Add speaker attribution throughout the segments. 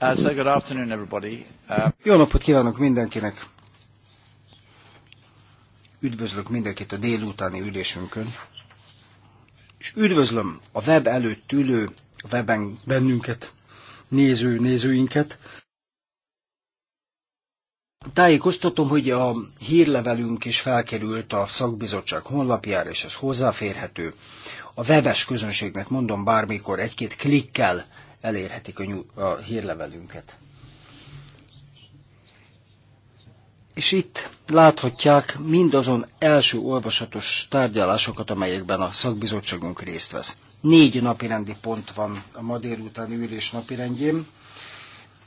Speaker 1: Uh, so good afternoon everybody. Uh... Jó napot kívánok mindenkinek! Üdvözlök mindenkit a délutáni ülésünkön, és üdvözlöm a web előtt ülő, a weben bennünket, néző, nézőinket. Tájékoztatom, hogy a hírlevelünk is felkerült a szakbizottság honlapjára, és ez hozzáférhető. A webes közönségnek mondom bármikor egy-két klikkel elérhetik a, nyú, a hírlevelünket. És itt láthatják mindazon első olvasatos tárgyalásokat, amelyekben a szakbizottságunk részt vesz. Négy napirendi pont van a ma délután ülés napirendjén.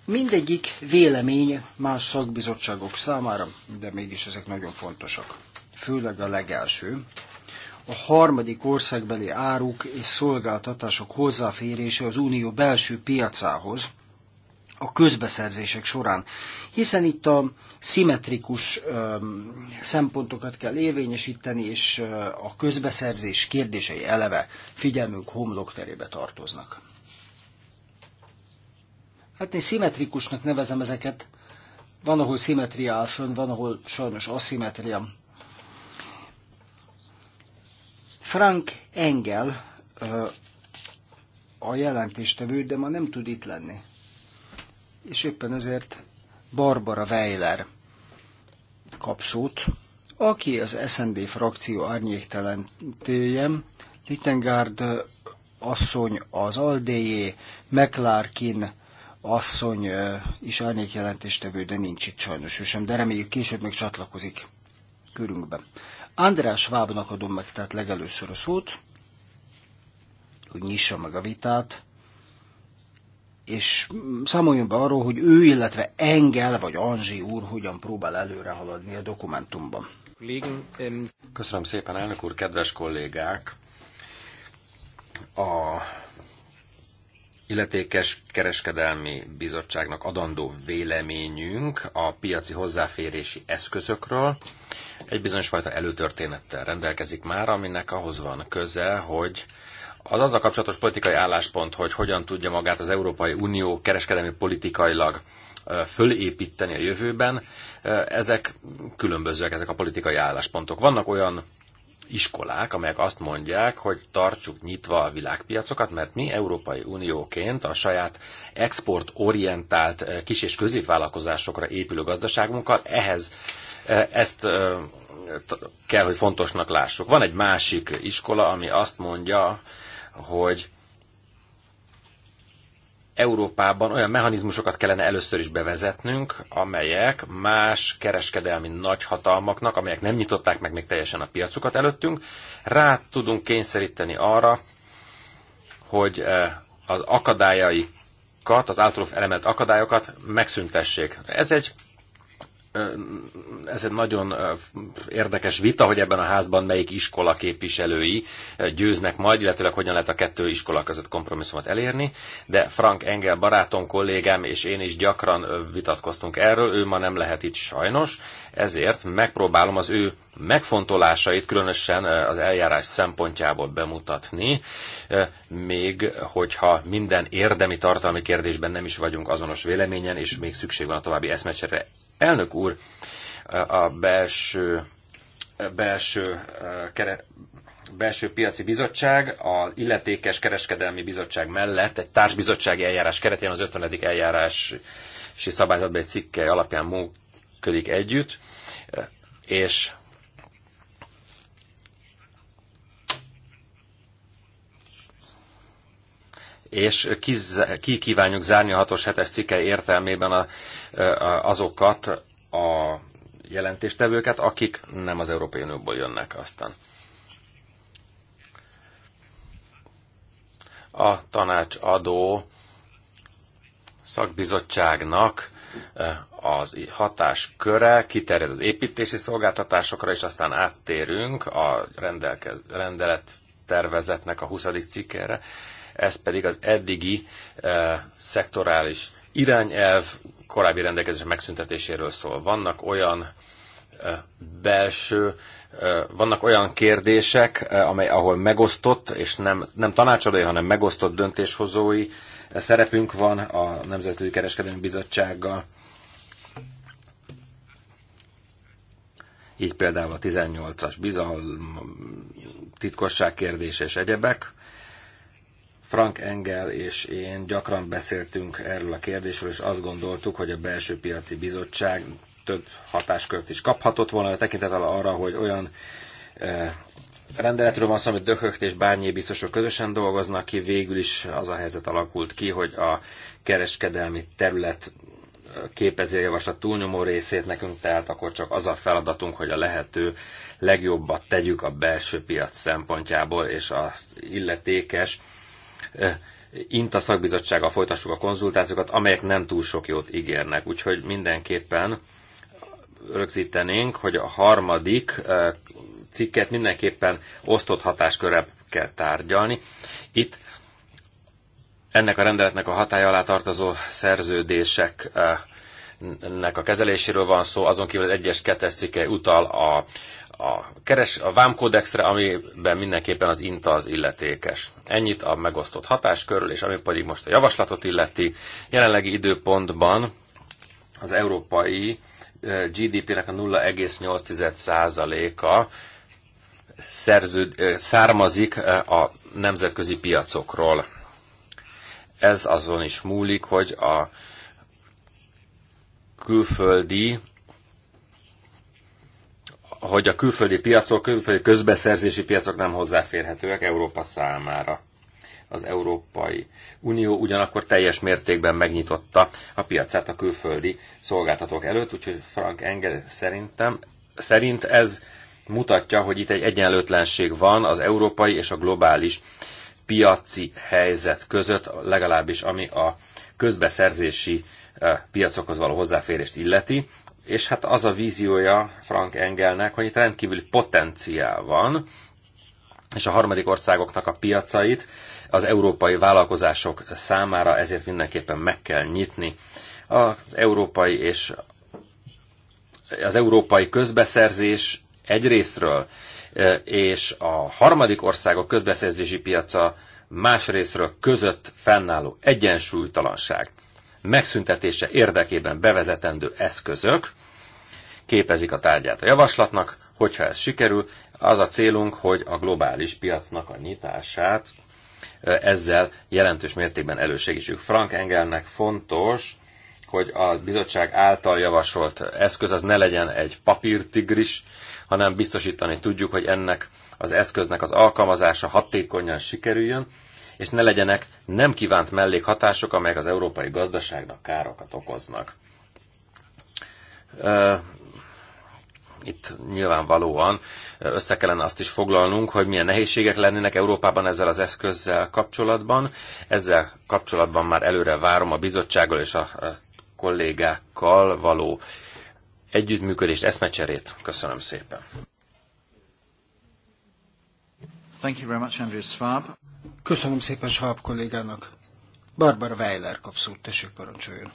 Speaker 1: Mindegyik vélemény más szakbizottságok számára, de mégis ezek nagyon fontosak. Főleg a legelső, a harmadik országbeli áruk és szolgáltatások hozzáférése az unió belső piacához a közbeszerzések során. Hiszen itt a szimmetrikus szempontokat kell érvényesíteni, és a közbeszerzés kérdései eleve figyelmünk homlokterébe tartoznak. Hát én szimmetrikusnak nevezem ezeket. Van, ahol szimmetria áll fönn, van, ahol sajnos aszimetria. Frank Engel a jelentéstevő, de ma nem tud itt lenni. És éppen ezért Barbara Weiler kapszót, aki az SND frakció árnyéktelentője, Littengard asszony az Aldéjé, McLarkin asszony is árnyékjelentéstevő, de nincs itt sajnos ő sem, de reméljük később még csatlakozik körünkben. András Vábnak adom meg tehát legelőször a szót, hogy nyissa meg a vitát, és számoljon be arról, hogy ő, illetve Engel vagy Anzsi úr hogyan próbál előre haladni a dokumentumban.
Speaker 2: Köszönöm szépen, elnök úr, kedves kollégák! A illetékes kereskedelmi bizottságnak adandó véleményünk a piaci hozzáférési eszközökről egy bizonyos fajta előtörténettel rendelkezik már, aminek ahhoz van köze, hogy az azzal kapcsolatos politikai álláspont, hogy hogyan tudja magát az Európai Unió kereskedelmi politikailag fölépíteni a jövőben, ezek különbözőek, ezek a politikai álláspontok. Vannak olyan iskolák, amelyek azt mondják, hogy tartsuk nyitva a világpiacokat, mert mi Európai Unióként a saját exportorientált eh, kis- és középvállalkozásokra épülő gazdaságunkkal ehhez eh, ezt eh, kell, hogy fontosnak lássuk. Van egy másik iskola, ami azt mondja, hogy Európában olyan mechanizmusokat kellene először is bevezetnünk, amelyek más kereskedelmi nagyhatalmaknak, amelyek nem nyitották meg még teljesen a piacukat előttünk, rá tudunk kényszeríteni arra, hogy eh, az akadályaikat, az általuk elemelt akadályokat megszüntessék. Ez egy ez egy nagyon érdekes vita, hogy ebben a házban melyik iskola képviselői győznek majd, illetőleg hogyan lehet a kettő iskola között kompromisszumot elérni, de Frank Engel barátom, kollégám és én is gyakran vitatkoztunk erről, ő ma nem lehet itt sajnos, ezért megpróbálom az ő megfontolásait különösen az eljárás szempontjából bemutatni, még hogyha minden érdemi tartalmi kérdésben nem is vagyunk azonos véleményen, és még szükség van a további eszmecsere Elnök úr, a belső, belső, kere, belső piaci bizottság a illetékes kereskedelmi bizottság mellett egy társbizottsági eljárás keretében az 50. eljárási szabályzatban egy cikke alapján működik együtt, és és ki, ki kívánjuk zárni a 6-os 7-es cikke értelmében a azokat a jelentéstevőket, akik nem az Európai Unióból jönnek aztán. A tanácsadó szakbizottságnak az hatásköre kiterjed az építési szolgáltatásokra, és aztán áttérünk a rendelet tervezetnek a 20. cikkére. Ez pedig az eddigi szektorális irányelv korábbi rendelkezés megszüntetéséről szól. Vannak olyan belső, vannak olyan kérdések, amely, ahol megosztott, és nem, nem tanácsadói, hanem megosztott döntéshozói szerepünk van a Nemzetközi Kereskedelmi Bizottsággal. Így például a 18-as bizalom, titkosság kérdése és egyebek. Frank Engel és én gyakran beszéltünk erről a kérdésről, és azt gondoltuk, hogy a belső piaci bizottság több hatáskört is kaphatott volna, tekintettel arra, hogy olyan eh, rendeletről van szó, amit Döhögt és Bárnyé biztosok közösen dolgoznak ki, végül is az a helyzet alakult ki, hogy a kereskedelmi terület eh, képezi a javaslat túlnyomó részét nekünk, tehát akkor csak az a feladatunk, hogy a lehető legjobbat tegyük a belső piac szempontjából, és az illetékes INTA szakbizottsággal folytassuk a konzultációkat, amelyek nem túl sok jót ígérnek. Úgyhogy mindenképpen rögzítenénk, hogy a harmadik cikket mindenképpen osztott hatáskörrel kell tárgyalni. Itt ennek a rendeletnek a hatája alá tartozó szerződések a kezeléséről van szó, azon kívül az egyes kettes cikke utal a a, keres, a vámkódexre, amiben mindenképpen az INTA az illetékes. Ennyit a megosztott hatáskörről, és ami pedig most a javaslatot illeti, jelenlegi időpontban az európai GDP-nek a 0,8%-a szerződ, származik a nemzetközi piacokról. Ez azon is múlik, hogy a külföldi hogy a külföldi piacok, külföldi közbeszerzési piacok nem hozzáférhetőek Európa számára. Az Európai Unió ugyanakkor teljes mértékben megnyitotta a piacát a külföldi szolgáltatók előtt, úgyhogy Frank Engel szerintem, szerint ez mutatja, hogy itt egy egyenlőtlenség van az európai és a globális piaci helyzet között, legalábbis ami a közbeszerzési eh, piacokhoz való hozzáférést illeti és hát az a víziója Frank Engelnek, hogy itt rendkívüli potenciál van, és a harmadik országoknak a piacait az európai vállalkozások számára ezért mindenképpen meg kell nyitni. Az európai és az európai közbeszerzés egyrésztről, és a harmadik országok közbeszerzési piaca másrésztről között fennálló egyensúlytalanság megszüntetése érdekében bevezetendő eszközök képezik a tárgyát a javaslatnak, hogyha ez sikerül, az a célunk, hogy a globális piacnak a nyitását ezzel jelentős mértékben elősegítsük. Frank Engelnek fontos, hogy a bizottság által javasolt eszköz az ne legyen egy papírtigris, hanem biztosítani tudjuk, hogy ennek az eszköznek az alkalmazása hatékonyan sikerüljön, és ne legyenek nem kívánt mellékhatások, amelyek az európai gazdaságnak károkat okoznak. Itt nyilvánvalóan össze kellene azt is foglalnunk, hogy milyen nehézségek lennének Európában ezzel az eszközzel kapcsolatban. Ezzel kapcsolatban már előre várom a bizottsággal és a kollégákkal való együttműködést, eszmecserét. Köszönöm szépen.
Speaker 1: Thank you very much, Andrew Swab. Köszönöm szépen Schwab kollégának. Barbara Weiler kap szót, tessék parancsoljon.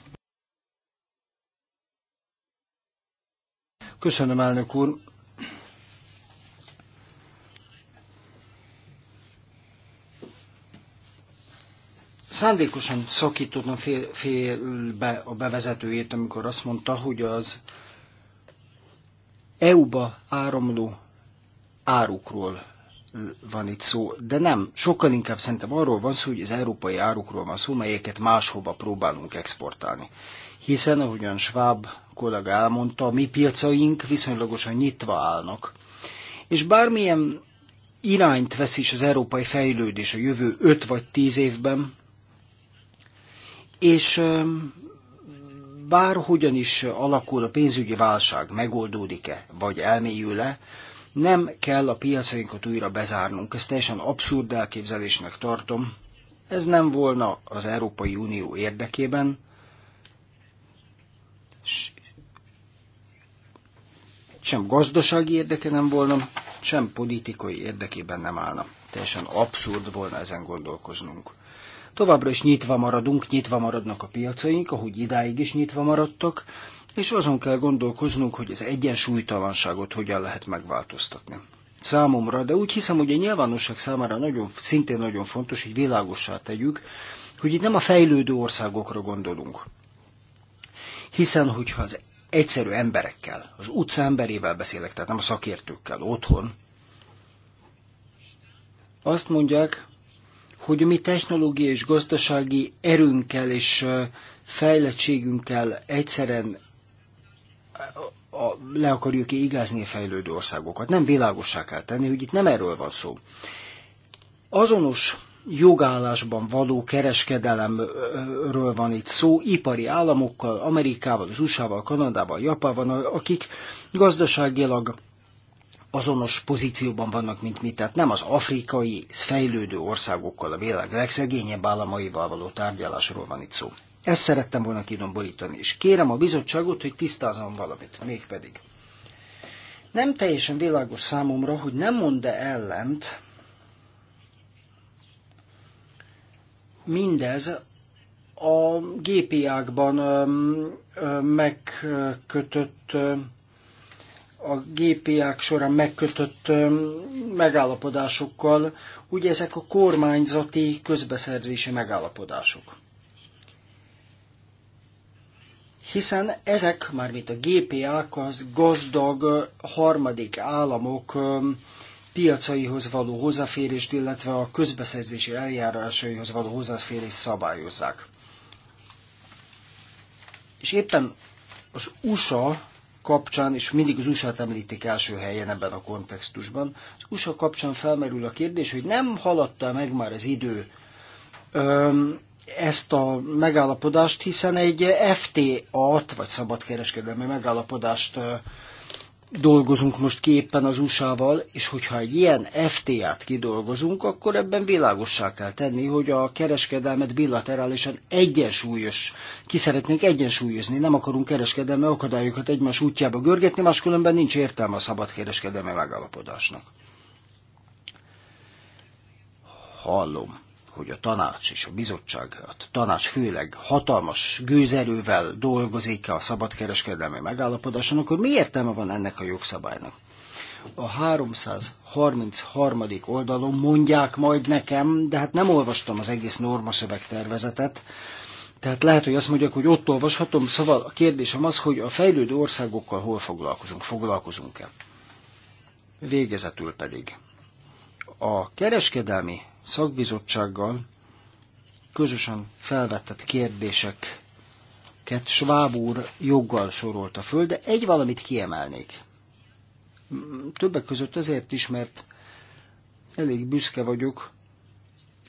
Speaker 1: Köszönöm, elnök úr. Szándékosan szakítottam fél, félbe a bevezetőjét, amikor azt mondta, hogy az EU-ba áramló árukról van itt szó, de nem. Sokkal inkább szerintem arról van szó, hogy az európai árukról van szó, melyeket máshova próbálunk exportálni. Hiszen, ahogyan Schwab kollega elmondta, a mi piacaink viszonylagosan nyitva állnak. És bármilyen irányt vesz is az európai fejlődés a jövő 5 vagy 10 évben, és bárhogyan is alakul a pénzügyi válság, megoldódik-e, vagy elmélyül-e, nem kell a piacainkat újra bezárnunk, ezt teljesen abszurd elképzelésnek tartom. Ez nem volna az Európai Unió érdekében, sem gazdasági érdeke nem volna, sem politikai érdekében nem állna. Teljesen abszurd volna ezen gondolkoznunk. Továbbra is nyitva maradunk, nyitva maradnak a piacaink, ahogy idáig is nyitva maradtak, és azon kell gondolkoznunk, hogy az egyensúlytalanságot hogyan lehet megváltoztatni. Számomra, de úgy hiszem, hogy a nyilvánosság számára nagyon, szintén nagyon fontos, hogy világossá tegyük, hogy itt nem a fejlődő országokra gondolunk. Hiszen, hogyha az egyszerű emberekkel, az utca emberével beszélek, tehát nem a szakértőkkel otthon, azt mondják, hogy mi technológiai és gazdasági erőnkkel és fejlettségünkkel egyszerűen a, le akarjuk -e igázni a fejlődő országokat. Nem világossá kell tenni, hogy itt nem erről van szó. Azonos jogállásban való kereskedelemről van itt szó, ipari államokkal, Amerikával, az USA-val, Kanadával, Japánban, akik gazdaságilag azonos pozícióban vannak, mint mi, tehát nem az afrikai fejlődő országokkal, a világ legszegényebb államaival való tárgyalásról van itt szó. Ezt szerettem volna kidomborítani, és kérem a bizottságot, hogy tisztázzon valamit, mégpedig. Nem teljesen világos számomra, hogy nem mond-e ellent mindez a GPA-kban megkötött, a GPA-k során megkötött megállapodásokkal, ugye ezek a kormányzati közbeszerzési megállapodások hiszen ezek, mármint a GPA-k, az gazdag harmadik államok piacaihoz való hozzáférést, illetve a közbeszerzési eljárásaihoz való hozzáférést szabályozzák. És éppen az USA kapcsán, és mindig az USA-t említik első helyen ebben a kontextusban, az USA kapcsán felmerül a kérdés, hogy nem haladta meg már az idő ezt a megállapodást, hiszen egy FTA-t, vagy szabadkereskedelmi megállapodást dolgozunk most ki éppen az USA-val, és hogyha egy ilyen FTA-t kidolgozunk, akkor ebben világossá kell tenni, hogy a kereskedelmet bilaterálisan egyensúlyos, ki szeretnénk egyensúlyozni, nem akarunk kereskedelmi akadályokat egymás útjába görgetni, máskülönben nincs értelme a szabad kereskedelmi megállapodásnak. Hallom hogy a tanács és a bizottság, a tanács főleg hatalmas gőzerővel dolgozik a szabadkereskedelmi megállapodáson, akkor mi értelme van ennek a jogszabálynak? A 333. oldalon mondják majd nekem, de hát nem olvastam az egész szövegtervezetet, tehát lehet, hogy azt mondják, hogy ott olvashatom, szóval a kérdésem az, hogy a fejlődő országokkal hol foglalkozunk, foglalkozunk-e? Végezetül pedig a kereskedelmi szakbizottsággal közösen felvetett kérdéseket Schwab úr joggal sorolta föl, de egy valamit kiemelnék. Többek között azért is, mert elég büszke vagyok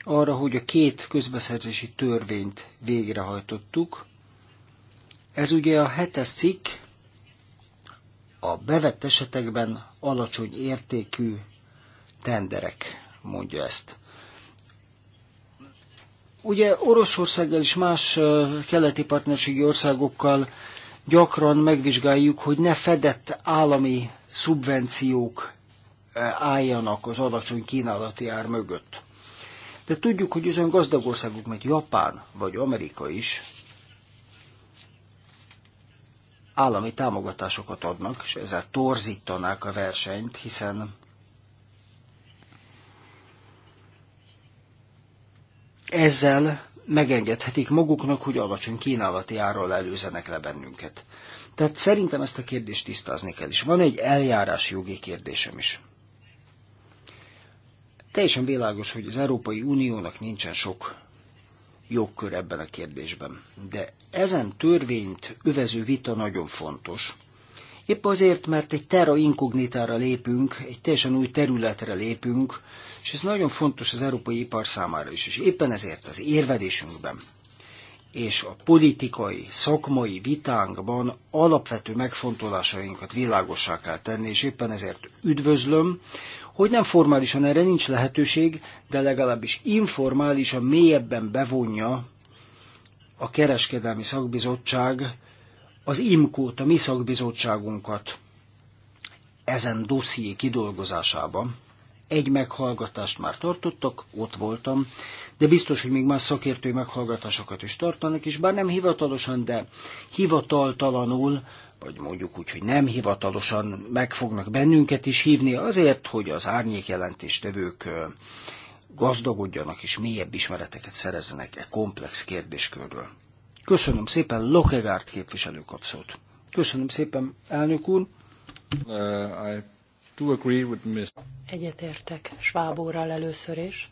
Speaker 1: arra, hogy a két közbeszerzési törvényt végrehajtottuk. Ez ugye a hetes cikk, a bevett esetekben alacsony értékű tenderek mondja ezt. Ugye Oroszországgal és más keleti partnerségi országokkal gyakran megvizsgáljuk, hogy ne fedett állami szubvenciók álljanak az alacsony kínálati ár mögött. De tudjuk, hogy olyan gazdag országok, mint Japán vagy Amerika is állami támogatásokat adnak, és ezzel torzítanák a versenyt, hiszen ezzel megengedhetik maguknak, hogy alacsony kínálati árral előzenek le bennünket. Tehát szerintem ezt a kérdést tisztázni kell is. Van egy eljárás jogi kérdésem is. Teljesen világos, hogy az Európai Uniónak nincsen sok jogkör ebben a kérdésben. De ezen törvényt övező vita nagyon fontos, Épp azért, mert egy terra inkognitára lépünk, egy teljesen új területre lépünk, és ez nagyon fontos az európai ipar számára is, és éppen ezért az érvedésünkben és a politikai, szakmai vitánkban alapvető megfontolásainkat világossá kell tenni, és éppen ezért üdvözlöm, hogy nem formálisan erre nincs lehetőség, de legalábbis informálisan mélyebben bevonja a kereskedelmi szakbizottság az IMKO-t, a mi szakbizottságunkat ezen dosszié kidolgozásában. Egy meghallgatást már tartottak, ott voltam, de biztos, hogy még más szakértői meghallgatásokat is tartanak, és bár nem hivatalosan, de hivataltalanul, vagy mondjuk úgy, hogy nem hivatalosan meg fognak bennünket is hívni azért, hogy az árnyék gazdagodjanak és mélyebb ismereteket szerezzenek e komplex kérdéskörről. Köszönöm szépen, Lokegárt képviselő kapszót. Köszönöm szépen, elnök úr. Uh,
Speaker 3: I do agree with Ms. Egyetértek Schwabóral először is.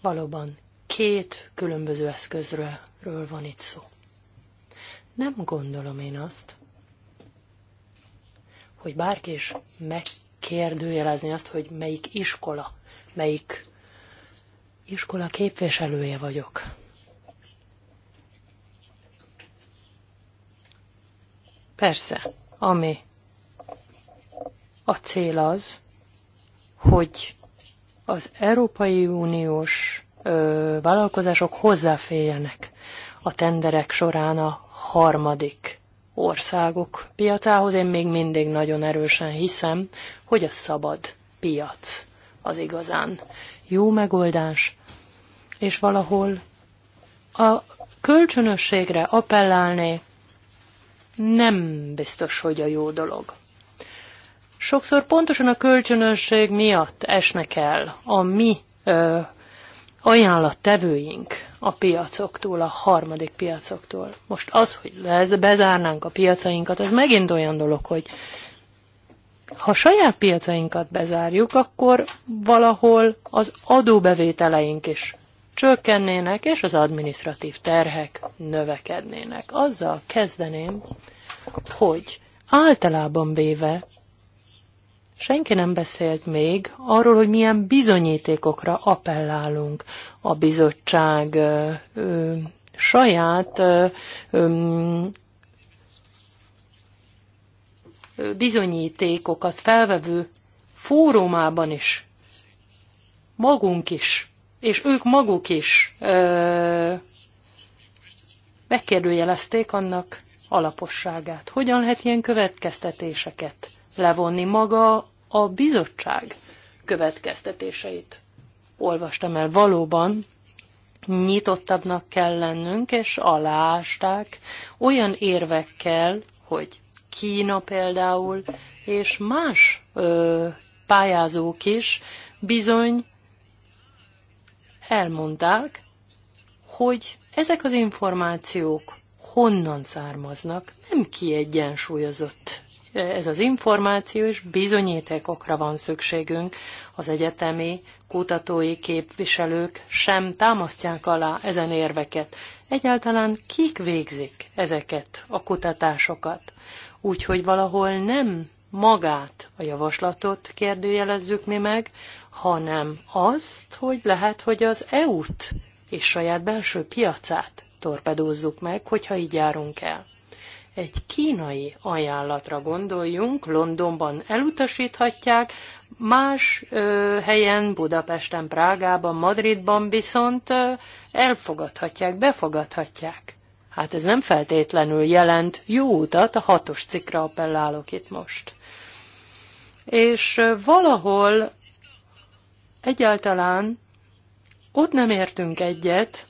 Speaker 3: Valóban két különböző eszközről van itt szó. Nem gondolom én azt, hogy bárki is megkérdőjelezni azt, hogy melyik iskola, melyik iskola képviselője vagyok Persze, ami a cél az, hogy az Európai Uniós ö, vállalkozások hozzáférjenek a tenderek során a harmadik országok piacához. Én még mindig nagyon erősen hiszem, hogy a szabad piac az igazán jó megoldás, és valahol a kölcsönösségre appellálni nem biztos, hogy a jó dolog. Sokszor pontosan a kölcsönösség miatt esnek el a mi ö, ajánlattevőink a piacoktól, a harmadik piacoktól. Most az, hogy lez, bezárnánk a piacainkat, az megint olyan dolog, hogy ha saját piacainkat bezárjuk, akkor valahol az adóbevételeink is csökkennének, és az administratív terhek növekednének. Azzal kezdeném, hogy általában véve senki nem beszélt még arról, hogy milyen bizonyítékokra appellálunk a bizottság ö, ö, saját ö, ö, bizonyítékokat felvevő fórumában is magunk is és ők maguk is ö, megkérdőjelezték annak alaposságát. Hogyan lehet ilyen következtetéseket levonni maga a bizottság következtetéseit? Olvastam el valóban, nyitottabbnak kell lennünk, és alásták olyan érvekkel, hogy Kína például, és más ö, pályázók is bizony elmondták, hogy ezek az információk honnan származnak, nem kiegyensúlyozott ez az információ, és bizonyítékokra van szükségünk. Az egyetemi kutatói képviselők sem támasztják alá ezen érveket. Egyáltalán kik végzik ezeket a kutatásokat? Úgyhogy valahol nem magát, a javaslatot kérdőjelezzük mi meg, hanem azt, hogy lehet, hogy az EU-t és saját belső piacát torpedózzuk meg, hogyha így járunk el. Egy kínai ajánlatra gondoljunk, Londonban elutasíthatják, más ö, helyen, Budapesten, Prágában, Madridban viszont ö, elfogadhatják, befogadhatják. Hát ez nem feltétlenül jelent jó utat, a hatos cikkre appellálok itt most. És valahol egyáltalán ott nem értünk egyet,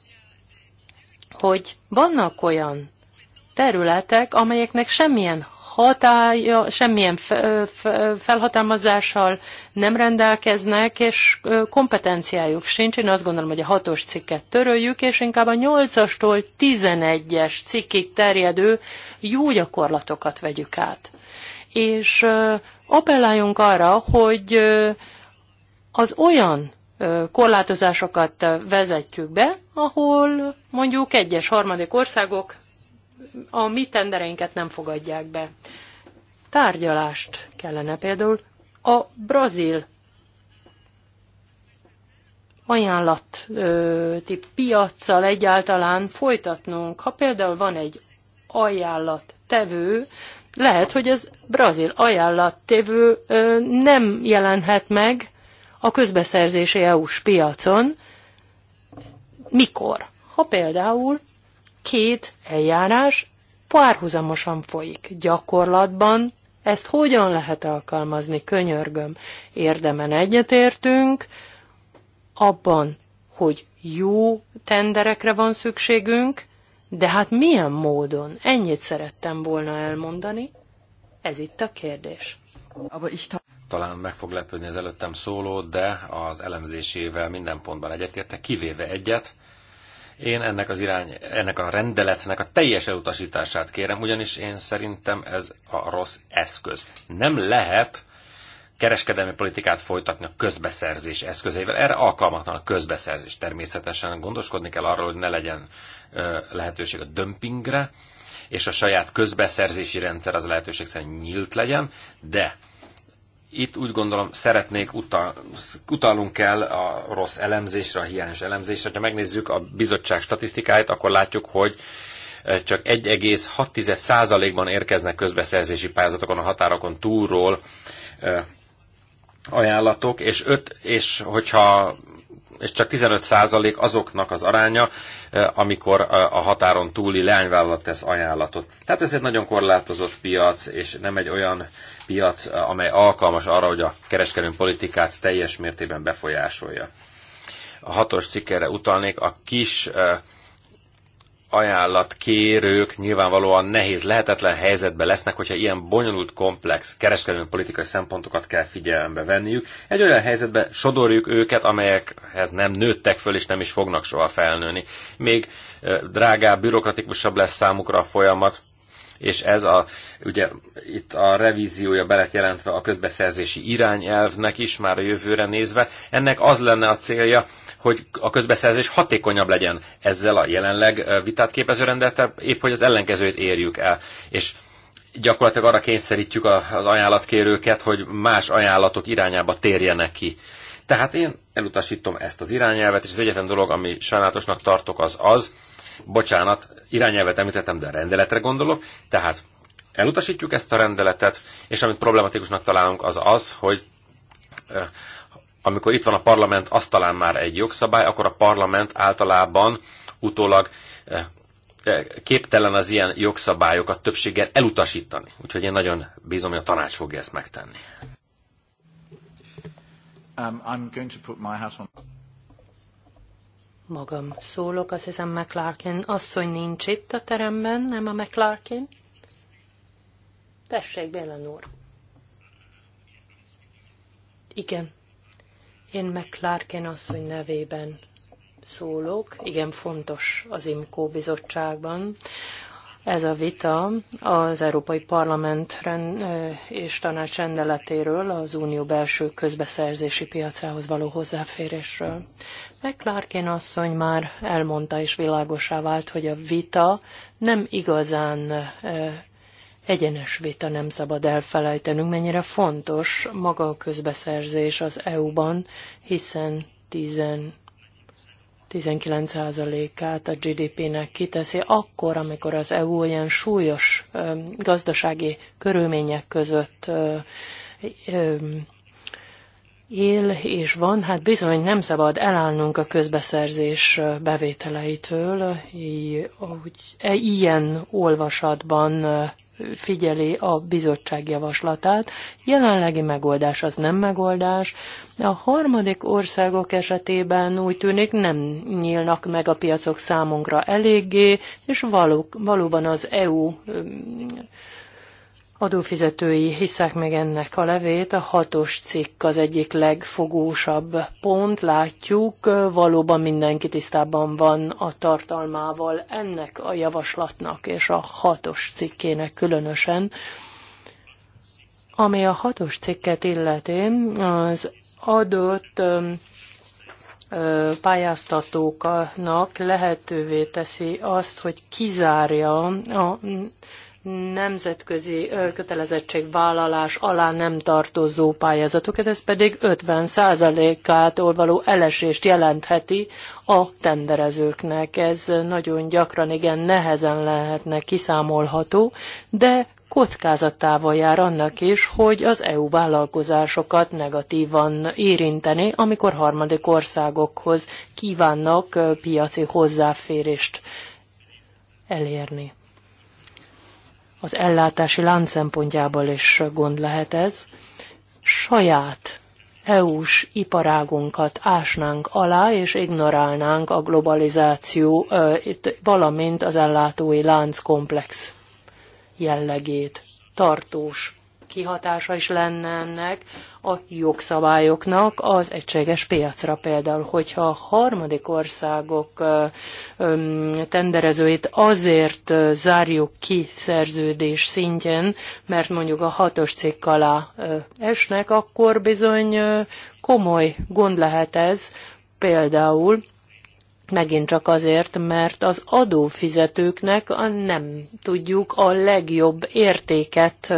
Speaker 3: hogy vannak olyan területek, amelyeknek semmilyen hatája, semmilyen felhatalmazással nem rendelkeznek, és kompetenciájuk sincs. Én azt gondolom, hogy a hatos cikket töröljük, és inkább a nyolcastól tizenegyes 11-es cikkig terjedő jó gyakorlatokat vegyük át. És appelláljunk arra, hogy az olyan korlátozásokat vezetjük be, ahol mondjuk egyes harmadik országok a mi tendereinket nem fogadják be. Tárgyalást kellene például a brazil ajánlati piaccal egyáltalán folytatnunk. Ha például van egy ajánlattevő, lehet, hogy ez brazil ajánlattevő nem jelenhet meg a közbeszerzési EU-s piacon. Mikor? Ha például két eljárás párhuzamosan folyik gyakorlatban, ezt hogyan lehet alkalmazni, könyörgöm? Érdemen egyetértünk abban, hogy jó tenderekre van szükségünk, de hát milyen módon? Ennyit szerettem volna elmondani. Ez itt a kérdés
Speaker 2: talán meg fog lepődni az előttem szóló, de az elemzésével minden pontban egyetértek, kivéve egyet. Én ennek az irány, ennek a rendeletnek a teljes elutasítását kérem, ugyanis én szerintem ez a rossz eszköz. Nem lehet kereskedelmi politikát folytatni a közbeszerzés eszközeivel. Erre alkalmatlan a közbeszerzés. Természetesen gondoskodni kell arról, hogy ne legyen lehetőség a dömpingre, és a saját közbeszerzési rendszer az lehetőség szerint nyílt legyen, de itt úgy gondolom szeretnék utal, utalnunk kell a rossz elemzésre, a hiányos elemzésre. Ha megnézzük a bizottság statisztikáit, akkor látjuk, hogy e, csak 1,6%-ban érkeznek közbeszerzési pályázatokon a határokon túlról e, ajánlatok, és, 5, és hogyha és csak 15% azoknak az aránya, e, amikor a határon túli leányvállalat tesz ajánlatot. Tehát ez egy nagyon korlátozott piac, és nem egy olyan piac, amely alkalmas arra, hogy a kereskedelmi politikát teljes mértékben befolyásolja. A hatos cikkerre utalnék, a kis ajánlatkérők nyilvánvalóan nehéz, lehetetlen helyzetben lesznek, hogyha ilyen bonyolult, komplex kereskedelmi politikai szempontokat kell figyelembe venniük. Egy olyan helyzetbe sodorjuk őket, amelyekhez nem nőttek föl, és nem is fognak soha felnőni. Még drágább, bürokratikusabb lesz számukra a folyamat, és ez a, ugye itt a revíziója belet jelentve a közbeszerzési irányelvnek is már a jövőre nézve, ennek az lenne a célja, hogy a közbeszerzés hatékonyabb legyen ezzel a jelenleg vitát képező rendelettel, épp hogy az ellenkezőjét érjük el. És gyakorlatilag arra kényszerítjük az ajánlatkérőket, hogy más ajánlatok irányába térjenek ki. Tehát én elutasítom ezt az irányelvet, és az egyetlen dolog, ami sajnálatosnak tartok, az az, Bocsánat, irányelvet említettem, de a rendeletre gondolok. Tehát elutasítjuk ezt a rendeletet, és amit problematikusnak találunk, az az, hogy amikor itt van a parlament, az talán már egy jogszabály, akkor a parlament általában utólag képtelen az ilyen jogszabályokat többséggel elutasítani. Úgyhogy én nagyon bízom, hogy a tanács fogja ezt megtenni.
Speaker 1: Um, I'm going to put my hat on
Speaker 3: magam szólok, azt hiszem McLarkin asszony nincs itt a teremben, nem a McLarkin? Tessék, Bélen úr. Igen. Én McLarkin asszony nevében szólok. Igen, fontos az IMCO bizottságban ez a vita az Európai Parlament és Tanács rendeletéről, az Unió belső közbeszerzési piacához való hozzáférésről. McClarkin asszony már elmondta és világosá vált, hogy a vita nem igazán egyenes vita nem szabad elfelejtenünk, mennyire fontos maga a közbeszerzés az EU-ban, hiszen 10 19%-át a GDP-nek kiteszi, akkor, amikor az EU ilyen súlyos gazdasági körülmények között él és van, hát bizony nem szabad elállnunk a közbeszerzés bevételeitől, így, ahogy, e, ilyen olvasatban figyeli a bizottság javaslatát. Jelenlegi megoldás az nem megoldás. A harmadik országok esetében úgy tűnik nem nyílnak meg a piacok számunkra eléggé, és való, valóban az EU adófizetői hiszek meg ennek a levét. A hatos cikk az egyik legfogósabb pont, látjuk, valóban mindenki tisztában van a tartalmával ennek a javaslatnak, és a hatos cikkének különösen. Ami a hatos cikket illeti, az adott pályáztatóknak lehetővé teszi azt, hogy kizárja a nemzetközi kötelezettségvállalás alá nem tartozó pályázatokat, ez pedig 50%-ától való elesést jelentheti a tenderezőknek. Ez nagyon gyakran igen nehezen lehetne kiszámolható, de kockázatával jár annak is, hogy az EU vállalkozásokat negatívan érinteni, amikor harmadik országokhoz kívánnak piaci hozzáférést elérni az ellátási lánc szempontjából is gond lehet ez. Saját EU-s iparágunkat ásnánk alá, és ignorálnánk a globalizáció, valamint az ellátói lánc komplex jellegét, tartós kihatása is lenne ennek a jogszabályoknak az egységes piacra például, hogyha a harmadik országok tenderezőit azért zárjuk ki szerződés szintjén, mert mondjuk a hatos cikk alá esnek, akkor bizony komoly gond lehet ez, például megint csak azért, mert az adófizetőknek nem tudjuk a legjobb értéket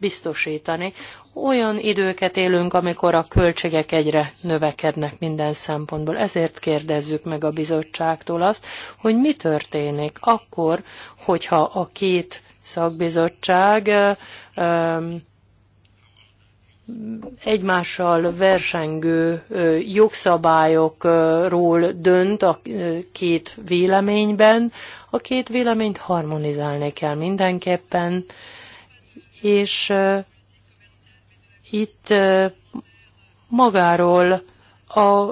Speaker 3: biztosítani. Olyan időket élünk, amikor a költségek egyre növekednek minden szempontból. Ezért kérdezzük meg a bizottságtól azt, hogy mi történik akkor, hogyha a két szakbizottság egymással versengő jogszabályokról dönt a két véleményben. A két véleményt harmonizálni kell mindenképpen és itt magáról a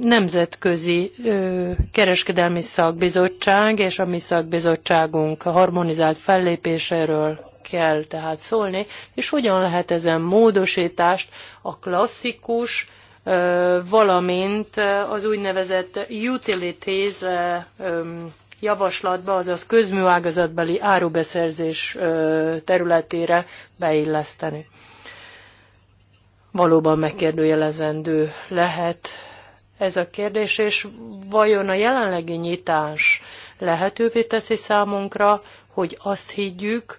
Speaker 3: Nemzetközi Kereskedelmi Szakbizottság és a mi szakbizottságunk harmonizált fellépéséről kell tehát szólni, és hogyan lehet ezen módosítást a klasszikus, valamint az úgynevezett utilities javaslatba, azaz közműágazatbeli árubeszerzés területére beilleszteni. Valóban megkérdőjelezendő lehet ez a kérdés, és vajon a jelenlegi nyitás lehetővé teszi számunkra, hogy azt higgyük,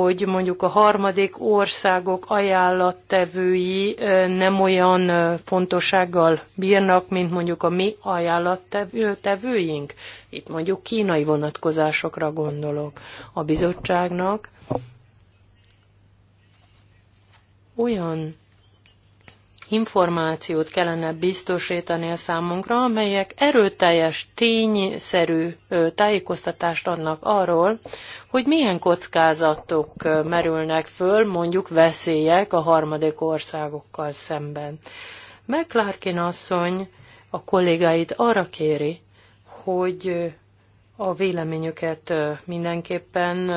Speaker 3: hogy mondjuk a harmadik országok ajánlattevői nem olyan fontossággal bírnak, mint mondjuk a mi ajánlattevőink? Itt mondjuk kínai vonatkozásokra gondolok. A bizottságnak olyan információt kellene biztosítani a számunkra, amelyek erőteljes, tényszerű tájékoztatást adnak arról, hogy milyen kockázatok merülnek föl, mondjuk veszélyek a harmadik országokkal szemben. McClarkin asszony a kollégáit arra kéri, hogy a véleményüket mindenképpen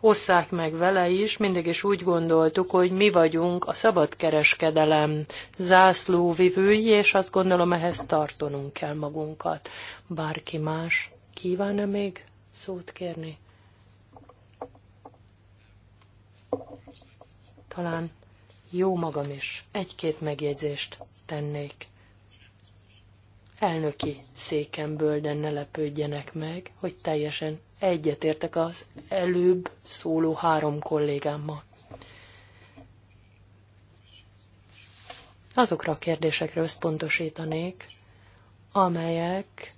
Speaker 3: osszák meg vele is. Mindig is úgy gondoltuk, hogy mi vagyunk a szabadkereskedelem zászlóvivői, és azt gondolom ehhez tartanunk kell magunkat. Bárki más kívánna még szót kérni? Talán jó magam is egy-két megjegyzést tennék elnöki székemből, de ne lepődjenek meg, hogy teljesen egyetértek az előbb szóló három kollégámmal. Azokra a kérdésekre összpontosítanék, amelyek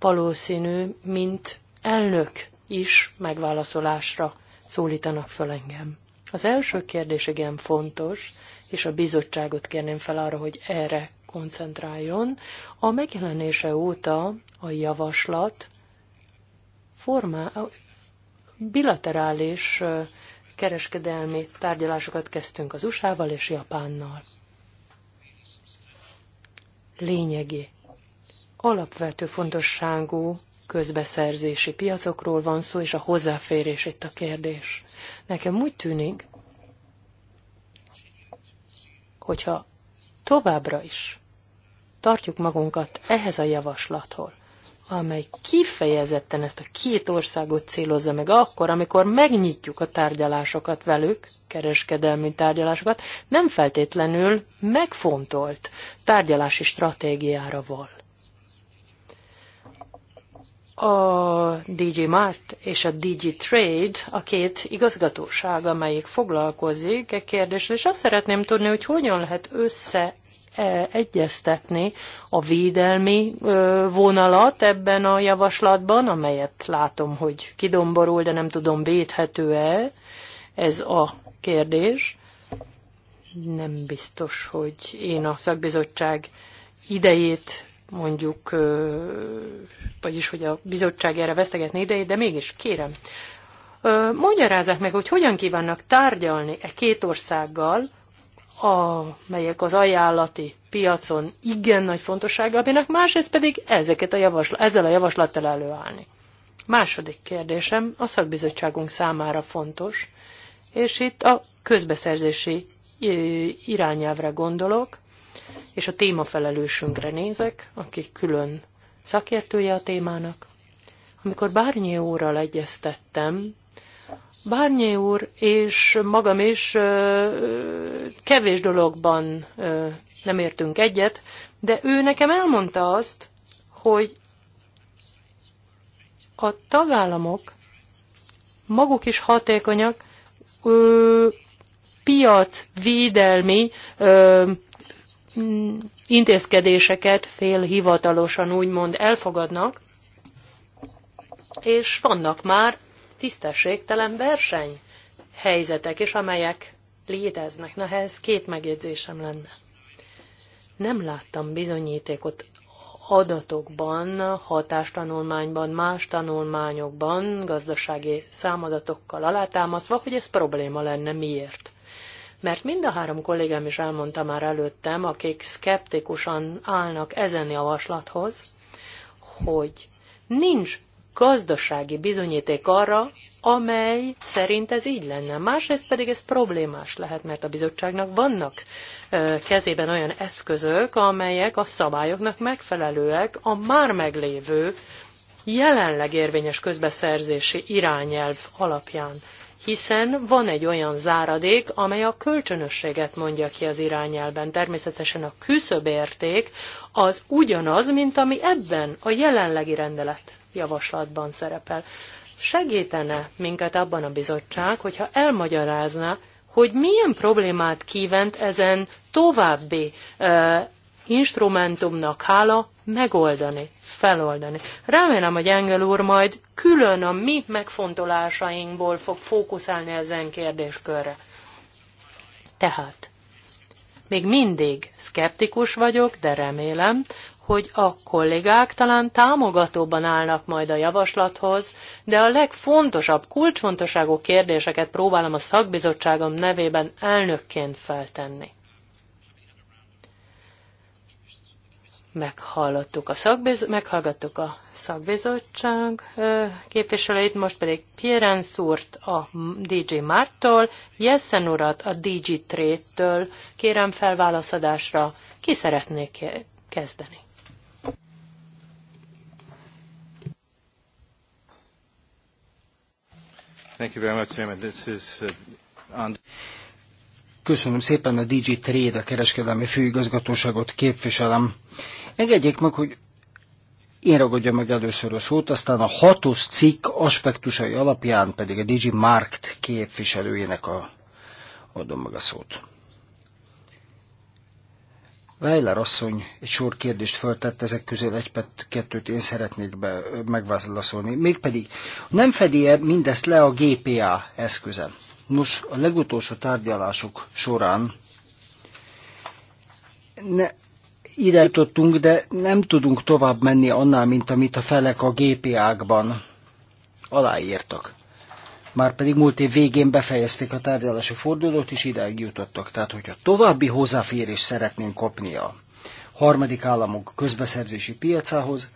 Speaker 3: valószínű, mint elnök is megválaszolásra szólítanak föl engem. Az első kérdés igen fontos, és a bizottságot kérném fel arra, hogy erre koncentráljon. A megjelenése óta a javaslat formá, bilaterális kereskedelmi tárgyalásokat kezdtünk az USA-val és Japánnal. Lényegi, alapvető fontosságú közbeszerzési piacokról van szó, és a hozzáférés itt a kérdés. Nekem úgy tűnik, hogyha továbbra is tartjuk magunkat ehhez a javaslathoz amely kifejezetten ezt a két országot célozza meg akkor, amikor megnyitjuk a tárgyalásokat velük, kereskedelmi tárgyalásokat, nem feltétlenül megfontolt tárgyalási stratégiára val. A DG Mart és a DG Trade a két igazgatóság, amelyik foglalkozik e kérdéssel, és azt szeretném tudni, hogy hogyan lehet össze egyeztetni a védelmi vonalat ebben a javaslatban, amelyet látom, hogy kidomborul, de nem tudom, védhető-e ez a kérdés. Nem biztos, hogy én a szakbizottság idejét mondjuk, vagyis hogy a bizottság erre vesztegetni idejét, de mégis kérem, magyarázzák meg, hogy hogyan kívánnak tárgyalni e két országgal, amelyek az ajánlati piacon igen nagy fontossággal bírnak, másrészt pedig ezeket a javasla, ezzel a javaslattal előállni. Második kérdésem a szakbizottságunk számára fontos, és itt a közbeszerzési irányelvre gondolok, és a témafelelősünkre nézek, aki külön szakértője a témának. Amikor Bárnyi óra egyeztettem Bárnyé úr és magam is kevés dologban nem értünk egyet, de ő nekem elmondta azt, hogy a tagállamok maguk is hatékonyak ö, piacvédelmi ö, intézkedéseket félhivatalosan úgymond elfogadnak, és vannak már tisztességtelen verseny helyzetek és amelyek léteznek. Na, ez két megjegyzésem lenne. Nem láttam bizonyítékot adatokban, hatástanulmányban, más tanulmányokban, gazdasági számadatokkal alátámasztva, hogy ez probléma lenne. Miért? Mert mind a három kollégám is elmondta már előttem, akik szkeptikusan állnak ezen javaslathoz, hogy nincs gazdasági bizonyíték arra, amely szerint ez így lenne. Másrészt pedig ez problémás lehet, mert a bizottságnak vannak kezében olyan eszközök, amelyek a szabályoknak megfelelőek a már meglévő jelenleg érvényes közbeszerzési irányelv alapján hiszen van egy olyan záradék, amely a kölcsönösséget mondja ki az irányelben. Természetesen a küszöbérték az ugyanaz, mint ami ebben a jelenlegi rendelet javaslatban szerepel. Segítene minket abban a bizottság, hogyha elmagyarázná, hogy milyen problémát kívánt ezen további e, instrumentumnak hála megoldani, feloldani. Remélem, hogy Engel úr majd külön a mi megfontolásainkból fog fókuszálni ezen kérdéskörre. Tehát, még mindig szkeptikus vagyok, de remélem, hogy a kollégák talán támogatóban állnak majd a javaslathoz, de a legfontosabb, kulcsfontosságú kérdéseket próbálom a szakbizottságom nevében elnökként feltenni. Meghallottuk a szakbiz- meghallgattuk a szakbizottság képviselőit, most pedig Pierre Szúrt a DJ Mártól, Jessen urat a DJ Trade-től kérem felválaszadásra. Ki szeretnék kezdeni? Uh,
Speaker 1: Köszönöm szépen, a DG Trade, a kereskedelmi főigazgatóságot képviselem. Engedjék meg, hogy én ragadjam meg először a szót, aztán a hatos cikk aspektusai alapján pedig a DG Markt képviselőjének a, adom meg a szót. Weiler asszony egy sor kérdést föltett, ezek közül egy-kettőt én szeretnék be, megválaszolni. Mégpedig nem fedi -e mindezt le a GPA eszköze? Nos, a legutolsó tárgyalások során ne, ide jutottunk, de nem tudunk tovább menni annál, mint amit a felek a GPA-kban aláírtak már pedig múlt év végén befejezték a tárgyalási fordulót, és ideig jutottak. Tehát, hogyha további hozzáférés szeretnénk kapni a harmadik államok közbeszerzési piacához,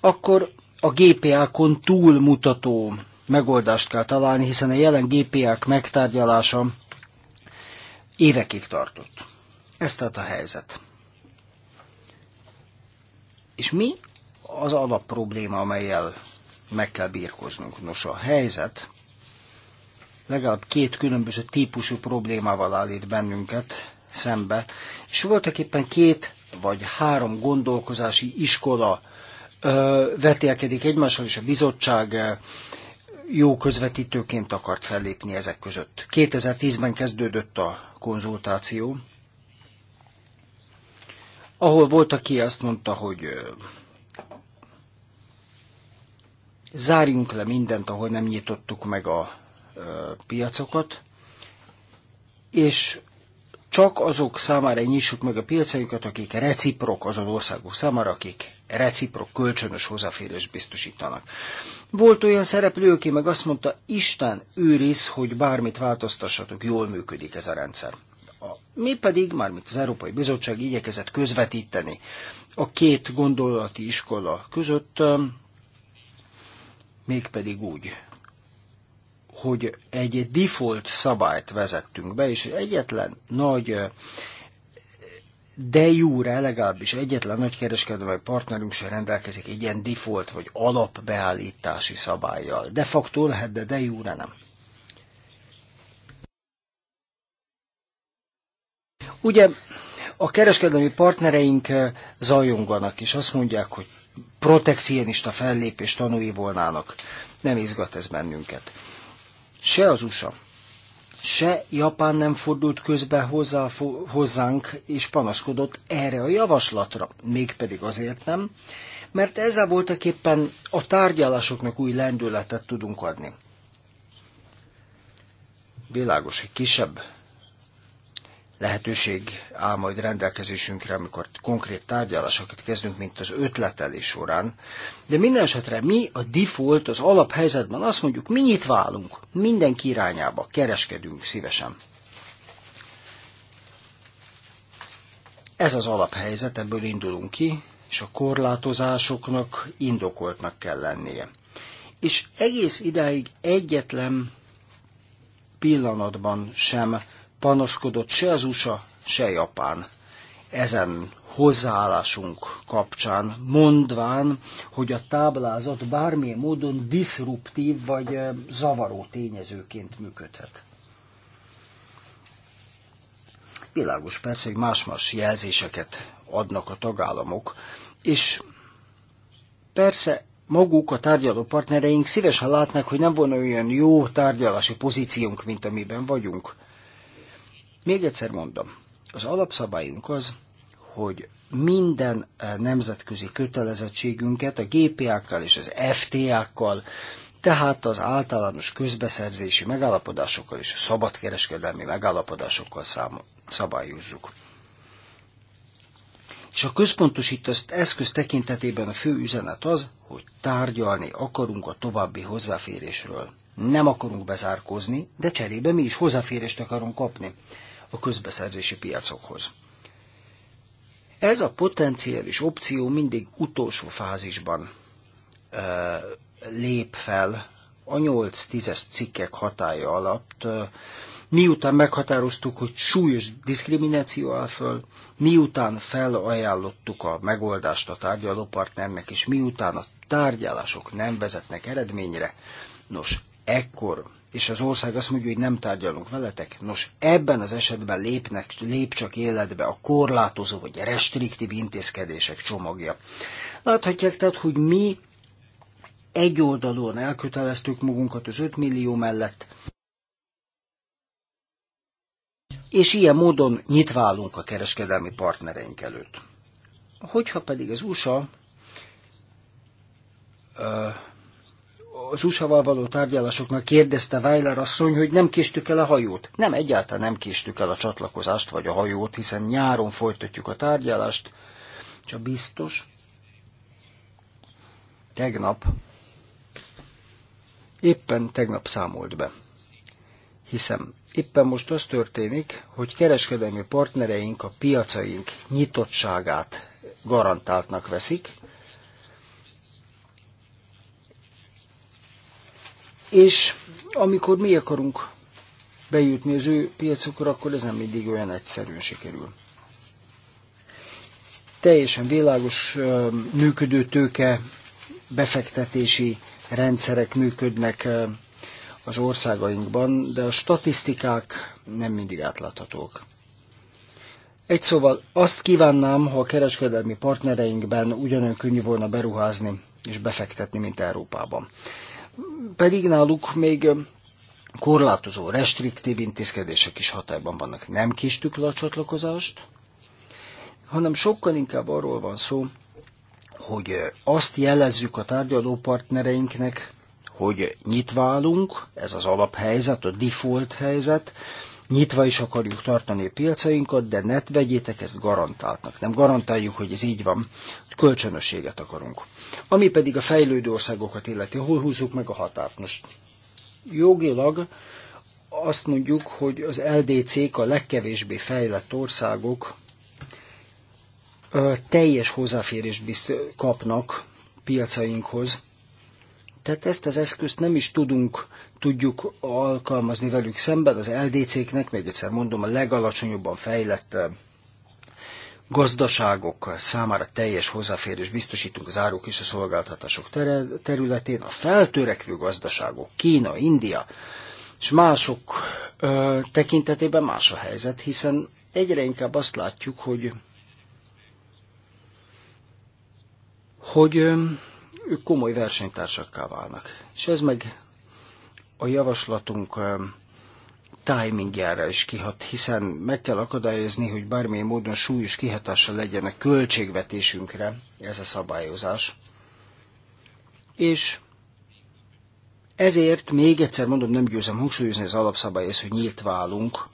Speaker 1: akkor a GPA-kon túlmutató megoldást kell találni, hiszen a jelen GPA-k megtárgyalása évekig tartott. Ez tehát a helyzet. És mi az alapprobléma, amelyel meg kell birkoznunk? Nos, a helyzet legalább két különböző típusú problémával állít bennünket szembe, és voltak éppen két vagy három gondolkozási iskola ö, vetélkedik egymással, és a bizottság ö, jó közvetítőként akart fellépni ezek között. 2010-ben kezdődött a konzultáció, ahol volt, aki azt mondta, hogy ö, zárjunk le mindent, ahol nem nyitottuk meg a piacokat, és csak azok számára nyissuk meg a piacainkat, akik reciprok azon országok számára, akik reciprok kölcsönös hozzáférés biztosítanak. Volt olyan szereplő, aki meg azt mondta, Isten őriz, hogy bármit változtassatok, jól működik ez a rendszer. A, mi pedig, mármint az Európai Bizottság igyekezett közvetíteni a két gondolati iskola között, mégpedig úgy, hogy egy default szabályt vezettünk be, és egyetlen nagy de jóra legalábbis egyetlen nagy kereskedelmi partnerünk sem rendelkezik egy ilyen default vagy alapbeállítási szabályjal. De facto lehet, de de jóra nem. Ugye a kereskedelmi partnereink zajonganak, és azt mondják, hogy protekcionista fellépés tanúi volnának. Nem izgat ez bennünket. Se az USA, se Japán nem fordult közbe hozzá, hozzánk és panaszkodott erre a javaslatra, mégpedig azért nem, mert ezzel voltak éppen a tárgyalásoknak új lendületet tudunk adni. Világos, hogy kisebb lehetőség áll majd rendelkezésünkre, amikor konkrét tárgyalásokat kezdünk, mint az ötletelés során. De minden esetre mi a default, az alaphelyzetben azt mondjuk, mi nyit válunk, minden irányába, kereskedünk szívesen. Ez az alaphelyzet, ebből indulunk ki, és a korlátozásoknak indokoltnak kell lennie. És egész idáig egyetlen pillanatban sem panaszkodott se az USA, se Japán. Ezen hozzáállásunk kapcsán, mondván, hogy a táblázat bármilyen módon diszruptív vagy eh, zavaró tényezőként működhet. Világos persze, hogy más-más jelzéseket adnak a tagállamok, és persze maguk a tárgyaló partnereink szívesen látnak, hogy nem volna olyan jó tárgyalási pozíciónk, mint amiben vagyunk. Még egyszer mondom, az alapszabályunk az, hogy minden eh, nemzetközi kötelezettségünket a GPA-kkal és az FTA-kkal, tehát az általános közbeszerzési megállapodásokkal és a szabadkereskedelmi megállapodásokkal szabályozzuk. És a központosított eszköz tekintetében a fő üzenet az, hogy tárgyalni akarunk a további hozzáférésről. Nem akarunk bezárkózni, de cserébe mi is hozzáférést akarunk kapni a közbeszerzési piacokhoz. Ez a potenciális opció mindig utolsó fázisban e, lép fel a 8-10-es cikkek hatája alatt, e, miután meghatároztuk, hogy súlyos diszkrimináció áll föl, miután felajánlottuk a megoldást a tárgyalópartnernek, és miután a tárgyalások nem vezetnek eredményre, nos, ekkor és az ország azt mondja, hogy nem tárgyalunk veletek, nos, ebben az esetben lépnek, lép csak életbe a korlátozó vagy restriktív intézkedések csomagja. Láthatják tehát, hogy mi egyoldalúan elköteleztük magunkat az 5 millió mellett, és ilyen módon nyitválunk a kereskedelmi partnereink előtt. Hogyha pedig az USA az USA-val való tárgyalásoknak kérdezte Weiler asszony, hogy nem késtük el a hajót. Nem, egyáltalán nem késtük el a csatlakozást vagy a hajót, hiszen nyáron folytatjuk a tárgyalást, csak biztos. Tegnap, éppen tegnap számolt be. Hiszem, éppen most az történik, hogy kereskedelmi partnereink a piacaink nyitottságát garantáltnak veszik, És amikor mi akarunk bejutni az ő piacokra, akkor ez nem mindig olyan egyszerűen sikerül. Teljesen világos működő tőke befektetési rendszerek működnek az országainkban, de a statisztikák nem mindig átláthatók. Egy szóval azt kívánnám, ha a kereskedelmi partnereinkben ugyanolyan könnyű volna beruházni és befektetni, mint Európában pedig náluk még korlátozó, restriktív intézkedések is hatályban vannak. Nem kistük le a csatlakozást, hanem sokkal inkább arról van szó, hogy azt jelezzük a tárgyaló partnereinknek, hogy nyitva állunk, ez az alaphelyzet, a default helyzet, nyitva is akarjuk tartani a piacainkat, de ne vegyétek ezt garantáltnak. Nem garantáljuk, hogy ez így van, kölcsönösséget akarunk. Ami pedig a fejlődő országokat illeti, hol húzzuk meg a határt most? Jogilag azt mondjuk, hogy az LDC-k a legkevésbé fejlett országok teljes hozzáférést kapnak piacainkhoz. Tehát ezt az eszközt nem is tudunk, tudjuk alkalmazni velük szemben. Az LDC-knek, még egyszer mondom, a legalacsonyabban fejlett gazdaságok számára teljes hozzáférés biztosítunk az áruk és a szolgáltatások területén, a feltörekvő gazdaságok, Kína, India és mások ö, tekintetében más a helyzet, hiszen egyre inkább azt látjuk, hogy hogy ö, ők komoly versenytársakká válnak. És ez meg a javaslatunk ö, timingjára is kihat, hiszen meg kell akadályozni, hogy bármilyen módon súlyos kihatása legyen a költségvetésünkre ez a szabályozás. És ezért még egyszer mondom, nem győzem hangsúlyozni az alapszabály, ez, hogy nyílt válunk,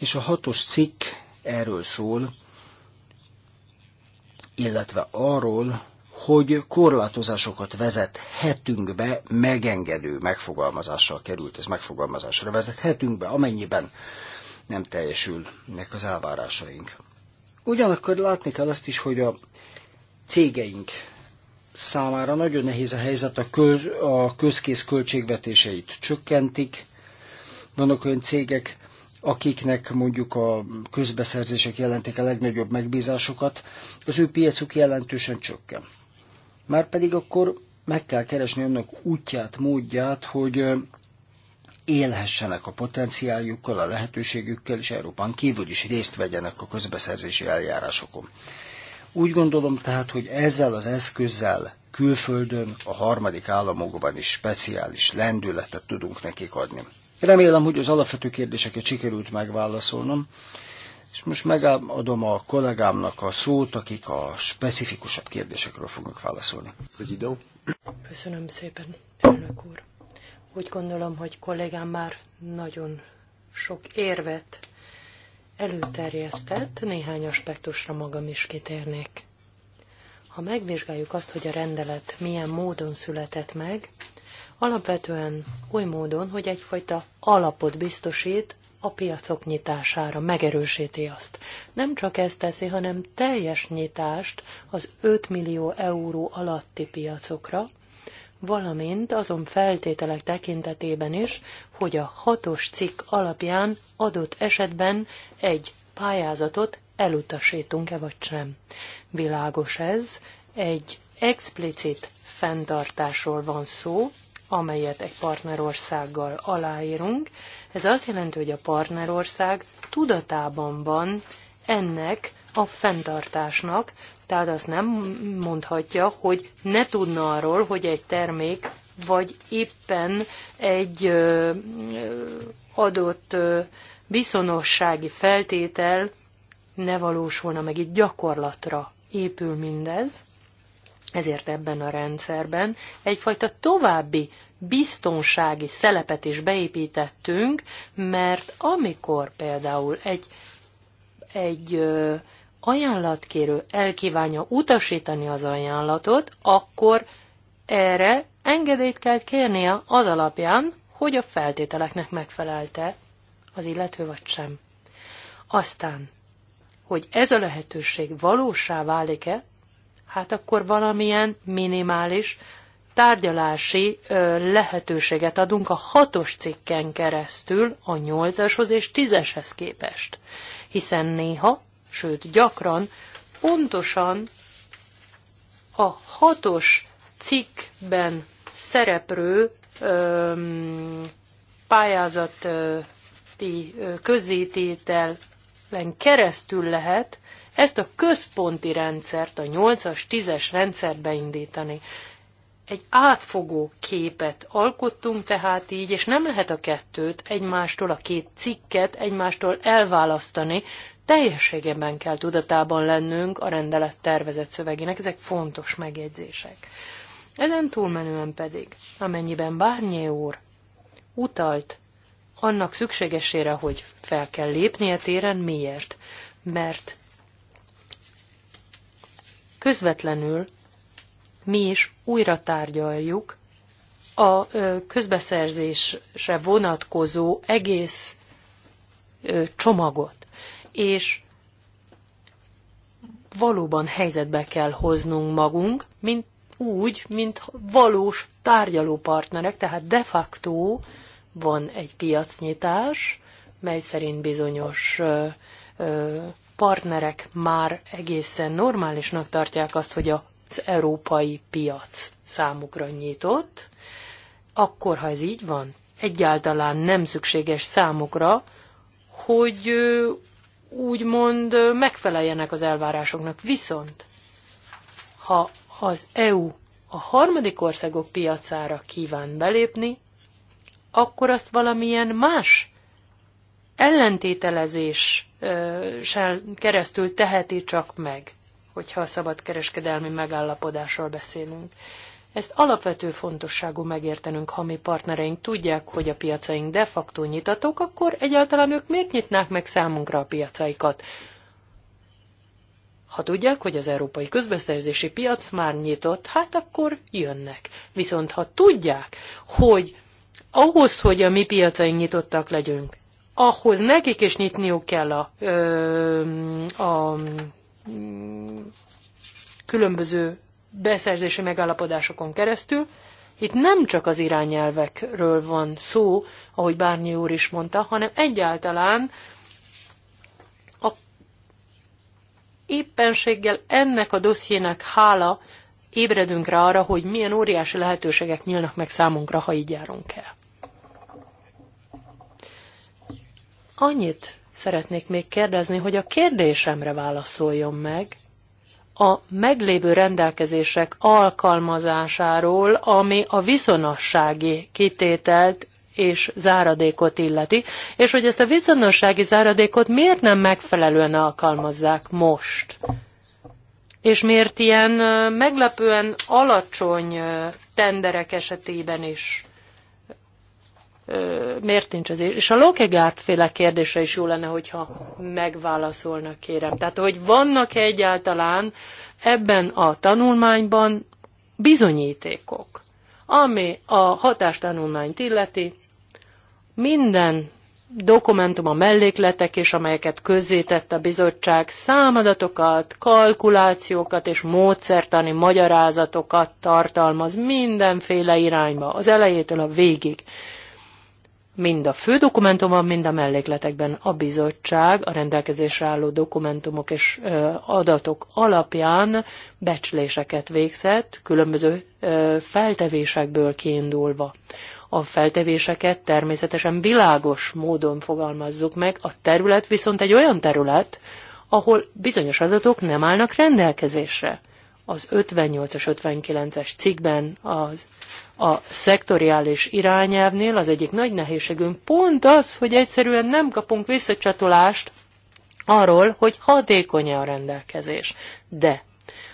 Speaker 1: és a hatos cikk erről szól, illetve arról, hogy korlátozásokat vezethetünk be, megengedő megfogalmazással került ez megfogalmazásra, vezethetünk be, amennyiben nem teljesülnek az elvárásaink. Ugyanakkor látni kell azt is, hogy a cégeink számára nagyon nehéz a helyzet, a, köz, a közkész költségvetéseit csökkentik. Vannak olyan cégek, akiknek mondjuk a közbeszerzések jelentik a legnagyobb megbízásokat, az ő piacuk jelentősen csökken. Már pedig akkor meg kell keresni önök útját, módját, hogy élhessenek a potenciáljukkal, a lehetőségükkel, és Európán kívül is részt vegyenek a közbeszerzési eljárásokon. Úgy gondolom tehát, hogy ezzel az eszközzel külföldön, a harmadik államokban is speciális lendületet tudunk nekik adni. Remélem, hogy az alapvető kérdéseket sikerült megválaszolnom, és most megadom a kollégámnak a szót, akik a specifikusabb kérdésekről fognak válaszolni.
Speaker 3: Köszönöm szépen, elnök úr. Úgy gondolom, hogy kollégám már nagyon sok érvet előterjesztett, néhány aspektusra magam is kitérnék. Ha megvizsgáljuk azt, hogy a rendelet milyen módon született meg, alapvetően új módon, hogy egyfajta alapot biztosít a piacok nyitására, megerősíti azt. Nem csak ezt teszi, hanem teljes nyitást az 5 millió euró alatti piacokra, valamint azon feltételek tekintetében is, hogy a hatos cikk alapján adott esetben egy pályázatot elutasítunk-e vagy sem. Világos ez, egy explicit fenntartásról van szó, amelyet egy partnerországgal aláírunk, ez azt jelenti, hogy a partnerország tudatában van ennek a fenntartásnak, tehát azt nem mondhatja, hogy ne tudna arról, hogy egy termék vagy éppen egy adott viszonossági feltétel ne valósulna meg, itt gyakorlatra épül mindez, ezért ebben a rendszerben egyfajta további biztonsági szelepet is beépítettünk, mert amikor például egy, egy ö, ajánlatkérő elkívánja utasítani az ajánlatot, akkor erre engedélyt kell kérnie az alapján, hogy a feltételeknek megfelelte az illető vagy sem. Aztán, hogy ez a lehetőség valósá válik-e, hát akkor valamilyen minimális tárgyalási lehetőséget adunk a hatos cikken keresztül a nyolcashoz és tízeshez képest. Hiszen néha, sőt gyakran, pontosan a hatos cikkben szereplő öm, pályázati közzétételen keresztül lehet ezt a központi rendszert, a 8-as, 10-es rendszert beindítani egy átfogó képet alkottunk tehát így, és nem lehet a kettőt egymástól, a két cikket egymástól elválasztani, teljességében kell tudatában lennünk a rendelet tervezett szövegének, ezek fontos megjegyzések. Ezen túlmenően pedig, amennyiben Bárnyé úr utalt annak szükségesére, hogy fel kell lépnie téren, miért? Mert közvetlenül mi is újra tárgyaljuk a közbeszerzésre vonatkozó egész csomagot. És valóban helyzetbe kell hoznunk magunk, mint úgy, mint valós tárgyalópartnerek, tehát de facto van egy piacnyitás, mely szerint bizonyos ö, ö, partnerek már egészen normálisnak tartják azt, hogy a európai piac számukra nyitott, akkor, ha ez így van, egyáltalán nem szükséges számukra, hogy úgymond megfeleljenek az elvárásoknak. Viszont, ha az EU a harmadik országok piacára kíván belépni, akkor azt valamilyen más ellentételezéssel keresztül teheti csak meg hogyha a szabadkereskedelmi megállapodásról beszélünk. Ezt alapvető fontosságú megértenünk, ha mi partnereink tudják, hogy a piacaink de facto nyitatók, akkor egyáltalán ők miért nyitnák meg számunkra a piacaikat? Ha tudják, hogy az európai közbeszerzési piac már nyitott, hát akkor jönnek. Viszont ha tudják, hogy ahhoz, hogy a mi piacaink nyitottak legyünk, ahhoz nekik is nyitniuk kell a, a különböző beszerzési megállapodásokon keresztül. Itt nem csak az irányelvekről van szó, ahogy Bárnyi úr is mondta, hanem egyáltalán a éppenséggel ennek a dossziének hála ébredünk rá arra, hogy milyen óriási lehetőségek nyílnak meg számunkra, ha így járunk el. Annyit Szeretnék még kérdezni, hogy a kérdésemre válaszoljon meg a meglévő rendelkezések alkalmazásáról, ami a viszonossági kitételt és záradékot illeti, és hogy ezt a viszonossági záradékot miért nem megfelelően alkalmazzák most? És miért ilyen meglepően alacsony tenderek esetében is? miért nincs ez? És a Lokegárt féle kérdésre is jó lenne, hogyha megválaszolnak, kérem. Tehát, hogy vannak -e egyáltalán ebben a tanulmányban bizonyítékok, ami a hatástanulmányt illeti, minden dokumentum, a mellékletek és amelyeket közzétett a bizottság számadatokat, kalkulációkat és módszertani magyarázatokat tartalmaz mindenféle irányba, az elejétől a végig mind a fő dokumentumban, mind a mellékletekben a bizottság a rendelkezésre álló dokumentumok és adatok alapján becsléseket végzett, különböző feltevésekből kiindulva. A feltevéseket természetesen világos módon fogalmazzuk meg, a terület viszont egy olyan terület, ahol bizonyos adatok nem állnak rendelkezésre. Az 58-as, 59-es cikkben az a szektoriális irányelvnél az egyik nagy nehézségünk pont az, hogy egyszerűen nem kapunk visszacsatolást arról, hogy hatékony a rendelkezés. De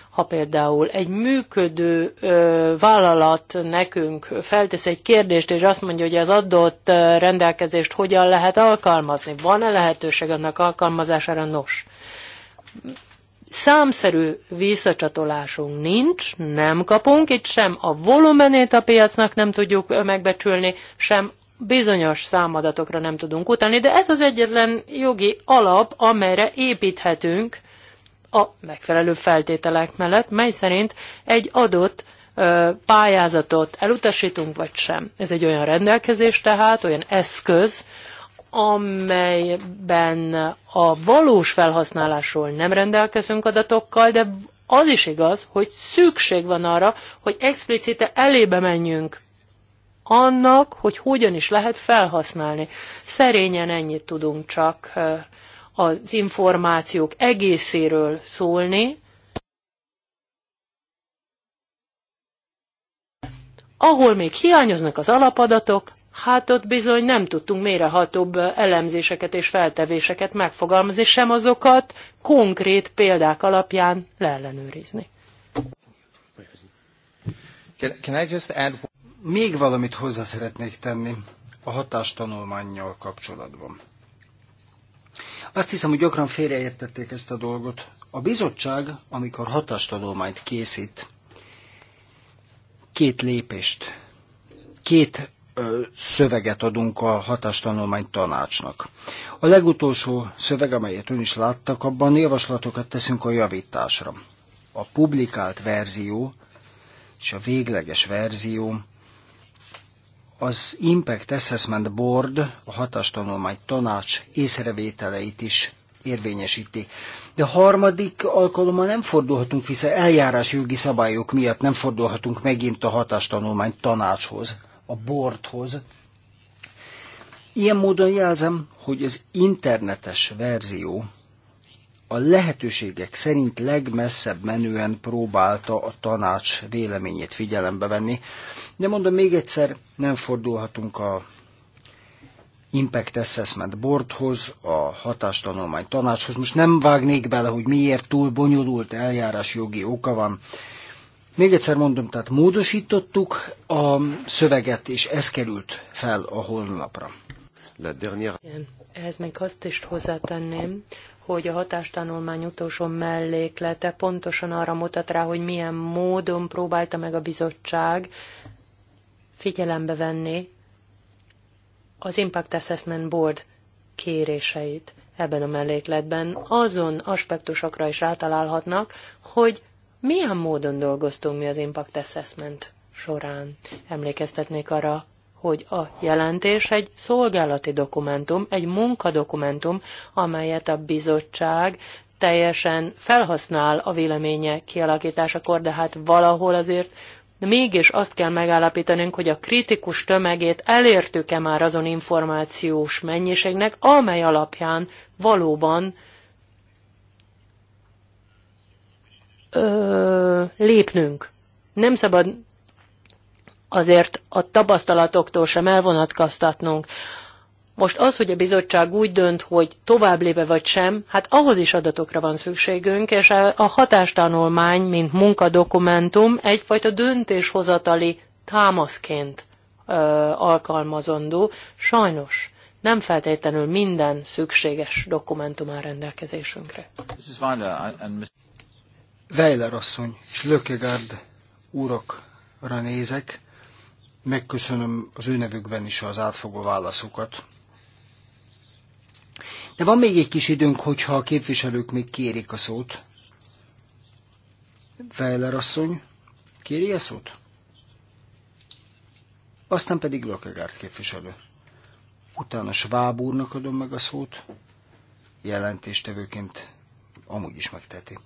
Speaker 3: ha például egy működő ö, vállalat nekünk feltesz egy kérdést, és azt mondja, hogy az adott rendelkezést hogyan lehet alkalmazni, van-e lehetőség annak alkalmazására, nos, számszerű visszacsatolásunk nincs, nem kapunk, itt sem a volumenét a piacnak nem tudjuk megbecsülni, sem bizonyos számadatokra nem tudunk utalni, de ez az egyetlen jogi alap, amelyre építhetünk a megfelelő feltételek mellett, mely szerint egy adott pályázatot elutasítunk, vagy sem. Ez egy olyan rendelkezés tehát, olyan eszköz, amelyben a valós felhasználásról nem rendelkezünk adatokkal, de az is igaz, hogy szükség van arra, hogy explicite elébe menjünk annak, hogy hogyan is lehet felhasználni. Szerényen ennyit tudunk csak az információk egészéről szólni, ahol még hiányoznak az alapadatok, hát ott bizony nem tudtunk mérehatóbb elemzéseket és feltevéseket megfogalmazni, sem azokat konkrét példák alapján leellenőrizni.
Speaker 1: Can I just add... Még valamit hozzá szeretnék tenni a hatástanulmányjal kapcsolatban. Azt hiszem, hogy gyakran félreértették ezt a dolgot. A bizottság, amikor hatástanulmányt készít, két lépést, két szöveget adunk a hatástanulmány tanácsnak. A legutolsó szöveg, amelyet ön is láttak, abban javaslatokat teszünk a javításra. A publikált verzió és a végleges verzió az Impact Assessment Board, a hatástanulmány tanács észrevételeit is érvényesíti. De harmadik alkalommal nem fordulhatunk vissza, eljárási jogi szabályok miatt nem fordulhatunk megint a hatástanulmány tanácshoz a borthoz. Ilyen módon jelzem, hogy az internetes verzió a lehetőségek szerint legmesszebb menően próbálta a tanács véleményét figyelembe venni. De mondom még egyszer, nem fordulhatunk a Impact Assessment Boardhoz, a hatástanulmány tanácshoz. Most nem vágnék bele, hogy miért túl bonyolult eljárás jogi oka van, még egyszer mondom, tehát módosítottuk a szöveget, és ez került fel a honlapra. La dernière... Igen.
Speaker 3: Ehhez még azt is hozzátenném, hogy a hatástanulmány utolsó melléklete pontosan arra mutat rá, hogy milyen módon próbálta meg a bizottság figyelembe venni az Impact Assessment Board kéréseit ebben a mellékletben. Azon aspektusokra is rátalálhatnak, hogy milyen módon dolgoztunk mi az Impact Assessment során. Emlékeztetnék arra, hogy a jelentés egy szolgálati dokumentum, egy munkadokumentum, amelyet a bizottság teljesen felhasznál a véleménye kialakításakor, de hát valahol azért mégis azt kell megállapítanunk, hogy a kritikus tömegét elértük-e már azon információs mennyiségnek, amely alapján valóban ö, lépnünk. Nem szabad azért a tapasztalatoktól sem elvonatkoztatnunk. Most az, hogy a bizottság úgy dönt, hogy tovább lépe vagy sem, hát ahhoz is adatokra van szükségünk, és a hatástanulmány, mint munkadokumentum egyfajta döntéshozatali támaszként ö, alkalmazandó. Sajnos nem feltétlenül minden szükséges dokumentum áll rendelkezésünkre.
Speaker 1: Weiler asszony és Lökegárd úrokra nézek, megköszönöm az ő nevükben is az átfogó válaszokat. De van még egy kis időnk, hogyha a képviselők még kérik a szót. Weiler asszony, kéri a szót? Aztán pedig Lökegárd képviselő. Utána Schwab úrnak adom meg a szót, jelentéstevőként amúgy is megteti.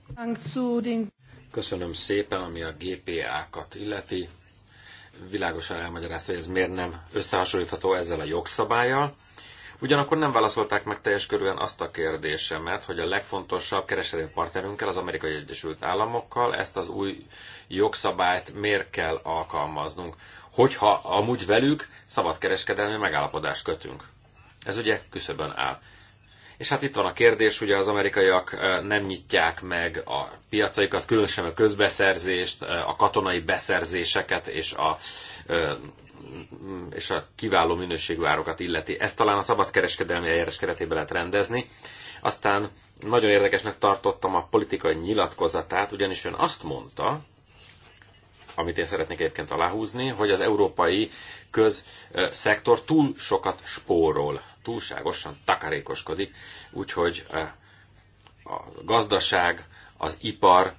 Speaker 2: Köszönöm szépen, ami a GPA-kat illeti. Világosan elmagyarázta, hogy ez miért nem összehasonlítható ezzel a jogszabályjal. Ugyanakkor nem válaszolták meg teljes körülön azt a kérdésemet, hogy a legfontosabb kereskedelmi partnerünkkel, az Amerikai Egyesült Államokkal ezt az új jogszabályt miért kell alkalmaznunk, hogyha amúgy velük kereskedelmi megállapodást kötünk. Ez ugye küszöbön áll. És hát itt van a kérdés, ugye az amerikaiak nem nyitják meg a piacaikat, különösen a közbeszerzést, a katonai beszerzéseket és a és a kiváló minőségű árokat illeti. Ezt talán a szabadkereskedelmi eljárás keretében lehet rendezni. Aztán nagyon érdekesnek tartottam a politikai nyilatkozatát, ugyanis ön azt mondta, amit én szeretnék egyébként aláhúzni, hogy az európai közszektor túl sokat spórol túlságosan takarékoskodik, úgyhogy eh, a gazdaság, az ipar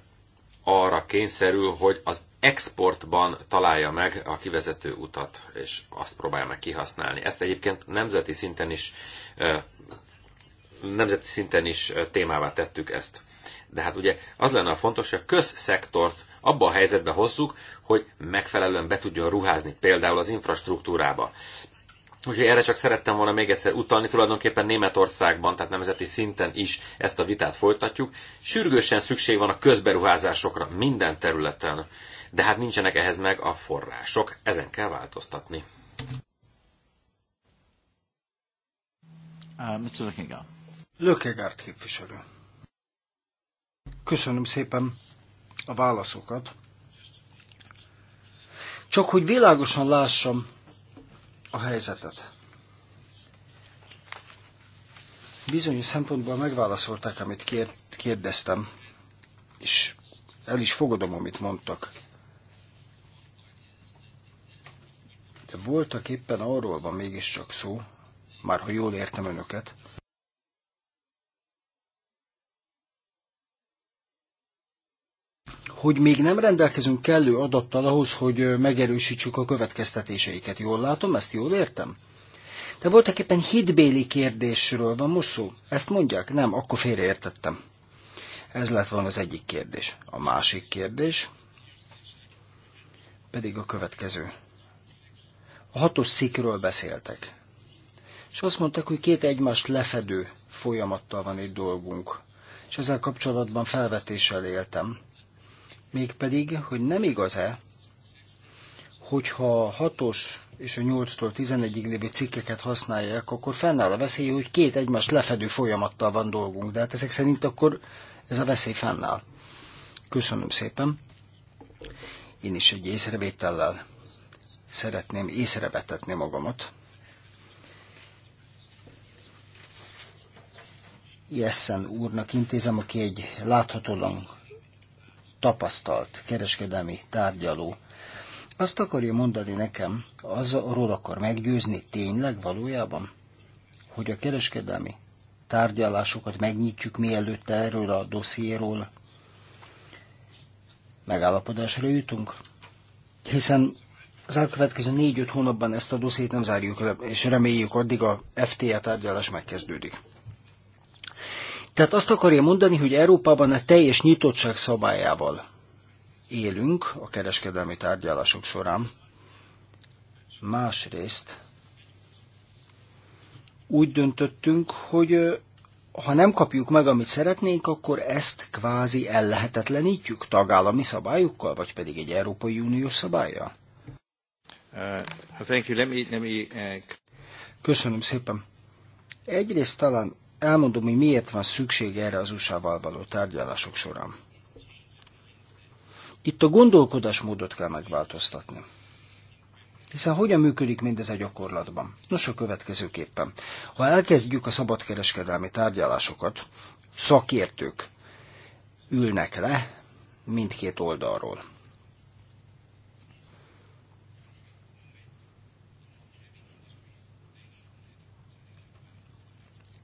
Speaker 2: arra kényszerül, hogy az exportban találja meg a kivezető utat, és azt próbálja meg kihasználni. Ezt egyébként nemzeti szinten is, eh, nemzeti szinten is eh, témává tettük ezt. De hát ugye az lenne a fontos, hogy a közszektort abba a helyzetbe hozzuk, hogy megfelelően be tudjon ruházni, például az infrastruktúrába. Úgyhogy erre csak szerettem volna még egyszer utalni, tulajdonképpen Németországban, tehát nemzeti szinten is ezt a vitát folytatjuk. Sürgősen szükség van a közberuházásokra minden területen, de hát nincsenek ehhez meg a források, ezen kell változtatni.
Speaker 1: Uh, Mr. képviselő. Köszönöm szépen a válaszokat. Csak hogy világosan lássam, a helyzetet. Bizonyos szempontból megválaszolták, amit kérdeztem, és el is fogadom, amit mondtak. De voltak éppen arról van mégiscsak szó, már ha jól értem önöket, hogy még nem rendelkezünk kellő adattal ahhoz, hogy megerősítsük a következtetéseiket. Jól látom, ezt jól értem? De voltak éppen hitbéli kérdésről van most szó. Ezt mondják? Nem, akkor félreértettem. Ez lett volna az egyik kérdés. A másik kérdés pedig a következő. A hatos szikről beszéltek. És azt mondták, hogy két egymást lefedő folyamattal van itt dolgunk. És ezzel kapcsolatban felvetéssel éltem mégpedig, hogy nem igaz-e, hogyha a 6 és a 8-tól 11-ig lévő cikkeket használják, akkor fennáll a veszély, hogy két egymást lefedő folyamattal van dolgunk. De hát ezek szerint akkor ez a veszély fennáll. Köszönöm szépen. Én is egy észrevétellel szeretném észrevetetni magamat. Jessen úrnak intézem, aki egy láthatóan tapasztalt kereskedelmi tárgyaló. Azt akarja mondani nekem, az arról akar meggyőzni tényleg valójában, hogy a kereskedelmi tárgyalásokat megnyitjuk mielőtt erről a dossziéról megállapodásra jutunk. Hiszen az elkövetkező négy-öt hónapban ezt a dossziét nem zárjuk le, és reméljük addig a FTA tárgyalás megkezdődik. Tehát azt akarja mondani, hogy Európában a teljes nyitottság szabályával élünk a kereskedelmi tárgyalások során. Másrészt úgy döntöttünk, hogy ha nem kapjuk meg, amit szeretnénk, akkor ezt kvázi ellehetetlenítjük tagállami szabályokkal, vagy pedig egy Európai Unió szabályjal? Uh, thank you. Let me, let me, uh... Köszönöm szépen. Egyrészt talán elmondom, hogy miért van szükség erre az USA-val való tárgyalások során. Itt a gondolkodásmódot kell megváltoztatni. Hiszen hogyan működik mindez a gyakorlatban? Nos, a következőképpen. Ha elkezdjük a szabadkereskedelmi tárgyalásokat, szakértők ülnek le mindkét oldalról.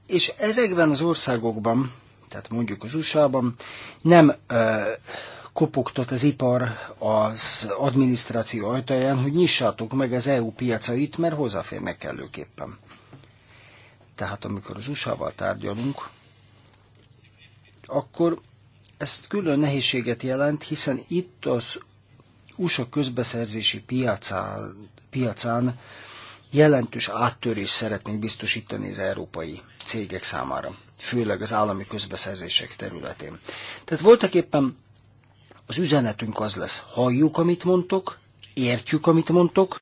Speaker 1: És ezekben az országokban, tehát mondjuk az USA-ban, nem ö, kopogtat az ipar az adminisztráció ajtaján, hogy nyissátok meg az EU piacait, mert hozzáférnek előképpen. Tehát amikor az USA-val tárgyalunk, akkor ezt külön nehézséget jelent, hiszen itt az USA közbeszerzési piacán, piacán jelentős áttörést szeretnénk biztosítani az európai cégek számára, főleg az állami közbeszerzések területén. Tehát voltak éppen az üzenetünk az lesz, halljuk, amit mondtok, értjük, amit mondtok,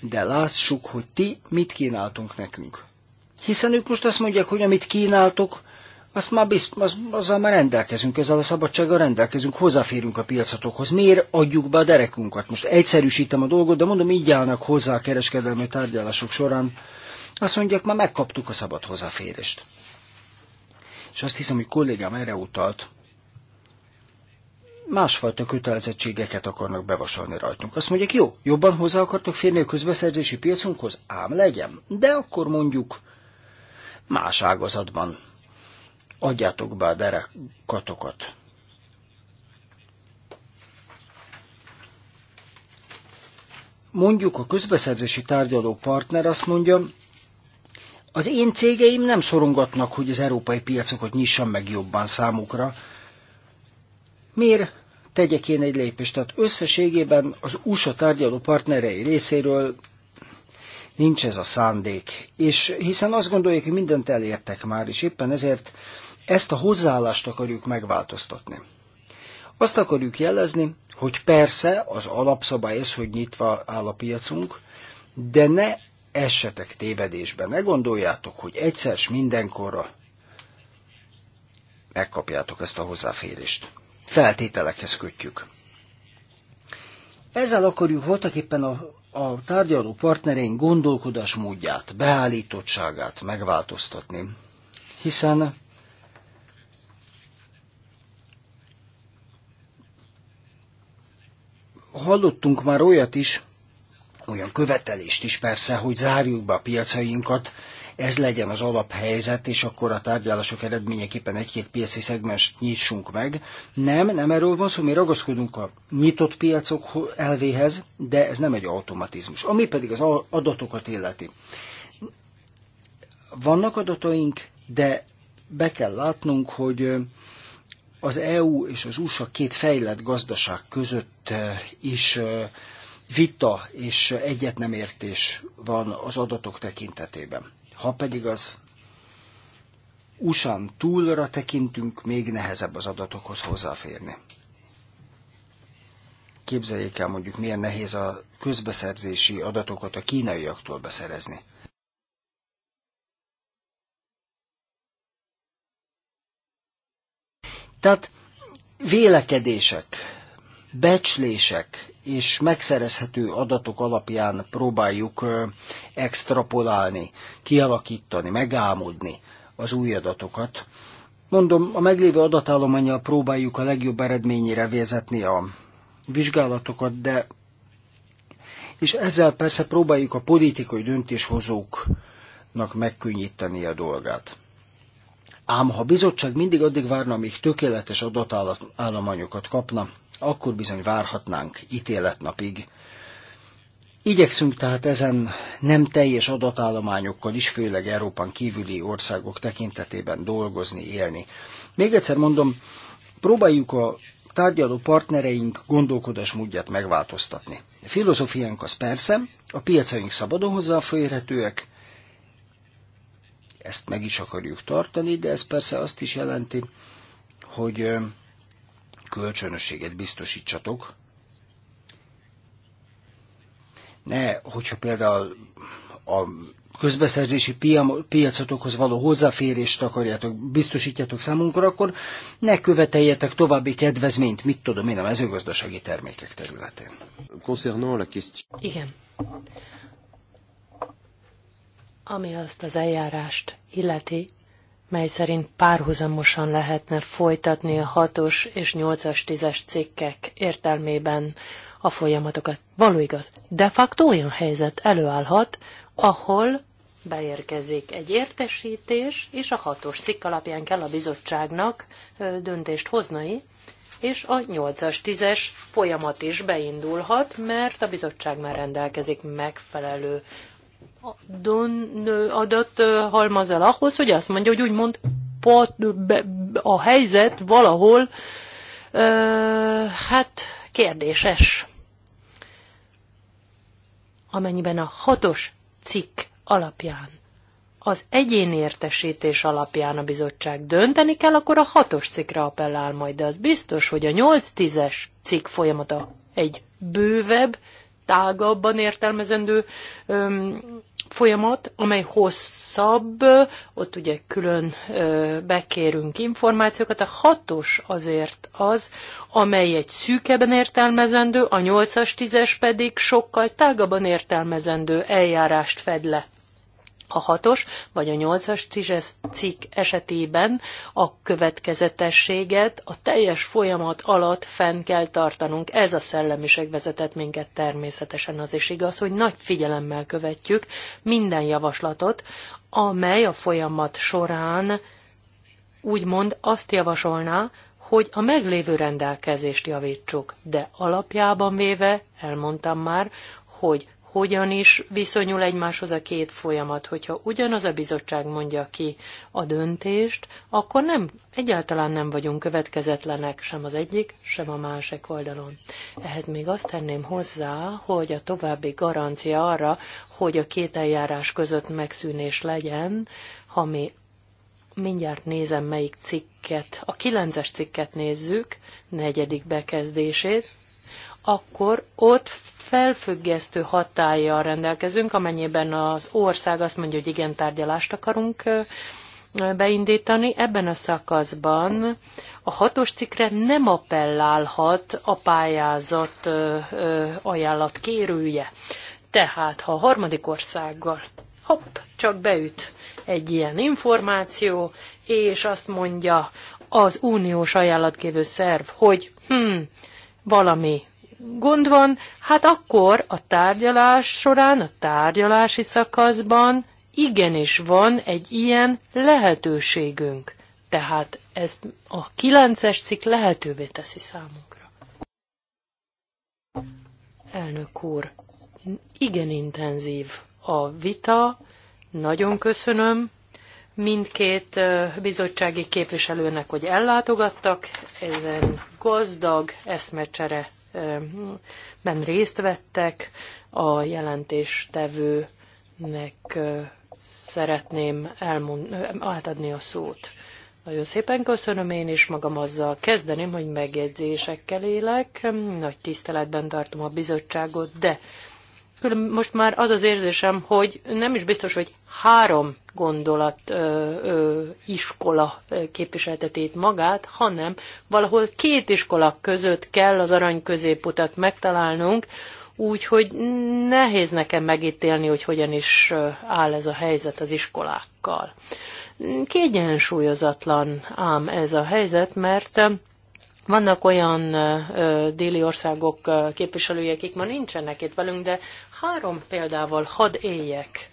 Speaker 1: de lássuk, hogy ti mit kínáltunk nekünk. Hiszen ők most azt mondják, hogy amit kínáltok, azt már bizt, az, azzal már rendelkezünk, ezzel a szabadsággal rendelkezünk, hozzáférünk a piacatokhoz. Miért adjuk be a derekunkat? Most egyszerűsítem a dolgot, de mondom, így állnak hozzá a kereskedelmi tárgyalások során. Azt mondják, már megkaptuk a szabad hozzáférést. És azt hiszem, hogy kollégám erre utalt, másfajta kötelezettségeket akarnak bevasalni rajtunk. Azt mondják, jó, jobban hozzá akartok férni a közbeszerzési piacunkhoz? Ám legyen. De akkor mondjuk más ágazatban adjátok be a derekatokat. Mondjuk a közbeszerzési tárgyaló partner azt mondja, az én cégeim nem szorongatnak, hogy az európai piacokat nyissam meg jobban számukra. Miért tegyek én egy lépést? Tehát összességében az USA tárgyaló partnerei részéről nincs ez a szándék. És hiszen azt gondolják, hogy mindent elértek már, és éppen ezért ezt a hozzáállást akarjuk megváltoztatni. Azt akarjuk jelezni, hogy persze az alapszabály ez, hogy nyitva áll a piacunk, de ne essetek tévedésbe, ne gondoljátok, hogy egyszer s mindenkorra megkapjátok ezt a hozzáférést. Feltételekhez kötjük. Ezzel akarjuk voltak éppen a, a tárgyaló partnereink módját, beállítottságát megváltoztatni, hiszen hallottunk már olyat is, olyan követelést is persze, hogy zárjuk be a piacainkat, ez legyen az alaphelyzet, és akkor a tárgyalások eredményeképpen egy-két piaci szegmens nyitsunk meg. Nem, nem erről van szó, mi ragaszkodunk a nyitott piacok elvéhez, de ez nem egy automatizmus. Ami pedig az adatokat illeti. Vannak adataink, de be kell látnunk, hogy az EU és az USA két fejlett gazdaság között eh, is eh, vita és egyet nem értés van az adatok tekintetében. Ha pedig az USA-n túlra tekintünk, még nehezebb az adatokhoz hozzáférni. Képzeljék el mondjuk, milyen nehéz a közbeszerzési adatokat a kínaiaktól beszerezni. Tehát vélekedések, becslések és megszerezhető adatok alapján próbáljuk extrapolálni, kialakítani, megálmodni az új adatokat. Mondom, a meglévő adatállományjal próbáljuk a legjobb eredményére vezetni a vizsgálatokat, de és ezzel persze próbáljuk a politikai döntéshozóknak megkönnyíteni a dolgát. Ám ha a bizottság mindig addig várna, amíg tökéletes adatállományokat kapna, akkor bizony várhatnánk ítéletnapig. Igyekszünk tehát ezen nem teljes adatállományokkal is, főleg Európán kívüli országok tekintetében dolgozni, élni. Még egyszer mondom, próbáljuk a tárgyaló partnereink gondolkodásmódját megváltoztatni. A filozófiánk az persze, a piacaink szabadon hozzáférhetőek, ezt meg is akarjuk tartani, de ez persze azt is jelenti, hogy kölcsönösséget biztosítsatok. Ne, hogyha például a közbeszerzési piacotokhoz való hozzáférést akarjátok, biztosítjátok számunkra, akkor ne követeljetek további kedvezményt, mit tudom én a mezőgazdasági termékek területén.
Speaker 3: Igen. Ami azt az eljárást illeti, mely szerint párhuzamosan lehetne folytatni a 6-os és 8-as 10-es cikkek értelmében a folyamatokat. Való igaz, de facto olyan helyzet előállhat, ahol beérkezik egy értesítés, és a hatos cikk alapján kell a bizottságnak döntést hoznai, és a 8-as, 10-es folyamat is beindulhat, mert a bizottság már rendelkezik megfelelő don, adat halmazzal ahhoz, hogy azt mondja, hogy úgymond pot, be, a helyzet valahol ö, hát kérdéses. Amennyiben a hatos cikk alapján, az egyéni értesítés alapján a bizottság dönteni kell, akkor a hatos cikkre appellál majd, de az biztos, hogy a 8-10-es cikk folyamata egy bővebb, tágabban értelmezendő öm, folyamat, amely hosszabb, ott ugye külön bekérünk információkat, a hatos azért az, amely egy szűkebben értelmezendő, a nyolcas, tízes pedig sokkal tágabban értelmezendő eljárást fed le a hatos vagy a nyolcas cikk esetében a következetességet a teljes folyamat alatt fenn kell tartanunk. Ez a szellemiség vezetett minket természetesen az is igaz, hogy nagy figyelemmel követjük minden javaslatot, amely a folyamat során úgymond azt javasolná, hogy a meglévő rendelkezést javítsuk, de alapjában véve, elmondtam már, hogy hogyan is viszonyul egymáshoz a két folyamat. Hogyha ugyanaz a bizottság mondja ki a döntést, akkor nem, egyáltalán nem vagyunk következetlenek sem az egyik, sem a másik oldalon. Ehhez még azt tenném hozzá, hogy a további garancia arra, hogy a két eljárás között megszűnés legyen, ha mi mindjárt nézem, melyik cikket, a kilences cikket nézzük, negyedik bekezdését, akkor ott felfüggesztő hatállyal rendelkezünk, amennyiben az ország azt mondja, hogy igen, tárgyalást akarunk beindítani. Ebben a szakaszban a hatos cikre nem appellálhat a pályázat ajánlat kérője. Tehát, ha a harmadik országgal hopp, csak beüt egy ilyen információ, és azt mondja az uniós ajánlatkérő szerv, hogy hm, valami gond van, hát akkor a tárgyalás során, a tárgyalási szakaszban igenis van egy ilyen lehetőségünk. Tehát ezt a kilences cikk lehetővé teszi számunkra. Elnök úr, igen intenzív a vita, nagyon köszönöm mindkét bizottsági képviselőnek, hogy ellátogattak, ezen gazdag eszmecsere ben ehm, hmm, részt vettek. A jelentéstevőnek szeretném elmond, átadni a szót. Nagyon szépen köszönöm, én is magam azzal kezdeném, hogy megjegyzésekkel élek. Nagy tiszteletben tartom a bizottságot, de most már az az érzésem, hogy nem is biztos, hogy három gondolat ö, ö, iskola képviseltetét magát, hanem valahol két iskola között kell az arany középutat megtalálnunk, úgyhogy nehéz nekem megítélni, hogy hogyan is áll ez a helyzet az iskolákkal. Kiegyensúlyozatlan ám ez a helyzet, mert vannak olyan ö, déli országok ö, képviselői, akik ma nincsenek itt velünk, de három példával had éljek.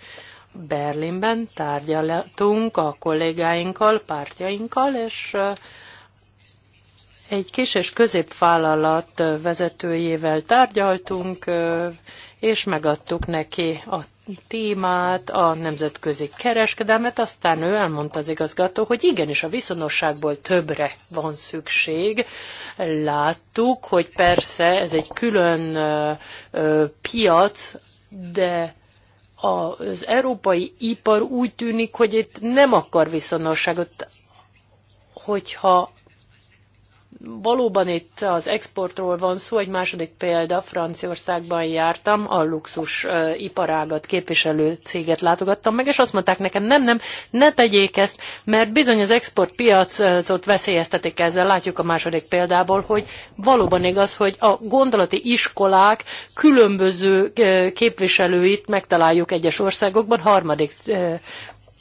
Speaker 3: Berlinben tárgyaltunk a kollégáinkkal, pártjainkkal, és ö, egy kis és középvállalat vezetőjével tárgyaltunk, és megadtuk neki a témát, a nemzetközi kereskedelmet, aztán ő elmondta az igazgató, hogy igenis a viszonosságból többre van szükség. Láttuk, hogy persze ez egy külön ö, ö, piac, de az európai ipar úgy tűnik, hogy itt nem akar viszonosságot, hogyha valóban itt az exportról van szó, egy második példa, Franciaországban jártam, a luxus iparágat képviselő céget látogattam meg, és azt mondták nekem, nem, nem, ne tegyék ezt, mert bizony az exportpiacot veszélyeztetik ezzel. Látjuk a második példából, hogy valóban igaz, hogy a gondolati iskolák különböző képviselőit megtaláljuk egyes országokban, harmadik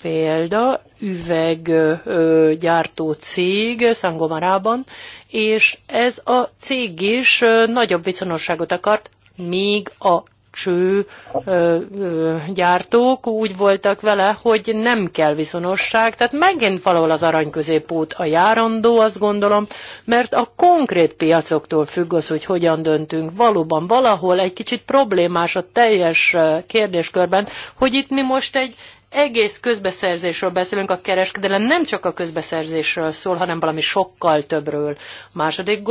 Speaker 3: példa, üveggyártó cég Szangomarában, és ez a cég is nagyobb viszonosságot akart, míg a cső gyártók úgy voltak vele, hogy nem kell viszonosság, tehát megint valahol az arany középút a járandó, azt gondolom, mert a konkrét piacoktól függ az, hogy hogyan döntünk. Valóban valahol egy kicsit problémás a teljes kérdéskörben, hogy itt mi most egy egész közbeszerzésről beszélünk, a kereskedelem nem csak a közbeszerzésről szól, hanem valami sokkal többről. Második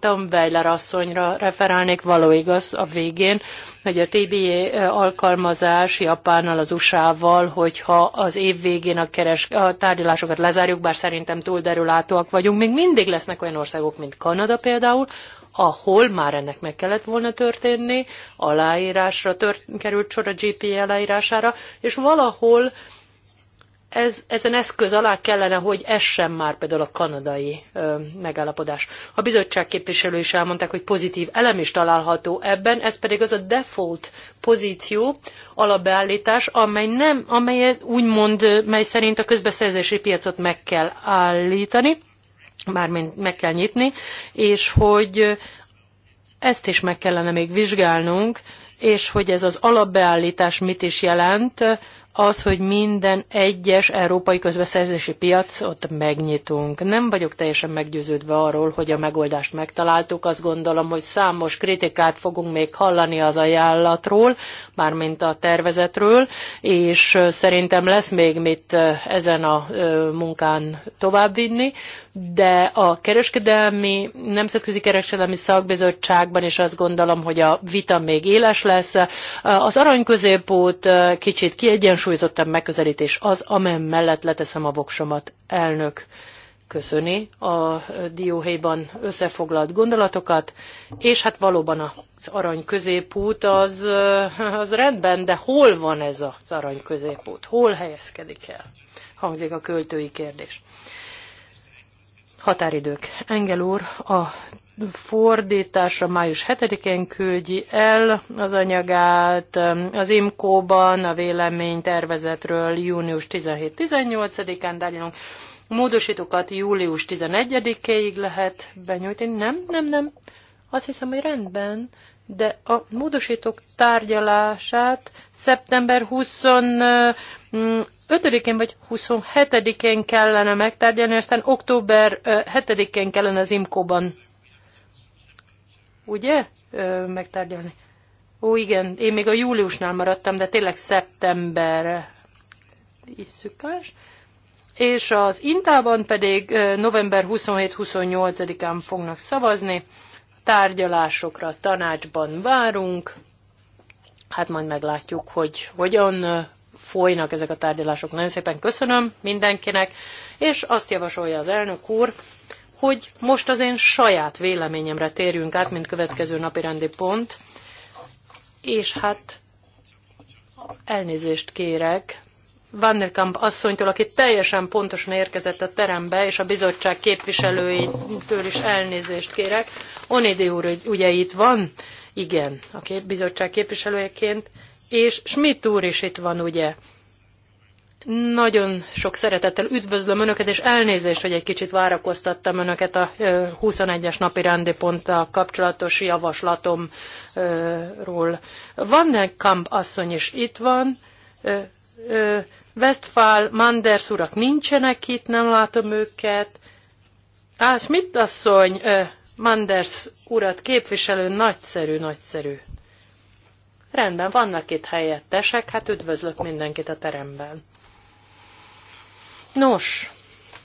Speaker 3: Tom Weiler asszonyra referálnék, való igaz a végén, hogy a TBA alkalmazás Japánnal, az USA-val, hogyha az év végén a, keres, a tárgyalásokat lezárjuk, bár szerintem túl derülátóak vagyunk, még mindig lesznek olyan országok, mint Kanada például, ahol már ennek meg kellett volna történni, aláírásra tört, került sor a GP aláírására, és valahol ez, ez ezen eszköz alá kellene, hogy sem már például a kanadai ö, megállapodás. A bizottság képviselői is elmondták, hogy pozitív elem is található ebben, ez pedig az a default pozíció, alapbeállítás, amely nem, amely úgymond, mely szerint a közbeszerzési piacot meg kell állítani, mármint meg kell nyitni, és hogy ezt is meg kellene még vizsgálnunk, és hogy ez az alapbeállítás mit is jelent, az, hogy minden egyes európai közbeszerzési piacot megnyitunk. Nem vagyok teljesen meggyőződve arról, hogy a megoldást megtaláltuk. Azt gondolom, hogy számos kritikát fogunk még hallani az ajánlatról, mármint a tervezetről, és szerintem lesz még mit ezen a munkán továbbvinni, de a kereskedelmi, nemzetközi kereskedelmi szakbizottságban is azt gondolom, hogy a vita még éles lesz. Az aranyközépút kicsit kiegyensúlyozott, kiegyensúlyozottabb megközelítés az, amely mellett leteszem a voksomat. Elnök köszöni a dióhéjban összefoglalt gondolatokat, és hát valóban az arany középút az, az rendben, de hol van ez az arany középút? Hol helyezkedik el? Hangzik a költői kérdés. Határidők. Engel úr a fordításra május 7-én küldi el az anyagát, um, az imco ban a vélemény tervezetről június 17-18-án tárgyalunk. Módosítókat július 11-ig lehet benyújtani. Nem, nem, nem. Azt hiszem, hogy rendben, de a módosítók tárgyalását szeptember 20 5-én vagy 27-én kellene megtárgyalni, aztán október 7-én kellene az imco ban ugye, megtárgyalni. Ó, igen, én még a júliusnál maradtam, de tényleg szeptember is szükás. És az Intában pedig november 27-28-án fognak szavazni. Tárgyalásokra tanácsban várunk. Hát majd meglátjuk, hogy hogyan folynak ezek a tárgyalások. Nagyon szépen köszönöm mindenkinek, és azt javasolja az elnök úr, hogy most az én saját véleményemre térjünk át, mint következő napi rendi pont, és hát elnézést kérek Vannerkamp asszonytól, aki teljesen pontosan érkezett a terembe, és a bizottság képviselőitől is elnézést kérek. Onédi úr ugye itt van? Igen, a bizottság képviselőjeként, és Schmidt úr is itt van, ugye? Nagyon sok szeretettel üdvözlöm Önöket, és elnézést, hogy egy kicsit várakoztattam Önöket a 21-es napi rendi ponttal kapcsolatos javaslatomról. Van -e Kamp asszony is itt van, Westfál, Manders urak nincsenek itt, nem látom őket. Á, Schmidt asszony, Manders urat képviselő, nagyszerű, nagyszerű. Rendben, vannak itt helyettesek, hát üdvözlök mindenkit a teremben. Nos,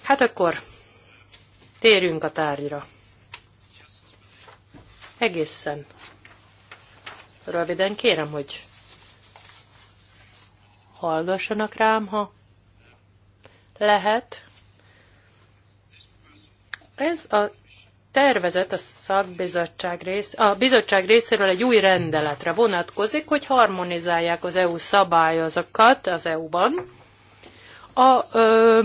Speaker 3: hát akkor térjünk a tárgyra. Egészen röviden kérem, hogy hallgassanak rám, ha lehet. Ez a tervezet a szakbizottság rész, a bizottság részéről egy új rendeletre vonatkozik, hogy harmonizálják az EU szabályozokat az EU-ban, a ö,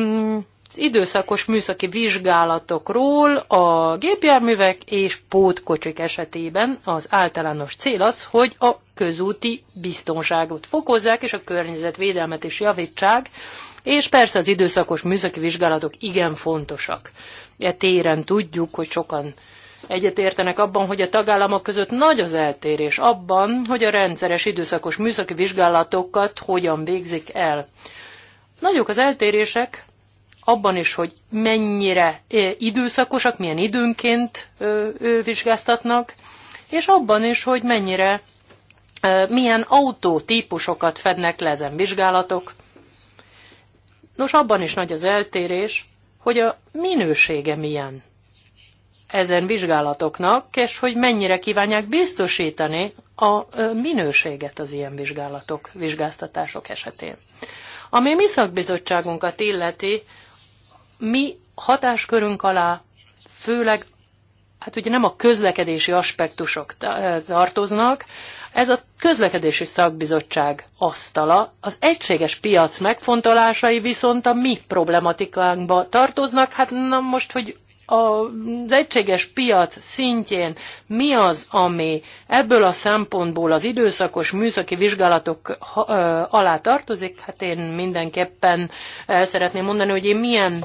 Speaker 3: az időszakos műszaki vizsgálatokról a gépjárművek és pótkocsik esetében az általános cél az, hogy a közúti biztonságot fokozzák, és a környezetvédelmet is javítsák, és persze az időszakos műszaki vizsgálatok igen fontosak. E téren tudjuk, hogy sokan Egyetértenek abban, hogy a tagállamok között nagy az eltérés abban, hogy a rendszeres időszakos műszaki vizsgálatokat hogyan végzik el. Nagyok az eltérések abban is, hogy mennyire eh, időszakosak, milyen időnként vizsgáztatnak, és abban is, hogy mennyire, milyen autótípusokat fednek le ezen vizsgálatok. Nos, abban is nagy az eltérés, hogy a minősége milyen ezen vizsgálatoknak, és hogy mennyire kívánják biztosítani a minőséget az ilyen vizsgálatok, vizsgáztatások esetén. Ami mi szakbizottságunkat illeti, mi hatáskörünk alá főleg, hát ugye nem a közlekedési aspektusok eh, tartoznak, ez a közlekedési szakbizottság asztala, az egységes piac megfontolásai viszont a mi problematikánkba tartoznak, hát na most, hogy az egységes piac szintjén mi az, ami ebből a szempontból az időszakos műszaki vizsgálatok alá tartozik? Hát én mindenképpen el szeretném mondani, hogy én milyen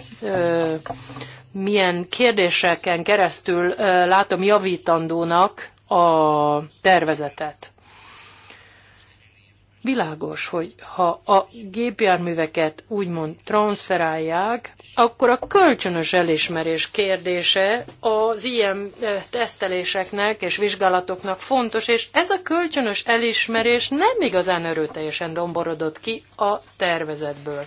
Speaker 3: milyen kérdéseken keresztül látom javítandónak a tervezetet. Világos, hogy ha a gépjárműveket úgymond transferálják, akkor a kölcsönös elismerés kérdése az ilyen eh, teszteléseknek és vizsgálatoknak fontos, és ez a kölcsönös elismerés nem igazán erőteljesen domborodott ki a tervezetből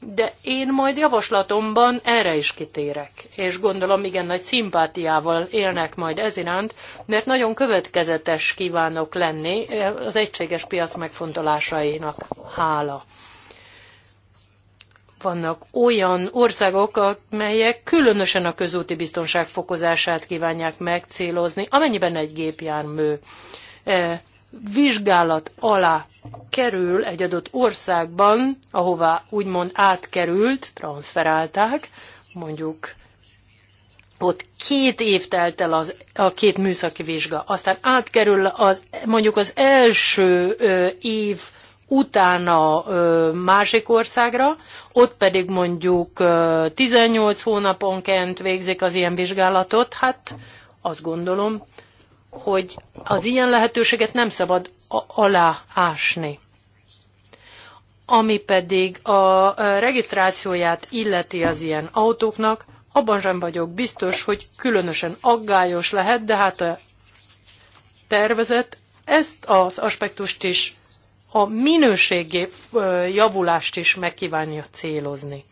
Speaker 3: de én majd javaslatomban erre is kitérek, és gondolom igen nagy szimpátiával élnek majd ez iránt, mert nagyon következetes kívánok lenni az egységes piac megfontolásainak hála vannak olyan országok, amelyek különösen a közúti biztonság fokozását kívánják megcélozni, amennyiben egy gépjármű eh, vizsgálat alá kerül egy adott országban, ahová úgymond átkerült, transferálták, mondjuk ott két év telt el az, a két műszaki vizsga, aztán átkerül az, mondjuk az első ö, év utána ö, másik országra, ott pedig mondjuk ö, 18 hónaponként végzik az ilyen vizsgálatot, hát azt gondolom, hogy az ilyen lehetőséget nem szabad aláásni. Ami pedig a regisztrációját illeti az ilyen autóknak, abban sem vagyok biztos, hogy különösen aggályos lehet, de hát a tervezet ezt az aspektust is, a minőségi javulást is megkívánja célozni.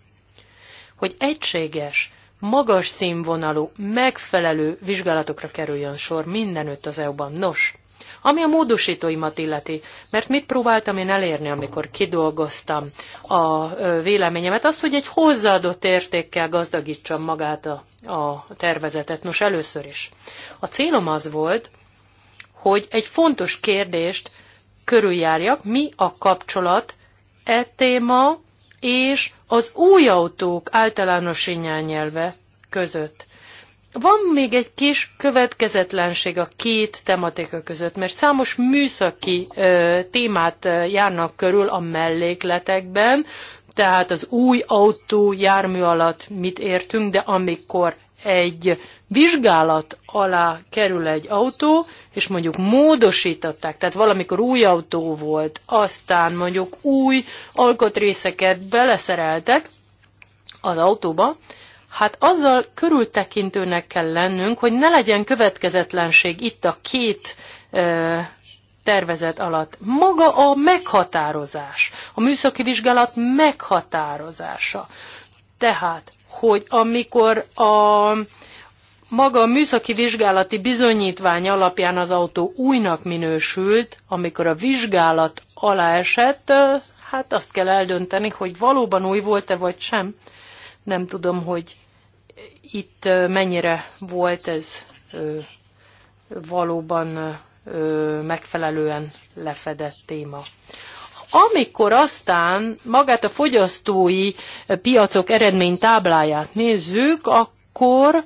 Speaker 3: Hogy egységes magas színvonalú, megfelelő vizsgálatokra kerüljön sor mindenütt az EU-ban. Nos, ami a módosítóimat illeti, mert mit próbáltam én elérni, amikor kidolgoztam a véleményemet, az, hogy egy hozzáadott értékkel gazdagítsam magát a, a tervezetet. Nos, először is. A célom az volt, hogy egy fontos kérdést körüljárjak, mi a kapcsolat e téma és az új autók általános nyelve között. Van még egy kis következetlenség a két tematika között, mert számos műszaki ö, témát járnak körül a mellékletekben, tehát az új autó jármű alatt mit értünk, de amikor egy vizsgálat alá kerül egy autó, és mondjuk módosították, tehát valamikor új autó volt, aztán mondjuk új alkotrészeket beleszereltek az autóba, hát azzal körültekintőnek kell lennünk, hogy ne legyen következetlenség itt a két e tervezet alatt. Maga a meghatározás, a műszaki vizsgálat meghatározása. Tehát hogy amikor a maga a műszaki vizsgálati bizonyítvány alapján az autó újnak minősült, amikor a vizsgálat alá esett, hát azt kell eldönteni, hogy valóban új volt-e vagy sem. Nem tudom, hogy itt mennyire volt ez valóban megfelelően lefedett téma. Amikor aztán magát a fogyasztói eh, piacok eredménytábláját nézzük, akkor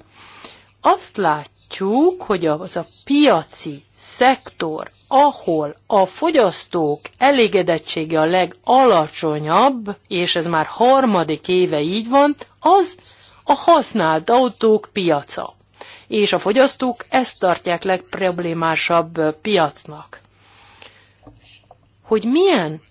Speaker 3: azt látjuk, hogy az a piaci szektor, ahol a fogyasztók elégedettsége a legalacsonyabb, és ez már harmadik éve így van, az a használt autók piaca. És a fogyasztók ezt tartják legproblémásabb eh, piacnak. Hogy milyen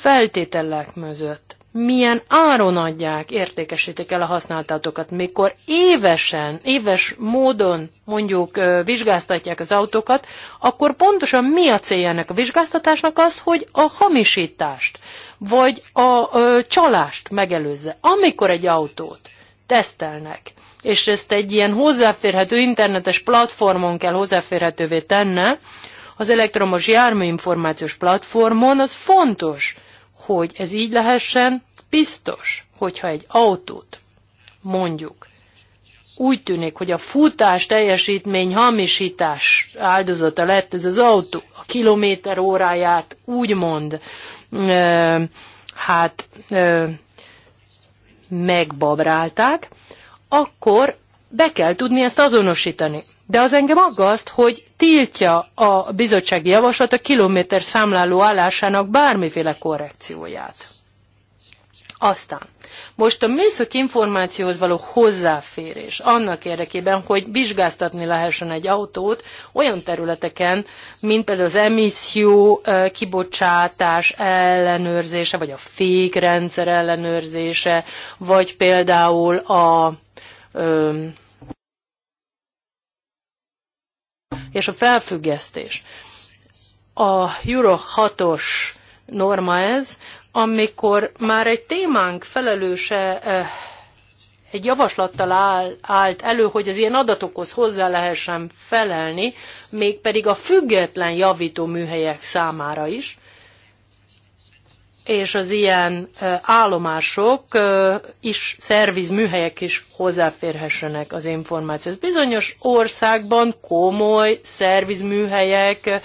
Speaker 3: feltételek mögött milyen áron adják, értékesítik el a használtatókat, mikor évesen, éves módon mondjuk vizsgáztatják az autókat, akkor pontosan mi a célja ennek a vizsgáztatásnak az, hogy a hamisítást, vagy a ö, csalást megelőzze. Amikor egy autót tesztelnek, és ezt egy ilyen hozzáférhető internetes platformon kell hozzáférhetővé tenne, az elektromos járműinformációs platformon, az fontos, hogy ez így lehessen, biztos, hogyha egy autót mondjuk úgy tűnik, hogy a futás teljesítmény hamisítás áldozata lett ez az autó, a kilométer óráját úgymond e, hát e, megbabrálták, akkor be kell tudni ezt azonosítani. De az engem aggaszt, hogy tiltja a bizottsági javaslat a kilométer számláló állásának bármiféle korrekcióját. Aztán, most a műszaki információhoz való hozzáférés annak érdekében, hogy vizsgáztatni lehessen egy autót olyan területeken, mint például az emisszió kibocsátás ellenőrzése, vagy a fékrendszer ellenőrzése, vagy például a, és a felfüggesztés. A Euro 6-os norma ez, amikor már egy témánk felelőse eh, egy javaslattal áll, állt elő, hogy az ilyen adatokhoz hozzá lehessen felelni, mégpedig a független javító műhelyek számára is, és az ilyen állomások is, szervizműhelyek is hozzáférhessenek az információhoz. Bizonyos országban komoly szervizműhelyek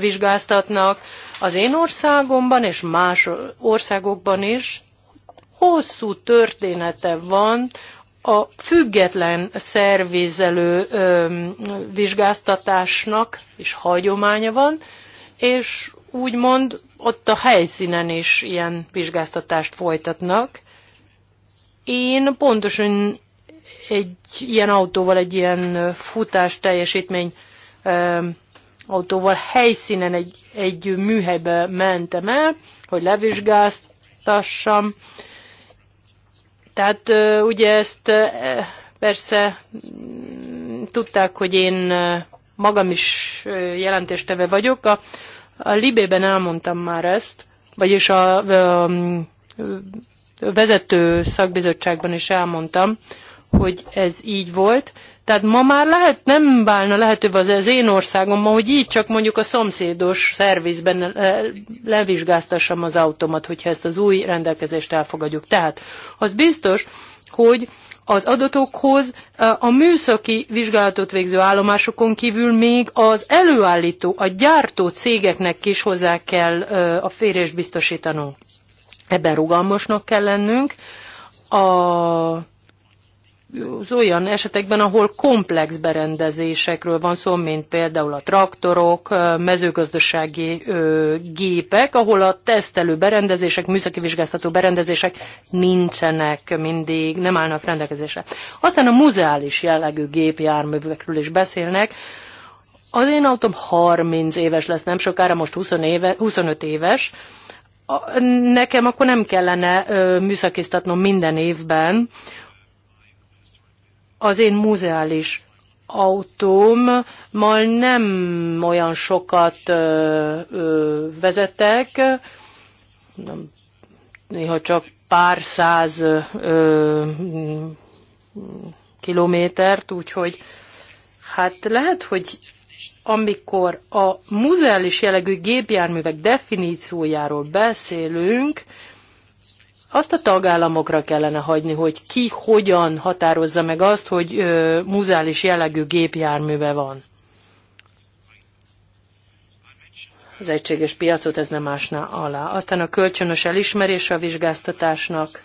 Speaker 3: vizsgáztatnak. Az én országomban és más országokban is hosszú története van a független szervizelő vizsgáztatásnak is hagyománya van, és úgymond ott a helyszínen is ilyen vizsgáztatást folytatnak. Én pontosan egy ilyen autóval, egy ilyen futás teljesítmény autóval helyszínen egy, egy műhelybe mentem el, hogy levizsgáztassam. Tehát ugye ezt persze tudták, hogy én magam is jelentésteve vagyok. A a Libében elmondtam már ezt, vagyis a, a um, vezető szakbizottságban is elmondtam, hogy ez így volt. Tehát ma már lehet, nem válna lehetőbb az, az én országomban, hogy így csak mondjuk a szomszédos szervizben levizsgáztassam az automat, hogyha ezt az új rendelkezést elfogadjuk. Tehát az biztos, hogy az adatokhoz a műszaki vizsgálatot végző állomásokon kívül még az előállító, a gyártó cégeknek is hozzá kell a férést biztosítanunk. Ebben rugalmasnak kell lennünk. A az olyan esetekben, ahol komplex berendezésekről van szó, mint például a traktorok, mezőgazdasági gépek, ahol a tesztelő berendezések, műszaki vizsgáztató berendezések nincsenek mindig, nem állnak rendelkezésre. Aztán a muzeális jellegű gépjárművekről is beszélnek, az én autóm 30 éves lesz, nem sokára, most 20 éve, 25 éves. Nekem akkor nem kellene műszakiztatnom minden évben, az én múzeális autóm, autómmal nem olyan sokat ö, ö, vezetek, nem, néha csak pár száz ö, kilométert, úgyhogy hát lehet, hogy amikor a muzeális jellegű gépjárművek definíciójáról beszélünk, azt a tagállamokra kellene hagyni, hogy ki hogyan határozza meg azt, hogy ö, muzális jellegű gépjárműve van. Az egységes piacot ez nem ásná alá. Aztán a kölcsönös elismerés a vizsgáztatásnak.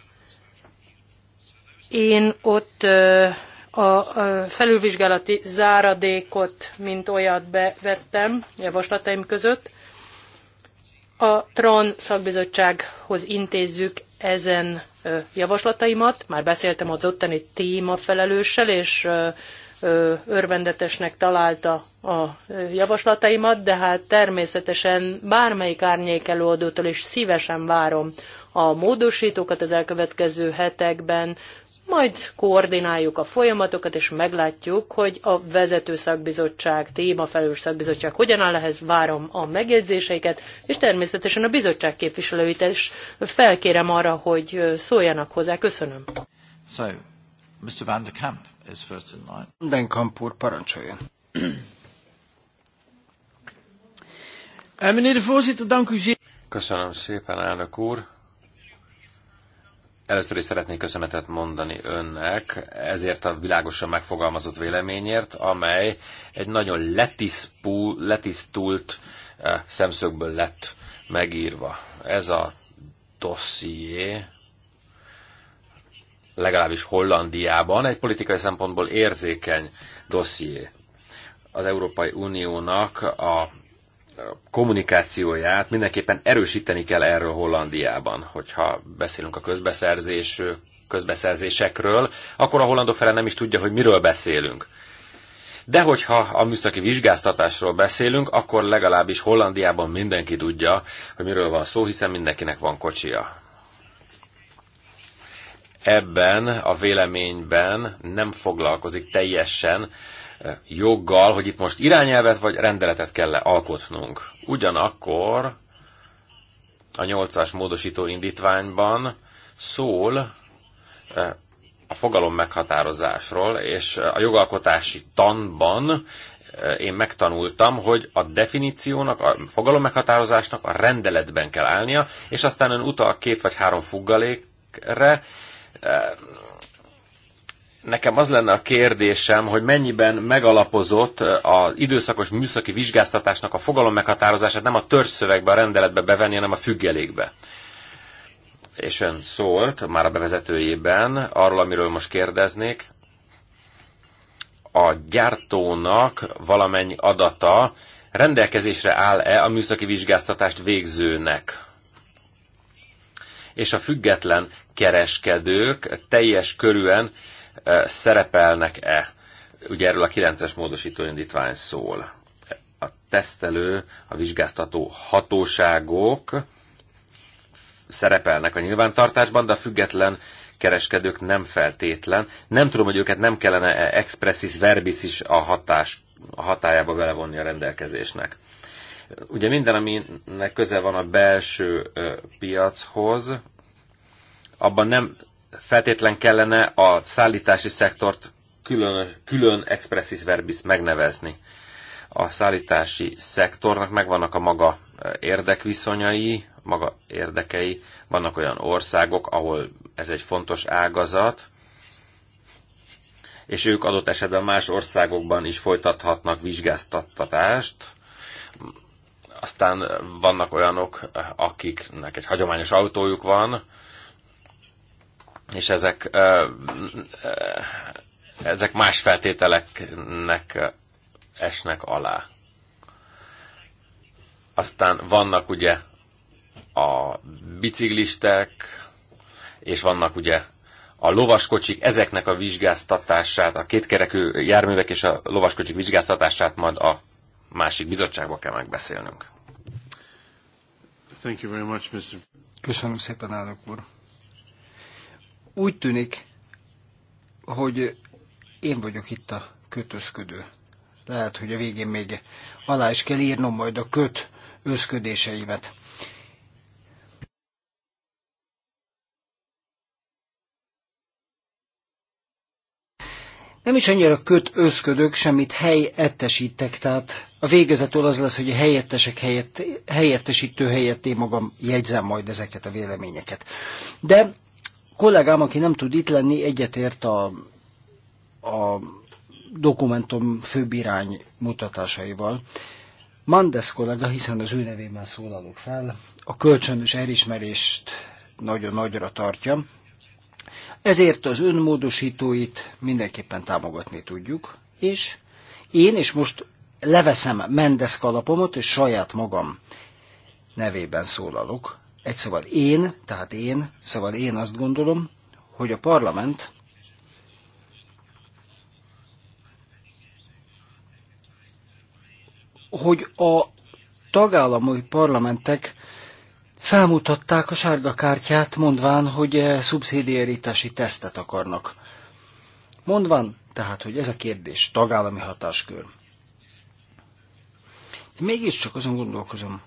Speaker 3: Én ott ö, a, a felülvizsgálati záradékot, mint olyat bevettem javaslataim között. A TRON szakbizottsághoz intézzük ezen javaslataimat, már beszéltem az ottani témafelelőssel, és örvendetesnek találta a javaslataimat, de hát természetesen bármelyik árnyék előadótól is szívesen várom a módosítókat az elkövetkező hetekben, majd koordináljuk a folyamatokat, és meglátjuk, hogy a vezető szakbizottság, témafelelős szakbizottság hogyan áll ehhez, várom a megjegyzéseiket, és természetesen a bizottság képviselőit is felkérem arra, hogy szóljanak hozzá. Köszönöm.
Speaker 1: So, Mr. Van de Kamp is first in line. Van de Kamp úr, parancsoljon.
Speaker 2: Eh, meneer de voorzitter, dank u zeer. Köszönöm szépen, elnök úr. Először is szeretnék köszönetet mondani önnek ezért a világosan megfogalmazott véleményért, amely egy nagyon letiszpul, letisztult eh, szemszögből lett megírva. Ez a dosszié legalábbis Hollandiában egy politikai szempontból érzékeny dosszié. Az Európai Uniónak a kommunikációját mindenképpen erősíteni kell erről Hollandiában, hogyha beszélünk a közbeszerzés, közbeszerzésekről, akkor a hollandok fele nem is tudja, hogy miről beszélünk. De hogyha a műszaki vizsgáztatásról beszélünk, akkor legalábbis Hollandiában mindenki tudja, hogy miről van szó, hiszen mindenkinek van kocsia. Ebben a véleményben nem foglalkozik teljesen joggal, hogy itt most irányelvet vagy rendeletet kell -e alkotnunk. Ugyanakkor a nyolcas módosító indítványban szól eh, a fogalom meghatározásról, és eh, a jogalkotási tanban eh, én megtanultam, hogy a definíciónak, a fogalom meghatározásnak a rendeletben kell állnia, és aztán ön utal két vagy három fuggalékre, nekem az lenne a kérdésem, hogy mennyiben megalapozott eh, az időszakos műszaki vizsgáztatásnak a fogalom meghatározását nem a törzszövegbe, a rendeletbe bevenni, hanem a függelékbe. És ön szólt már a bevezetőjében arról, amiről most kérdeznék, a gyártónak valamennyi adata rendelkezésre áll-e a műszaki vizsgáztatást végzőnek? És a független kereskedők teljes körűen szerepelnek-e? Ugye erről a 9-es módosítóindítvány szól. A tesztelő, a vizsgáztató hatóságok szerepelnek a nyilvántartásban, de a független kereskedők nem feltétlen. Nem tudom, hogy őket nem kellene -e expressis verbis is a, hatás, a hatájába belevonni a rendelkezésnek. Ugye minden, aminek köze van a belső piachoz, abban nem feltétlen kellene a szállítási szektort külön, külön expressis verbis megnevezni. A szállítási szektornak megvannak a maga e, érdekviszonyai, maga érdekei. Vannak olyan országok, ahol ez egy fontos ágazat, és ők adott esetben más országokban is folytathatnak vizsgáztattatást. Aztán vannak olyanok, akiknek egy hagyományos autójuk van, és ezek, ezek más feltételeknek esnek alá. Aztán vannak ugye a biciklistek, és vannak ugye a lovaskocsik, ezeknek a vizsgáztatását, a kétkerekű járművek és a lovaskocsik vizsgáztatását majd a másik bizottságban kell megbeszélnünk.
Speaker 1: Thank you very much, Mr. Köszönöm szépen, Állok úr. Úgy tűnik, hogy én vagyok itt a kötözködő. Lehet, hogy a végén még alá is kell írnom majd a köt őszködéseimet. Nem is annyira köt őszködök, semmit helyettesítek, tehát a végezetől az lesz, hogy a helyettesek helyett, helyettesítő helyett én magam jegyzem majd ezeket a véleményeket. De kollégám, aki nem tud itt lenni, egyetért a, a dokumentum főbirány mutatásaival. Mandes kollega, hiszen az ő nevében szólalok fel, a kölcsönös elismerést nagyon nagyra tartja, ezért az önmódosítóit mindenképpen támogatni tudjuk, és én, és most leveszem Mendes kalapomot, és saját magam nevében szólalok, egy szóval én, tehát én, szóval én azt gondolom, hogy a parlament hogy a tagállami parlamentek felmutatták a sárga kártyát, mondván, hogy eh, szubszidiaritási tesztet akarnak. Mondván, tehát, hogy ez a kérdés tagállami hatáskör. mégiscsak azon gondolkozom,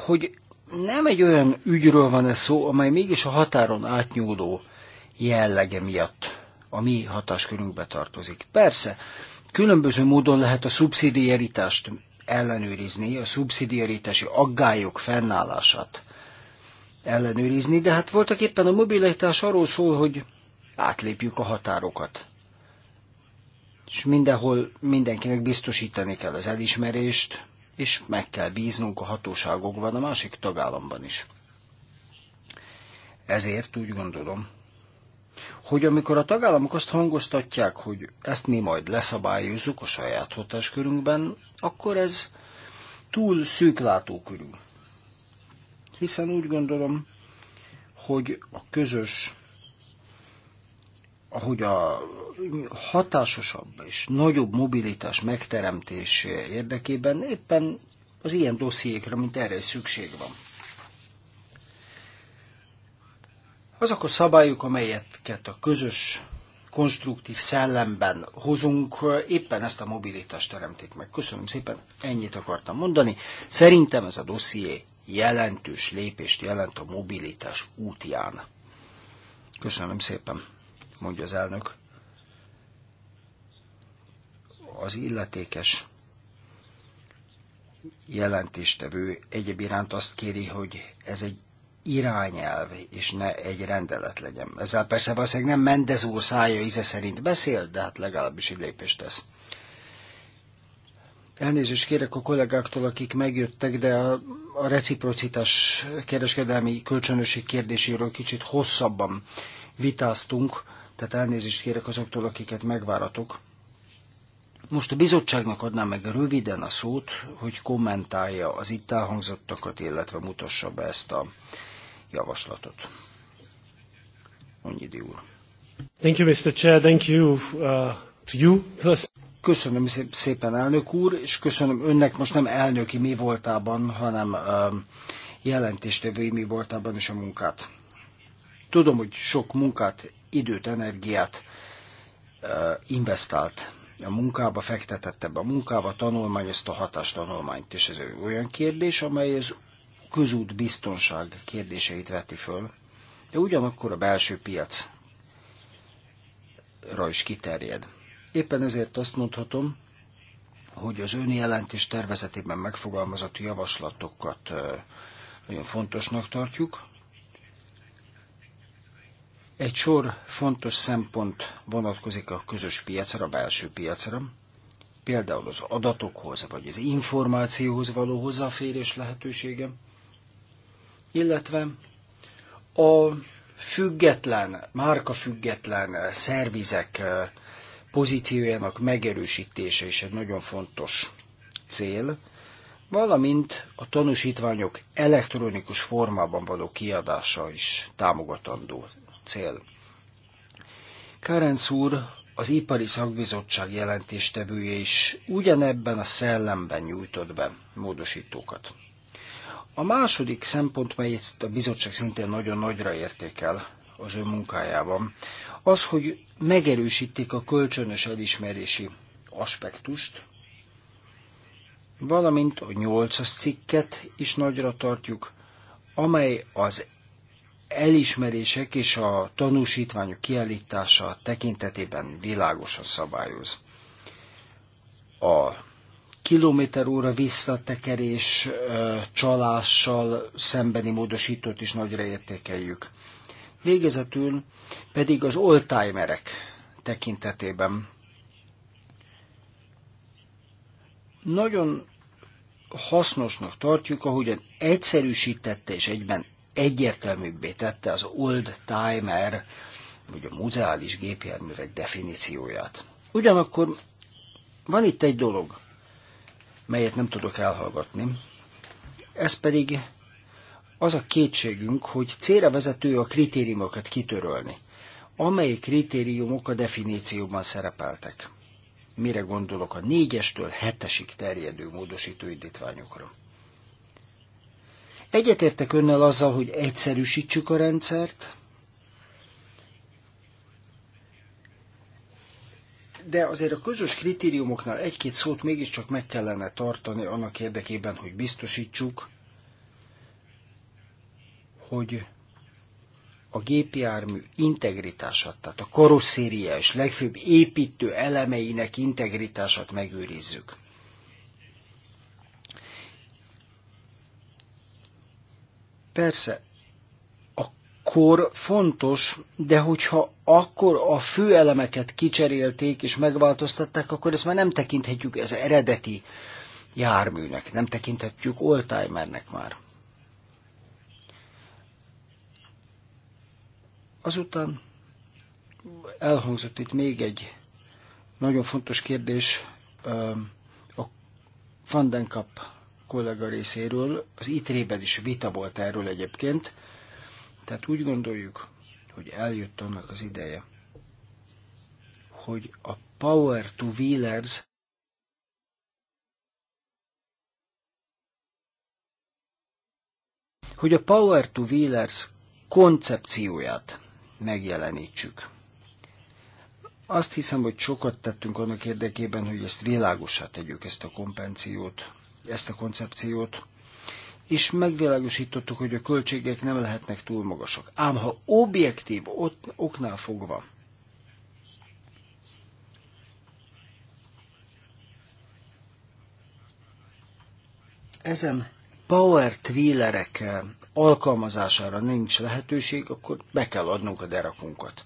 Speaker 1: hogy nem egy olyan ügyről van ez szó, amely mégis a határon átnyúló jellege miatt a mi hatáskörünkbe tartozik. Persze, különböző módon lehet a szubszidiaritást ellenőrizni, a szubszidiaritási aggályok fennállását ellenőrizni, de hát voltak éppen a mobilitás arról szól, hogy átlépjük a határokat. És mindenhol mindenkinek biztosítani kell az elismerést, és meg kell bíznunk a hatóságokban a másik tagállamban is. Ezért úgy gondolom, hogy amikor a tagállamok azt hangoztatják, hogy ezt mi majd leszabályozzuk a saját hatáskörünkben, akkor ez túl látókörű. Hiszen úgy gondolom, hogy a közös hogy a hatásosabb és nagyobb mobilitás megteremtés érdekében éppen az ilyen dossziékra, mint erre is szükség van. Azok a szabályok, amelyeket a közös konstruktív szellemben hozunk, éppen ezt a mobilitást teremtik meg. Köszönöm szépen, ennyit akartam mondani. Szerintem ez a dosszié jelentős lépést jelent a mobilitás útján. Köszönöm szépen mondja az elnök. Az illetékes jelentéstevő egyéb iránt azt kéri, hogy ez egy irányelv, és ne egy rendelet legyen. Ezzel persze valószínűleg nem Mendez úr szája íze szerint beszél, de hát legalábbis egy lépést tesz. Elnézést kérek a kollégáktól, akik megjöttek, de a, a reciprocitás kereskedelmi kölcsönösség kérdéséről kicsit hosszabban vitáztunk tehát elnézést kérek azoktól, akiket megváratok. Most a bizottságnak adnám meg röviden a szót, hogy kommentálja az itt elhangzottakat, illetve mutassa be ezt a javaslatot. Onyidi úr.
Speaker 3: Thank you, Mr. Chair. Thank
Speaker 1: you uh, to you. First. Köszönöm szépen, elnök úr, és köszönöm önnek most nem elnöki mi voltában, hanem uh, jelentéstevői mi voltában is a munkát. Tudom, hogy sok munkát időt, energiát investált a munkába, fektetett ebbe a munkába, tanulmányozta a tanulmányt. És ez olyan kérdés, amely az közút biztonság kérdéseit veti föl, de ugyanakkor a belső piacra is kiterjed. Éppen ezért azt mondhatom, hogy az önjelentés tervezetében megfogalmazott javaslatokat nagyon fontosnak tartjuk, egy sor fontos szempont vonatkozik a közös piacra, a belső piacra, például az adatokhoz vagy az információhoz való hozzáférés lehetősége, illetve a független, márka független szervizek eh, pozíciójának megerősítése is egy nagyon fontos cél, valamint a tanúsítványok elektronikus formában való kiadása is támogatandó cél. Kárenc úr, az Ipari Szakbizottság jelentéstevője is ugyanebben a szellemben nyújtott be módosítókat. A második szempont, melyet a bizottság szintén nagyon nagyra értékel az ő munkájában, az, hogy megerősítik a kölcsönös elismerési aspektust, valamint a nyolcas cikket is nagyra tartjuk, amely az elismerések és a tanúsítványok kiállítása tekintetében világosan szabályoz. A kilométer óra visszatekerés csalással szembeni módosítót is nagyra értékeljük. Végezetül pedig az oldtimerek tekintetében nagyon hasznosnak tartjuk, ahogyan egyszerűsítette és egyben egyértelműbbé tette az old timer, vagy a muzeális gépjárművek definícióját. Ugyanakkor van itt egy dolog, melyet nem tudok elhallgatni, ez pedig az a kétségünk, hogy célra vezető a kritériumokat kitörölni, amely kritériumok a definícióban szerepeltek. Mire gondolok a négyestől hetesig terjedő módosító indítványokra? Egyetértek önnel azzal, hogy egyszerűsítsük a rendszert, de azért a közös kritériumoknál egy-két szót mégiscsak meg kellene tartani annak érdekében, hogy biztosítsuk, hogy a gépjármű integritását, tehát a karosszériás legfőbb építő elemeinek integritását megőrizzük. Persze, akkor fontos, de hogyha akkor a fő elemeket kicserélték és megváltoztatták, akkor ezt már nem tekinthetjük ez eredeti járműnek, nem tekinthetjük oldtimernek már. Azután elhangzott itt még egy nagyon fontos kérdés, a Vandenkap kollega részéről, az ITRE-ben is vita volt erről egyébként, tehát úgy gondoljuk, hogy eljött annak az ideje, hogy a Power to Wheelers hogy a Power to Wheelers koncepcióját megjelenítsük. Azt hiszem, hogy sokat tettünk annak érdekében, hogy ezt világosá tegyük, ezt a kompenciót, ezt a koncepciót, és megvilágosítottuk, hogy a költségek nem lehetnek túl magasak. Ám ha objektív ott, oknál fogva ezen power twillerek alkalmazására nincs lehetőség, akkor be kell adnunk a derakunkat.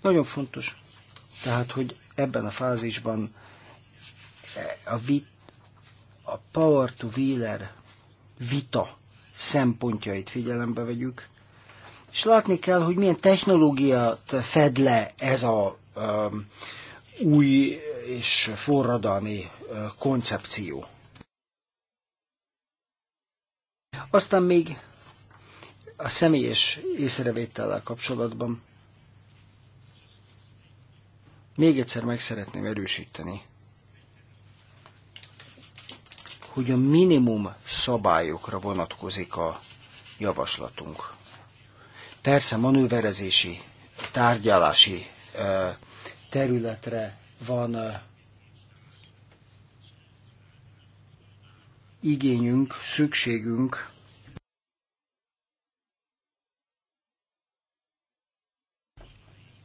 Speaker 1: Nagyon fontos, tehát, hogy ebben a fázisban e, a, vit, a Power to Wheeler vita szempontjait figyelembe vegyük, és látni kell, hogy milyen technológiát fed le ez a um, új és forradalmi uh, koncepció. Aztán még a személyes észrevétellel kapcsolatban még egyszer meg szeretném erősíteni, hogy a minimum szabályokra vonatkozik a javaslatunk. Persze manőverezési, tárgyalási területre van igényünk, szükségünk,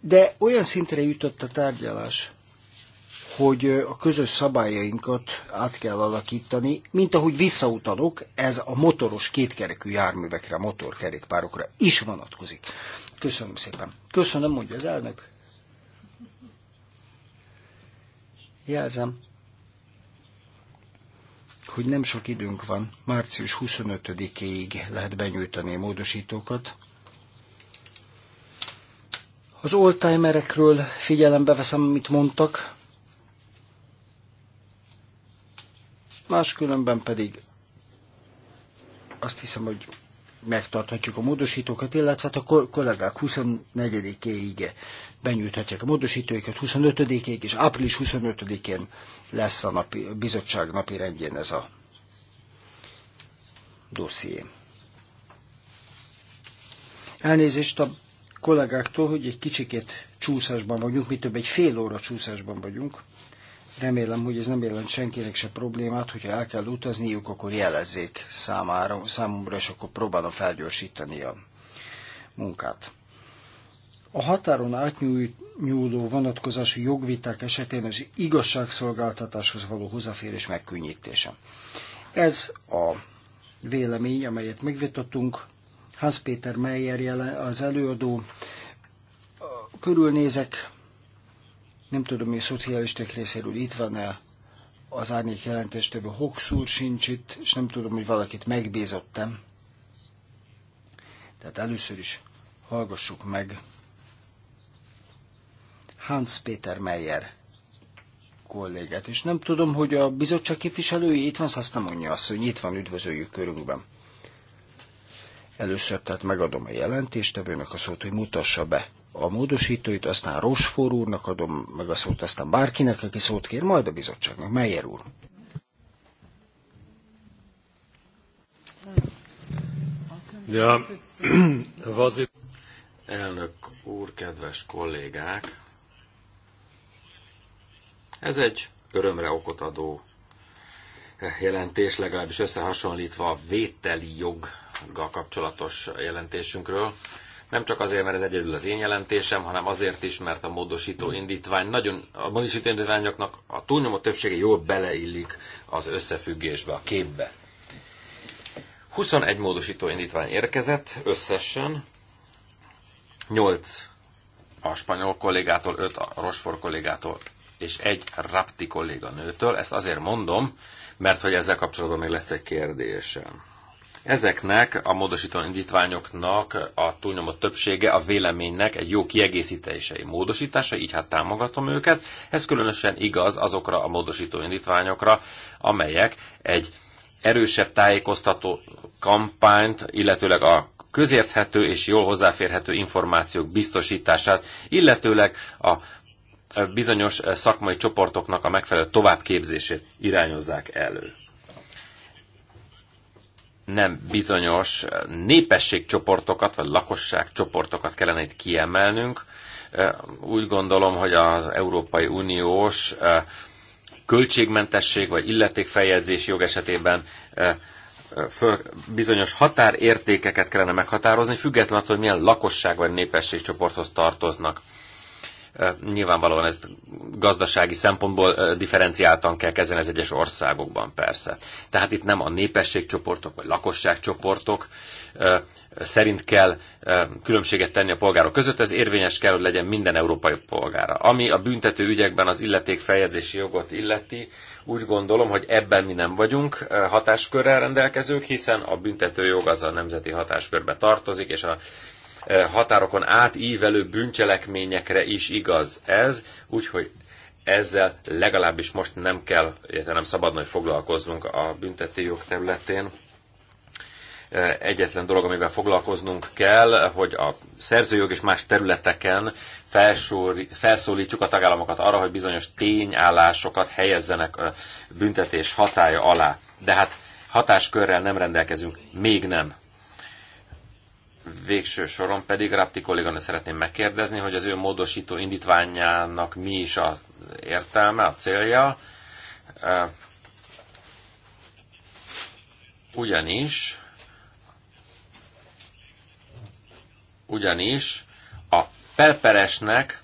Speaker 1: De olyan szintre jutott a tárgyalás, hogy a közös szabályainkat át kell alakítani, mint ahogy visszautalok, ez a motoros kétkerekű járművekre, motorkerékpárokra is vonatkozik. Köszönöm szépen. Köszönöm, mondja az elnök. Jelzem, hogy nem sok időnk van, március 25 éig lehet benyújtani a módosítókat. Az oldtimerekről figyelembe veszem, amit mondtak, máskülönben pedig azt hiszem, hogy megtarthatjuk a módosítókat, illetve hát a kollégák 24-éig benyújthatják a módosítóikat, 25 éig és április 25-én lesz a napi, a bizottság napi rendjén ez a dosszié. Elnézést a kollégáktól, hogy egy kicsikét csúszásban vagyunk, mi több egy fél óra csúszásban vagyunk. Remélem, hogy ez nem jelent senkinek se problémát, hogyha el kell utazniuk, akkor jelezzék számára, számomra, és akkor próbálom felgyorsítani a munkát. A határon átnyúló vonatkozású jogviták esetén az igazságszolgáltatáshoz való hozzáférés megkönnyítése. Ez a vélemény, amelyet megvitattunk, Hans Péter Meyer jelen, az előadó. Körülnézek, nem tudom, hogy a szocialisták részéről itt van-e az árnyék jelentéstevő Hoxul sincs itt, és nem tudom, hogy valakit megbízottam. Tehát először is hallgassuk meg Hans Péter Meyer kollégát, és nem tudom, hogy a bizottság képviselői itt van, azt nem mondja azt, hogy itt van, üdvözöljük körünkben. Először tehát megadom a jelentéstevőnek a szót, hogy mutassa be a módosítóit, aztán Rosfor úrnak adom meg a szót, aztán bárkinek, aki szót kér, majd a bizottságnak. Meyer úr. Ja, vazit.
Speaker 2: Elnök úr, kedves kollégák! Ez egy örömre okot adó jelentés, legalábbis összehasonlítva a vételi jog gal kapcsolatos jelentésünkről. Nem csak azért, mert ez egyedül az én jelentésem, hanem azért is, mert a módosító indítvány nagyon, a módosító indítványoknak a túlnyomó többsége jól beleillik az összefüggésbe, a képbe. 21 módosító indítvány érkezett összesen, 8 a spanyol kollégától, 5 a Rosfor kollégától, és egy Rapti nőtől. Ezt azért mondom, mert hogy ezzel kapcsolatban még lesz egy kérdésem. Ezeknek a módosító indítványoknak a túlnyomó többsége a véleménynek egy jó kiegészítései módosítása, így hát támogatom őket. Ez különösen igaz azokra a módosító indítványokra, amelyek egy erősebb tájékoztató kampányt, illetőleg a közérthető és jól hozzáférhető információk biztosítását, illetőleg a bizonyos szakmai csoportoknak a megfelelő továbbképzését irányozzák elő nem bizonyos népességcsoportokat, vagy lakosságcsoportokat kellene itt kiemelnünk. Úgy gondolom, hogy az Európai Uniós költségmentesség vagy illetékfeljegyzés jog esetében bizonyos határértékeket kellene meghatározni, függetlenül attól, hogy milyen lakosság vagy népességcsoporthoz tartoznak. Nyilvánvalóan ezt gazdasági szempontból differenciáltan kell kezelni az egyes országokban persze. Tehát itt nem a népességcsoportok vagy lakosságcsoportok szerint kell különbséget tenni a polgárok között, ez érvényes kell, hogy legyen minden európai polgára. Ami a büntető ügyekben az illeték feljegyzési jogot illeti, úgy gondolom, hogy ebben mi nem vagyunk hatáskörrel rendelkezők, hiszen a büntető jog az a nemzeti hatáskörbe tartozik, és a határokon átívelő bűncselekményekre is igaz ez, úgyhogy ezzel legalábbis most nem kell, illetve nem szabadna, hogy foglalkoznunk a jog területén. Egyetlen dolog, amivel foglalkoznunk kell, hogy a szerzőjog és más területeken felsor, felszólítjuk a tagállamokat arra, hogy bizonyos tényállásokat helyezzenek a büntetés hatája alá. De hát hatáskörrel nem rendelkezünk, még nem. Végső soron pedig Rapti kolléganő szeretném megkérdezni, hogy az ő módosító indítványának mi is az értelme, a célja. Ugyanis ugyanis a felperesnek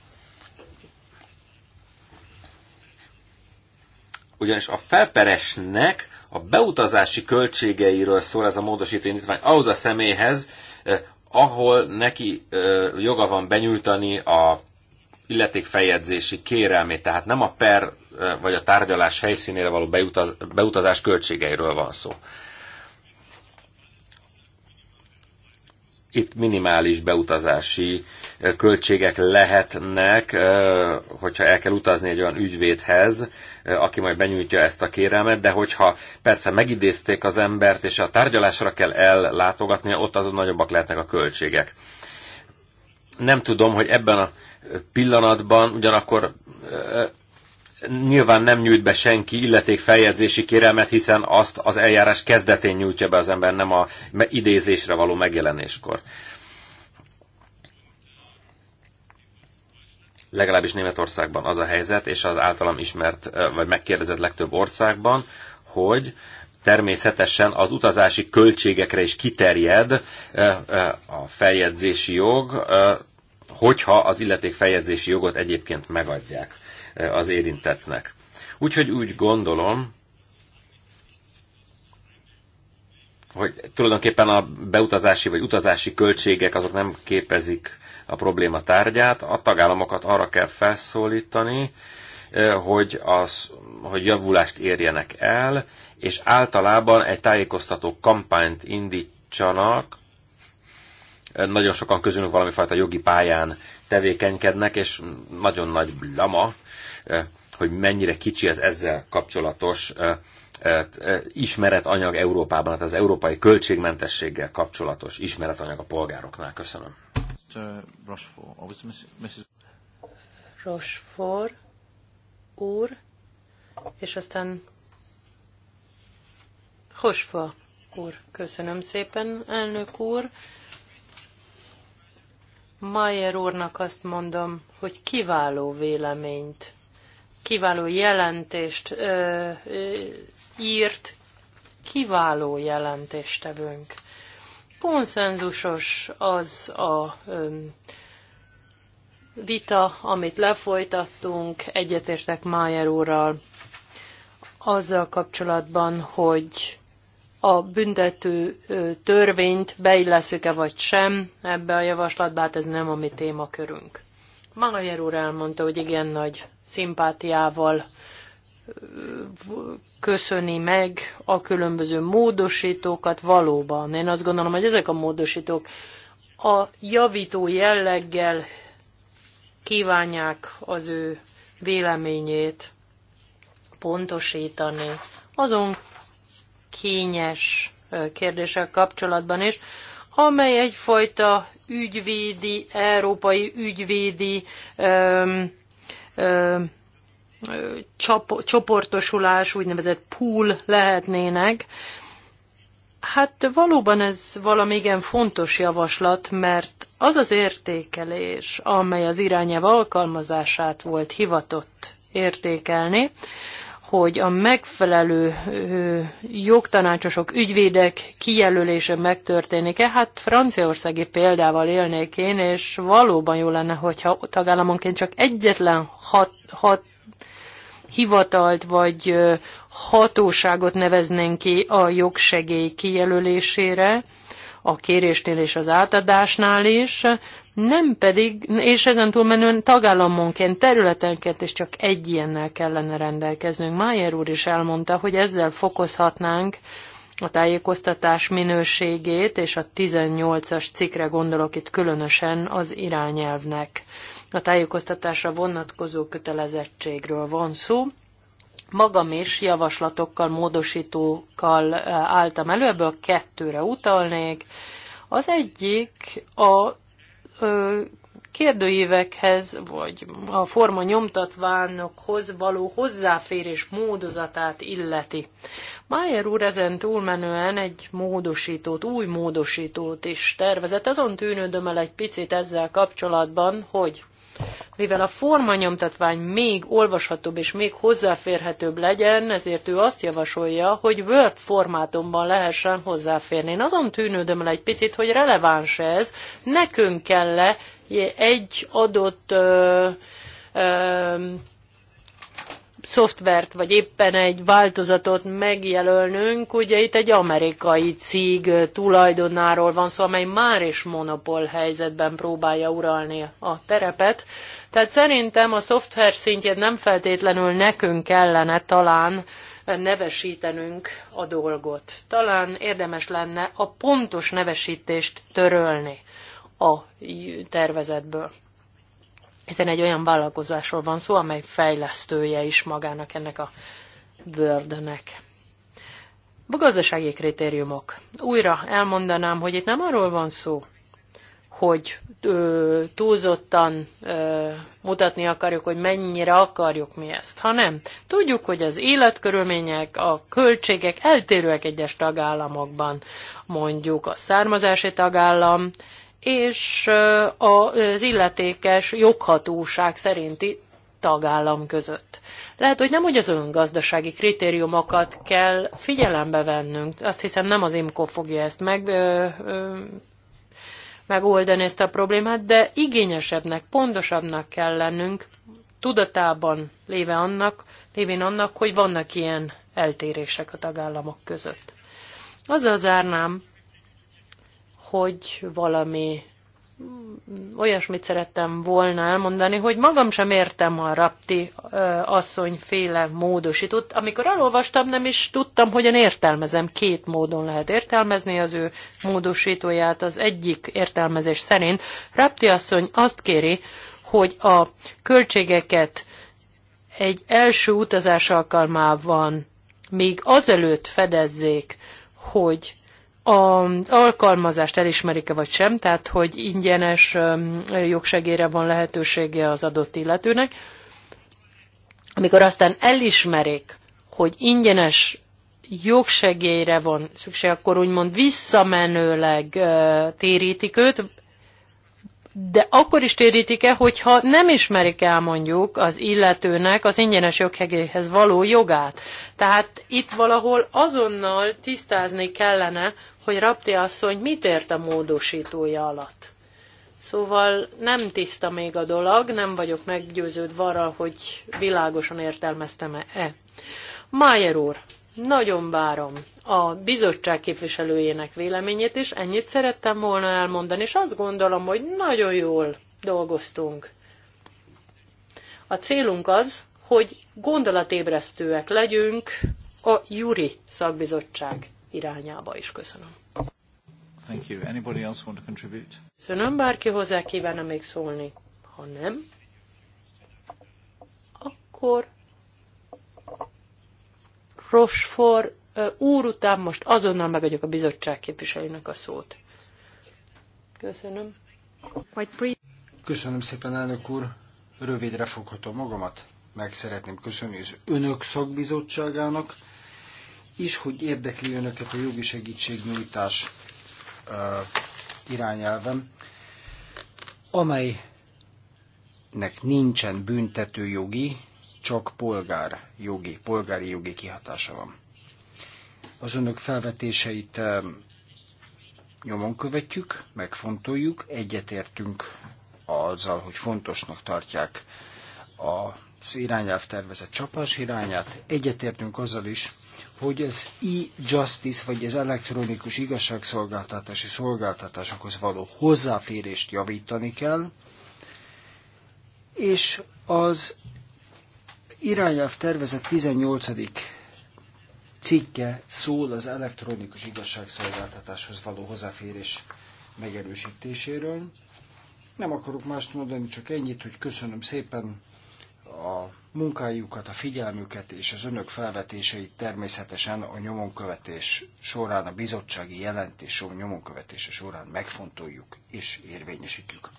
Speaker 2: ugyanis a felperesnek a beutazási költségeiről szól ez a módosító indítvány ahhoz a személyhez, Eh, ahol neki eh, joga van benyújtani a illetékfeljegyzési kérelmét, tehát nem a per eh, vagy a tárgyalás helyszínére való beutazás költségeiről van szó. Itt minimális beutazási költségek lehetnek, hogyha el kell utazni egy olyan ügyvédhez, Eh, aki majd benyújtja ezt a kérelmet, de hogyha persze megidézték az embert, és a tárgyalásra kell ellátogatnia, ott azon nagyobbak lehetnek a költségek. Nem tudom, hogy ebben a pillanatban ugyanakkor eh, nyilván nem nyújt be senki illeték feljegyzési kérelmet, hiszen azt az eljárás kezdetén nyújtja be az ember, nem a idézésre való megjelenéskor. legalábbis Németországban az a helyzet, és az általam ismert, vagy megkérdezett legtöbb országban, hogy természetesen az utazási költségekre is kiterjed a feljegyzési jog, hogyha az illeték feljegyzési jogot egyébként megadják az érintetnek. Úgyhogy úgy gondolom, hogy tulajdonképpen a beutazási vagy utazási költségek azok nem képezik a probléma tárgyát. A tagállamokat arra kell felszólítani, hogy, az, hogy javulást érjenek el, és általában egy tájékoztató kampányt indítsanak, nagyon sokan közülünk valamifajta jogi pályán tevékenykednek, és nagyon nagy lama, hogy mennyire kicsi az ezzel kapcsolatos ismeretanyag Európában, tehát az európai költségmentességgel kapcsolatos ismeretanyag a polgároknál. Köszönöm. Mr. Rochefort, or was Mrs.
Speaker 3: Rochefort úr, és aztán Hosfa úr. Köszönöm szépen, elnök úr. Mayer úrnak azt mondom, hogy kiváló véleményt, kiváló jelentést ö, ö, írt, kiváló jelentéstevőnk konszenzusos az a vita, amit lefolytattunk, egyetértek Májer úrral azzal kapcsolatban, hogy a büntető törvényt beilleszük-e vagy sem ebbe a javaslatba, hát ez nem a mi témakörünk. Májer úr elmondta, hogy igen nagy szimpátiával köszöni meg a különböző módosítókat valóban. Én azt gondolom, hogy ezek a módosítók a javító jelleggel kívánják az ő véleményét pontosítani azon kényes kérdések kapcsolatban is, amely egyfajta ügyvédi, európai ügyvédi öm, öm, csoportosulás, úgynevezett pool lehetnének. Hát valóban ez valami igen fontos javaslat, mert az az értékelés, amely az irányelv alkalmazását volt hivatott értékelni, hogy a megfelelő jogtanácsosok, ügyvédek kijelölése megtörténik-e. Hát franciaországi példával élnék én, és valóban jó lenne, hogyha tagállamonként csak egyetlen hat, hat hivatalt vagy hatóságot neveznénk ki a jogsegély kijelölésére, a kérésnél és az átadásnál is, nem pedig, és ezen túlmenően tagállamonként, területenként is csak egy ilyennel kellene rendelkeznünk. Májer úr is elmondta, hogy ezzel fokozhatnánk a tájékoztatás minőségét, és a 18-as cikre gondolok itt különösen az irányelvnek a tájékoztatásra vonatkozó kötelezettségről van szó. Magam is javaslatokkal, módosítókkal álltam elő, ebből kettőre utalnék. Az egyik a ö, kérdőívekhez, vagy a forma nyomtatványokhoz való hozzáférés módozatát illeti. Májer úr ezen túlmenően egy módosítót, új módosítót is tervezett. Azon tűnődöm el egy picit ezzel kapcsolatban, hogy mivel a formanyomtatvány még olvashatóbb és még hozzáférhetőbb legyen, ezért ő azt javasolja, hogy Word formátumban lehessen hozzáférni. Én azon tűnődöm le egy picit, hogy releváns ez. Nekünk kell -e egy adott ö, ö, szoftvert, vagy éppen egy változatot megjelölnünk, ugye itt egy amerikai cég tulajdonáról van szó, amely már is monopól helyzetben próbálja uralni a terepet. Tehát szerintem a szoftver szintjét nem feltétlenül nekünk kellene talán nevesítenünk a dolgot. Talán érdemes lenne a pontos nevesítést törölni a tervezetből hiszen egy olyan vállalkozásról van szó, amely fejlesztője is magának ennek a bőrdönek. A gazdasági kritériumok. Újra elmondanám, hogy itt nem arról van szó, hogy ö, túlzottan ö, mutatni akarjuk, hogy mennyire akarjuk mi ezt, hanem tudjuk, hogy az életkörülmények, a költségek eltérőek egyes tagállamokban. Mondjuk a származási tagállam és az illetékes joghatóság szerinti tagállam között. Lehet, hogy nem úgy az öngazdasági kritériumokat kell figyelembe vennünk. Azt hiszem nem az IMCO fogja ezt meg, ö, ö, megoldani ezt a problémát, de igényesebbnek, pontosabbnak kell lennünk, tudatában léve annak, lévén annak, hogy vannak ilyen eltérések a tagállamok között. Azzal zárnám, hogy valami olyasmit szerettem volna elmondani, hogy magam sem értem a rapti asszonyféle módosított. Amikor elolvastam, nem is tudtam, hogyan értelmezem. Két módon lehet értelmezni az ő módosítóját. Az egyik értelmezés szerint rapti asszony azt kéri, hogy a költségeket egy első utazás alkalmában még azelőtt fedezzék, hogy az alkalmazást elismerik-e vagy sem, tehát hogy ingyenes jogsegélyre van lehetősége az adott illetőnek. Amikor aztán elismerik, hogy ingyenes jogsegélyre van szükség, akkor úgymond visszamenőleg térítik őt, de akkor is térítik -e, hogyha nem ismerik el mondjuk az illetőnek az ingyenes joghegéhez való jogát. Tehát itt valahol azonnal tisztázni kellene, hogy Rapti asszony mit ért a módosítója alatt. Szóval nem tiszta még a dolog, nem vagyok meggyőződve arra, hogy világosan értelmeztem-e. -e. Májer úr, nagyon várom a bizottság képviselőjének véleményét is. Ennyit szerettem volna elmondani, és azt gondolom, hogy nagyon jól dolgoztunk. A célunk az, hogy gondolatébresztőek legyünk a Juri szakbizottság irányába is. Köszönöm.
Speaker 1: Thank you. Anybody else want to contribute?
Speaker 3: Köszönöm, bárki hozzá kívánna még szólni. Ha nem, akkor Rochefort úr után most azonnal megadjuk a bizottság képviselőnek a szót. Köszönöm.
Speaker 1: Köszönöm szépen, elnök úr. Rövidre foghatom magamat. Meg szeretném köszönni az önök szakbizottságának is, hogy érdekli önöket a jogi segítségnyújtás irányelvem, amelynek nincsen büntető jogi, csak polgár jogi, polgári jogi kihatása van. Az önök felvetéseit eh, nyomon követjük, megfontoljuk, egyetértünk azzal, hogy fontosnak tartják az irányelv tervezett csapás irányát, egyetértünk azzal is, hogy az e-justice, vagy az elektronikus igazságszolgáltatási szolgáltatásokhoz való hozzáférést javítani kell, és az irányelv tervezett 18 cikke szól az elektronikus igazságszolgáltatáshoz való hozzáférés megerősítéséről. Nem akarok mást mondani, csak ennyit, hogy köszönöm szépen a munkájukat, a figyelmüket és az önök felvetéseit természetesen a nyomonkövetés során, a bizottsági jelentés nyomonkövetése során megfontoljuk és érvényesítjük.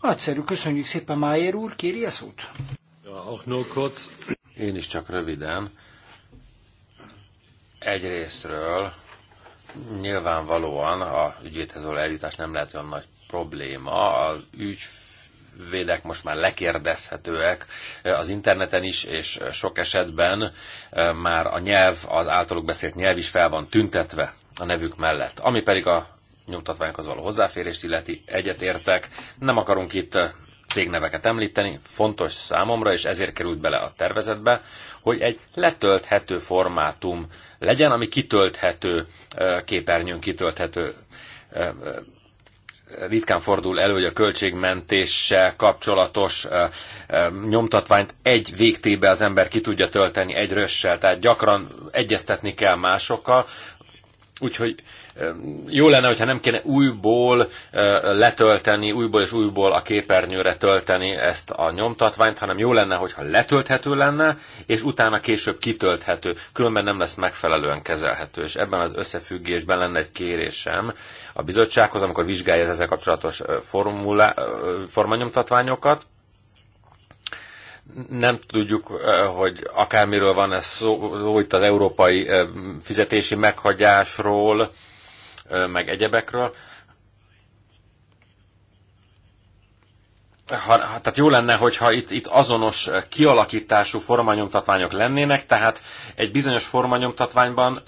Speaker 1: Nagyszerű, köszönjük szépen, Májer úr, kéri a szót?
Speaker 2: Ja, auch nur kurz. Én is csak röviden Egyrésztről nyilvánvalóan a ügyvédhez való eljutás nem lehet olyan nagy probléma. Az ügyvédek most már lekérdezhetőek az interneten is, és sok esetben eh, már a nyelv, az általuk beszélt nyelv is fel van tüntetve a nevük mellett. Ami pedig a nyomtatványokhoz való hozzáférést illeti, egyetértek. Nem akarunk itt eh, cégneveket említeni, fontos számomra, és ezért került bele a tervezetbe, hogy egy letölthető formátum legyen, ami kitölthető képernyőn, kitölthető ritkán fordul elő, hogy a költségmentéssel kapcsolatos nyomtatványt egy végtébe az ember ki tudja tölteni egy rösszel, tehát gyakran egyeztetni kell másokkal, úgyhogy jó lenne, hogyha nem kéne újból letölteni, újból és újból a képernyőre tölteni ezt a nyomtatványt, hanem jó lenne, hogyha letölthető lenne, és utána később kitölthető. Különben nem lesz megfelelően kezelhető. És ebben az összefüggésben lenne egy kérésem a bizottsághoz, amikor vizsgálja ezzel kapcsolatos formula, formanyomtatványokat, nem tudjuk, hogy akármiről van ez szó, itt az európai fizetési meghagyásról, meg egyebekről. Ha, tehát jó lenne, hogyha itt, itt azonos kialakítású formanyomtatványok lennének, tehát egy bizonyos formanyomtatványban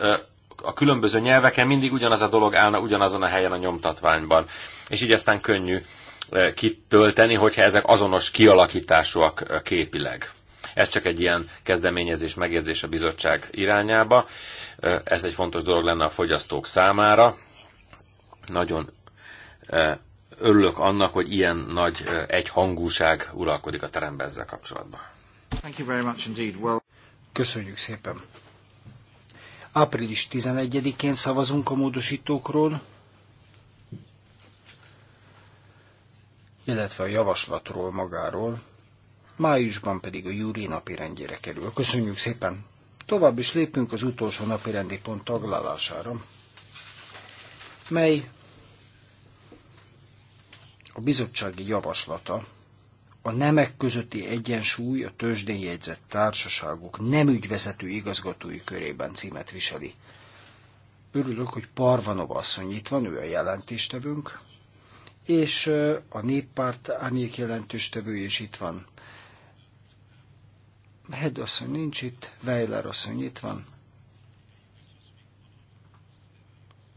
Speaker 2: a különböző nyelveken mindig ugyanaz a dolog állna ugyanazon a helyen a nyomtatványban. És így aztán könnyű kitölteni, hogyha ezek azonos kialakításúak képileg. Ez csak egy ilyen kezdeményezés, megjegyzés a bizottság irányába. Ez egy fontos dolog lenne a fogyasztók számára. Nagyon e, örülök annak, hogy ilyen nagy e, egy hangúság uralkodik a teremben ezzel kapcsolatban.
Speaker 1: Thank you very much indeed. Well... Köszönjük szépen. Április 11-én szavazunk a módosítókról, illetve a javaslatról magáról, májusban pedig a júri napi rendjére kerül. Köszönjük szépen! Tovább is lépünk az utolsó napi rendi pont taglalására mely a bizottsági javaslata a nemek közötti egyensúly a tőzsdén jegyzett társaságok nem ügyvezető igazgatói körében címet viseli. Örülök, hogy Parvanova asszony itt van, ő a jelentéstevőnk, és a néppárt árnyék jelentéstevője is itt van. Head asszony nincs itt, Weiler asszony itt van,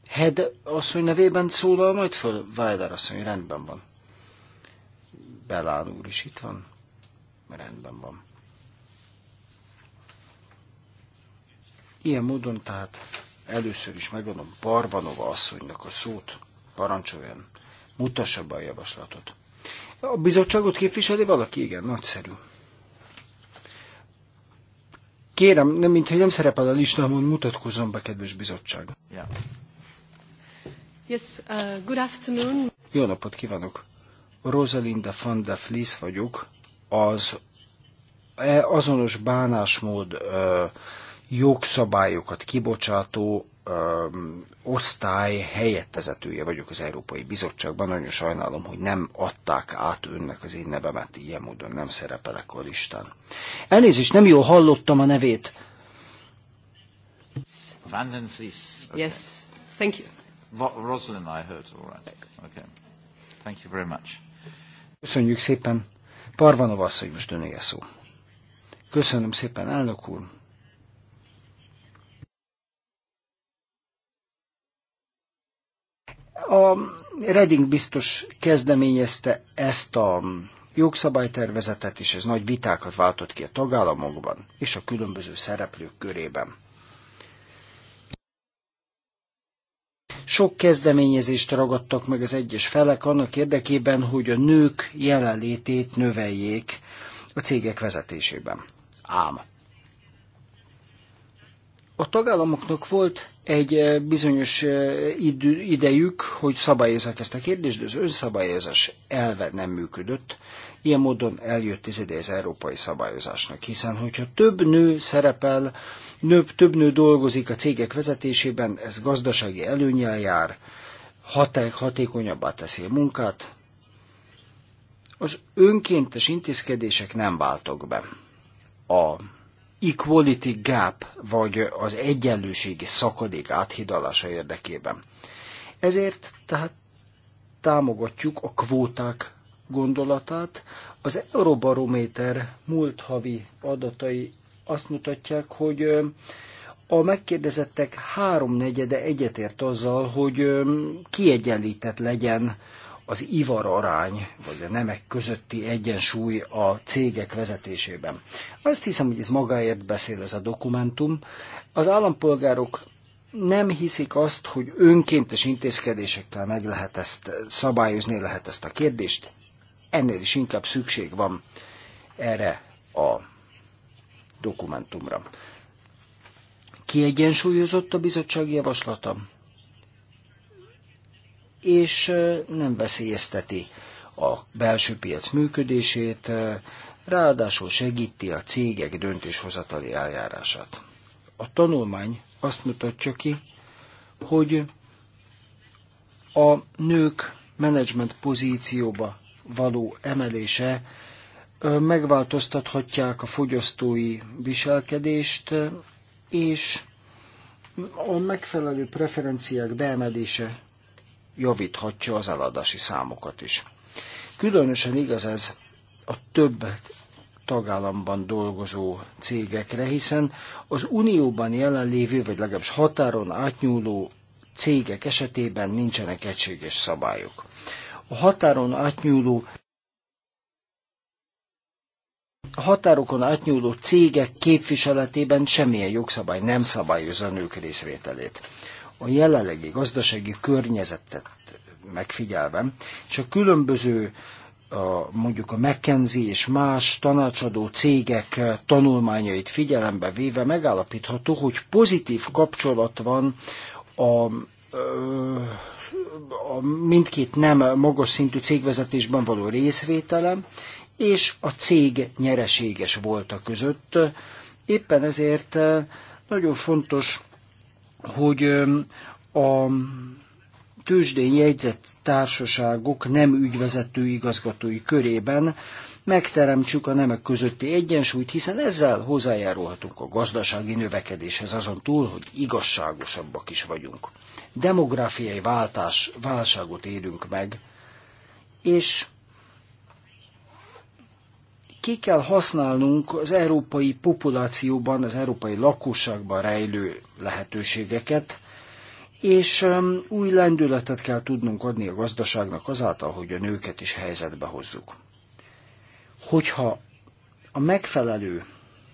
Speaker 1: Head asszony nevében szólal majd föl? Weiler asszony, rendben van. Belán úr is itt van. Rendben van. Ilyen módon tehát először is megadom Parvanova asszonynak a szót. Parancsoljon, mutassa be a javaslatot. A bizottságot képviseli valaki? Igen, nagyszerű. Kérem, nem, mintha nem szerepel a listámon, mutatkozom be, kedves bizottság. Yeah.
Speaker 3: Yes, uh, good afternoon.
Speaker 1: Jó napot kívánok! Rosalinda van der Vlies vagyok, az e, azonos bánásmód jogszabályokat kibocsátó osztály helyettezetője vagyok az Európai Bizottságban. Nagyon sajnálom, hogy nem adták át önnek az én nevemet, ilyen módon nem szerepelek a listán. Elnézést, nem jól hallottam a nevét. Van den Vlies. Okay. Yes, thank you. Rosalind, I heard, all right. Okay. Thank you very much. Köszönjük szépen. Parvanov asszony most önéje szó. Köszönöm szépen, elnök úr. A Reding biztos kezdeményezte ezt a jogszabálytervezetet, és ez nagy vitákat váltott ki a tagállamokban és a különböző szereplők körében. Sok kezdeményezést ragadtak meg az egyes felek annak érdekében, hogy a nők jelenlétét növeljék a cégek vezetésében. Ám a tagállamoknak volt egy eh, bizonyos eh, idő, idejük, hogy szabályozzák ezt a kérdést, de az önszabályozás elve nem működött. Ilyen módon eljött az ideje az európai szabályozásnak, hiszen hogyha több nő szerepel, nő, több nő dolgozik a cégek vezetésében, ez gazdasági előnyel jár, haték, hatékonyabbá teszi a munkát, az önkéntes intézkedések nem váltok be. A equality gap, vagy az egyenlőségi szakadék áthidalása érdekében. Ezért tehát támogatjuk a kvóták gondolatát. Az Eurobarométer múlt havi adatai azt mutatják, hogy a megkérdezettek háromnegyede egyetért azzal, hogy kiegyenlített legyen az ivar arány, vagy a nemek közötti egyensúly a cégek vezetésében. Azt hiszem, hogy ez magáért beszél ez a dokumentum. Az állampolgárok nem hiszik azt, hogy önkéntes intézkedésekkel meg lehet ezt szabályozni, lehet ezt a kérdést. Ennél is inkább szükség van erre a dokumentumra. Kiegyensúlyozott a bizottság javaslata? és nem veszélyezteti a belső piac működését, ráadásul segíti a cégek döntéshozatali eljárását. A tanulmány azt mutatja ki, hogy a nők menedzsment pozícióba való emelése megváltoztathatják a fogyasztói viselkedést, és a megfelelő preferenciák beemelése javíthatja az eladási számokat is. Különösen igaz ez a több tagállamban dolgozó cégekre, hiszen az unióban jelenlévő, vagy legalábbis határon átnyúló cégek esetében nincsenek egységes szabályok. A határon átnyúló a határokon átnyúló cégek képviseletében semmilyen jogszabály nem szabályozza a nők részvételét a jelenlegi gazdasági környezetet megfigyelve, és a különböző a, mondjuk a McKenzie és más tanácsadó cégek tanulmányait figyelembe véve megállapítható, hogy pozitív kapcsolat van a a mindkét nem magas szintű cégvezetésben való részvételem, és a cég nyereséges volt a között. Éppen ezért nagyon fontos hogy a tőzsdén jegyzett társaságok nem ügyvezető igazgatói körében megteremtsük a nemek közötti egyensúlyt, hiszen ezzel hozzájárulhatunk a gazdasági növekedéshez azon túl, hogy igazságosabbak is vagyunk. Demográfiai váltás, válságot érünk meg, és ki kell használnunk az európai populációban, az európai lakosságban rejlő lehetőségeket, és új lendületet kell tudnunk adni a gazdaságnak azáltal, hogy a nőket is helyzetbe hozzuk. Hogyha a megfelelő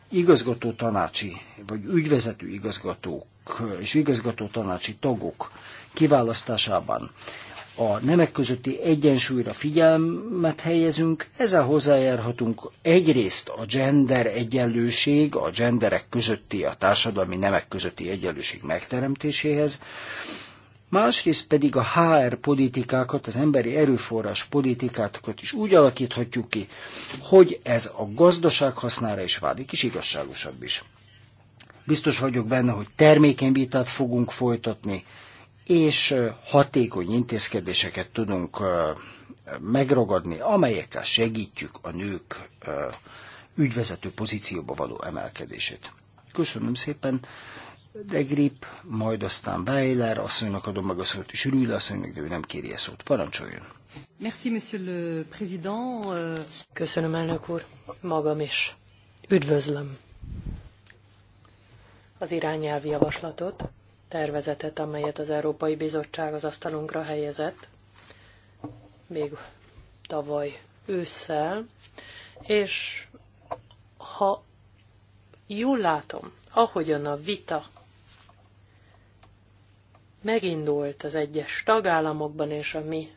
Speaker 1: igazgató tanácsi, vagy ügyvezető igazgatók és igazgató tanácsi tagok kiválasztásában a nemek közötti egyensúlyra figyelmet helyezünk, ezzel hozzájárhatunk egyrészt a gender egyenlőség, a genderek közötti, a társadalmi nemek közötti egyenlőség megteremtéséhez, másrészt pedig a HR politikákat, az emberi erőforrás politikákat is úgy alakíthatjuk ki, hogy ez a gazdaság hasznára is válik, és igazságosabb is. Biztos vagyok benne, hogy termékeny vitát fogunk folytatni, és hatékony intézkedéseket tudunk megragadni, amelyekkel segítjük a nők ügyvezető pozícióba való emelkedését. Köszönöm szépen, de Grip, majd aztán Weiler asszonynak adom meg a szót, és Rüle asszonynak, de ő nem kéri a szót. Parancsoljon!
Speaker 3: Merci, monsieur le président. Köszönöm, elnök úr. Magam is. Üdvözlöm az irányelvi javaslatot, tervezetet, amelyet az Európai Bizottság az asztalunkra helyezett, még tavaly ősszel, és ha jól látom, ahogyan a vita megindult az egyes tagállamokban és a mi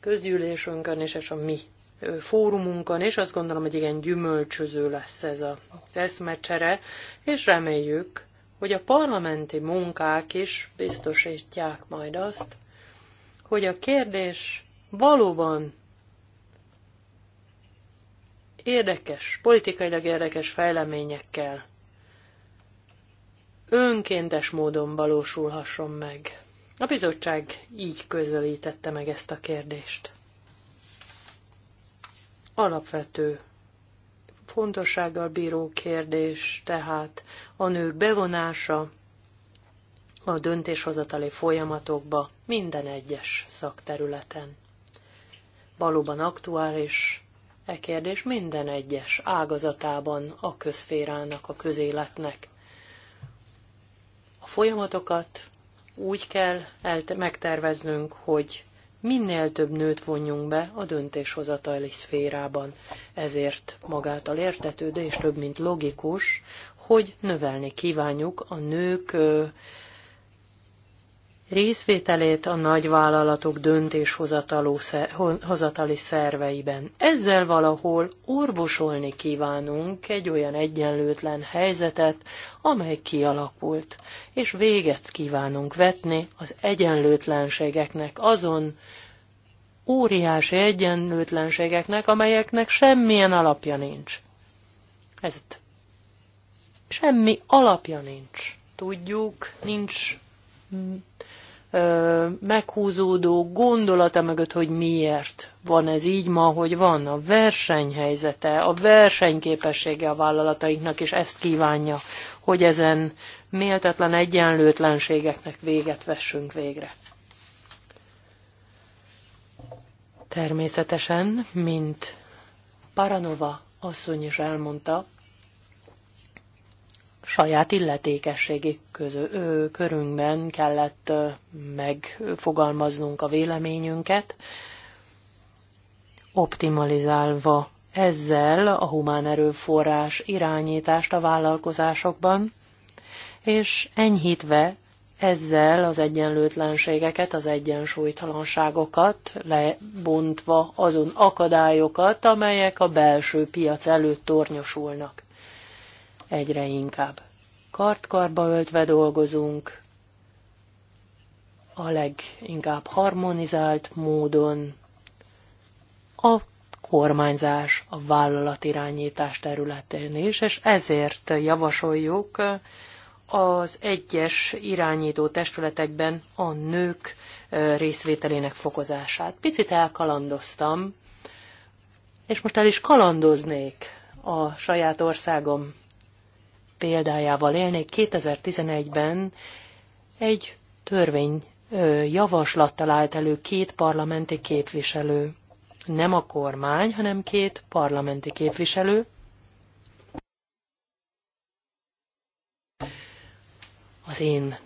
Speaker 3: közgyűlésünkön és a mi fórumunkon, és azt gondolom, hogy igen gyümölcsöző lesz ez az eszmecsere, és reméljük, hogy a parlamenti munkák is biztosítják majd azt, hogy a kérdés valóban érdekes, politikailag érdekes fejleményekkel önkéntes módon valósulhasson meg. A bizottság így közelítette meg ezt a kérdést. Alapvető fontossággal bíró kérdés tehát a nők bevonása a döntéshozatali folyamatokba minden egyes szakterületen. Valóban aktuális e kérdés minden egyes ágazatában a közférának, a közéletnek. A folyamatokat úgy kell megterveznünk, hogy minél több nőt vonjunk be a döntéshozatali szférában. Ezért magától értetődő és több mint logikus, hogy növelni kívánjuk a nők részvételét a nagyvállalatok döntéshozatali szerveiben. Ezzel valahol orvosolni kívánunk egy olyan egyenlőtlen helyzetet, amely kialakult, és véget kívánunk vetni az egyenlőtlenségeknek azon óriási egyenlőtlenségeknek, amelyeknek semmilyen alapja nincs. Ezt semmi alapja nincs. Tudjuk, nincs mm, ö, meghúzódó gondolata mögött, hogy miért van ez így ma, hogy van a versenyhelyzete, a versenyképessége a vállalatainknak, és ezt kívánja, hogy ezen méltatlan egyenlőtlenségeknek véget vessünk végre. Természetesen, mint Paranova asszony is elmondta, saját illetékességi közö, ö, körünkben kellett ö, megfogalmaznunk a véleményünket, optimalizálva ezzel a humán erőforrás irányítást a vállalkozásokban, és enyhítve ezzel az egyenlőtlenségeket, az egyensúlytalanságokat, lebontva azon akadályokat, amelyek a belső piac előtt tornyosulnak egyre inkább. kartkarba öltve dolgozunk, a leginkább harmonizált módon a kormányzás, a vállalatirányítás területén is, és ezért javasoljuk az egyes irányító testületekben a nők részvételének fokozását. Picit elkalandoztam, és most el is kalandoznék a saját országom példájával élnék. 2011-ben egy törvény javaslattal állt elő két parlamenti képviselő. Nem a kormány, hanem két parlamenti képviselő. Az én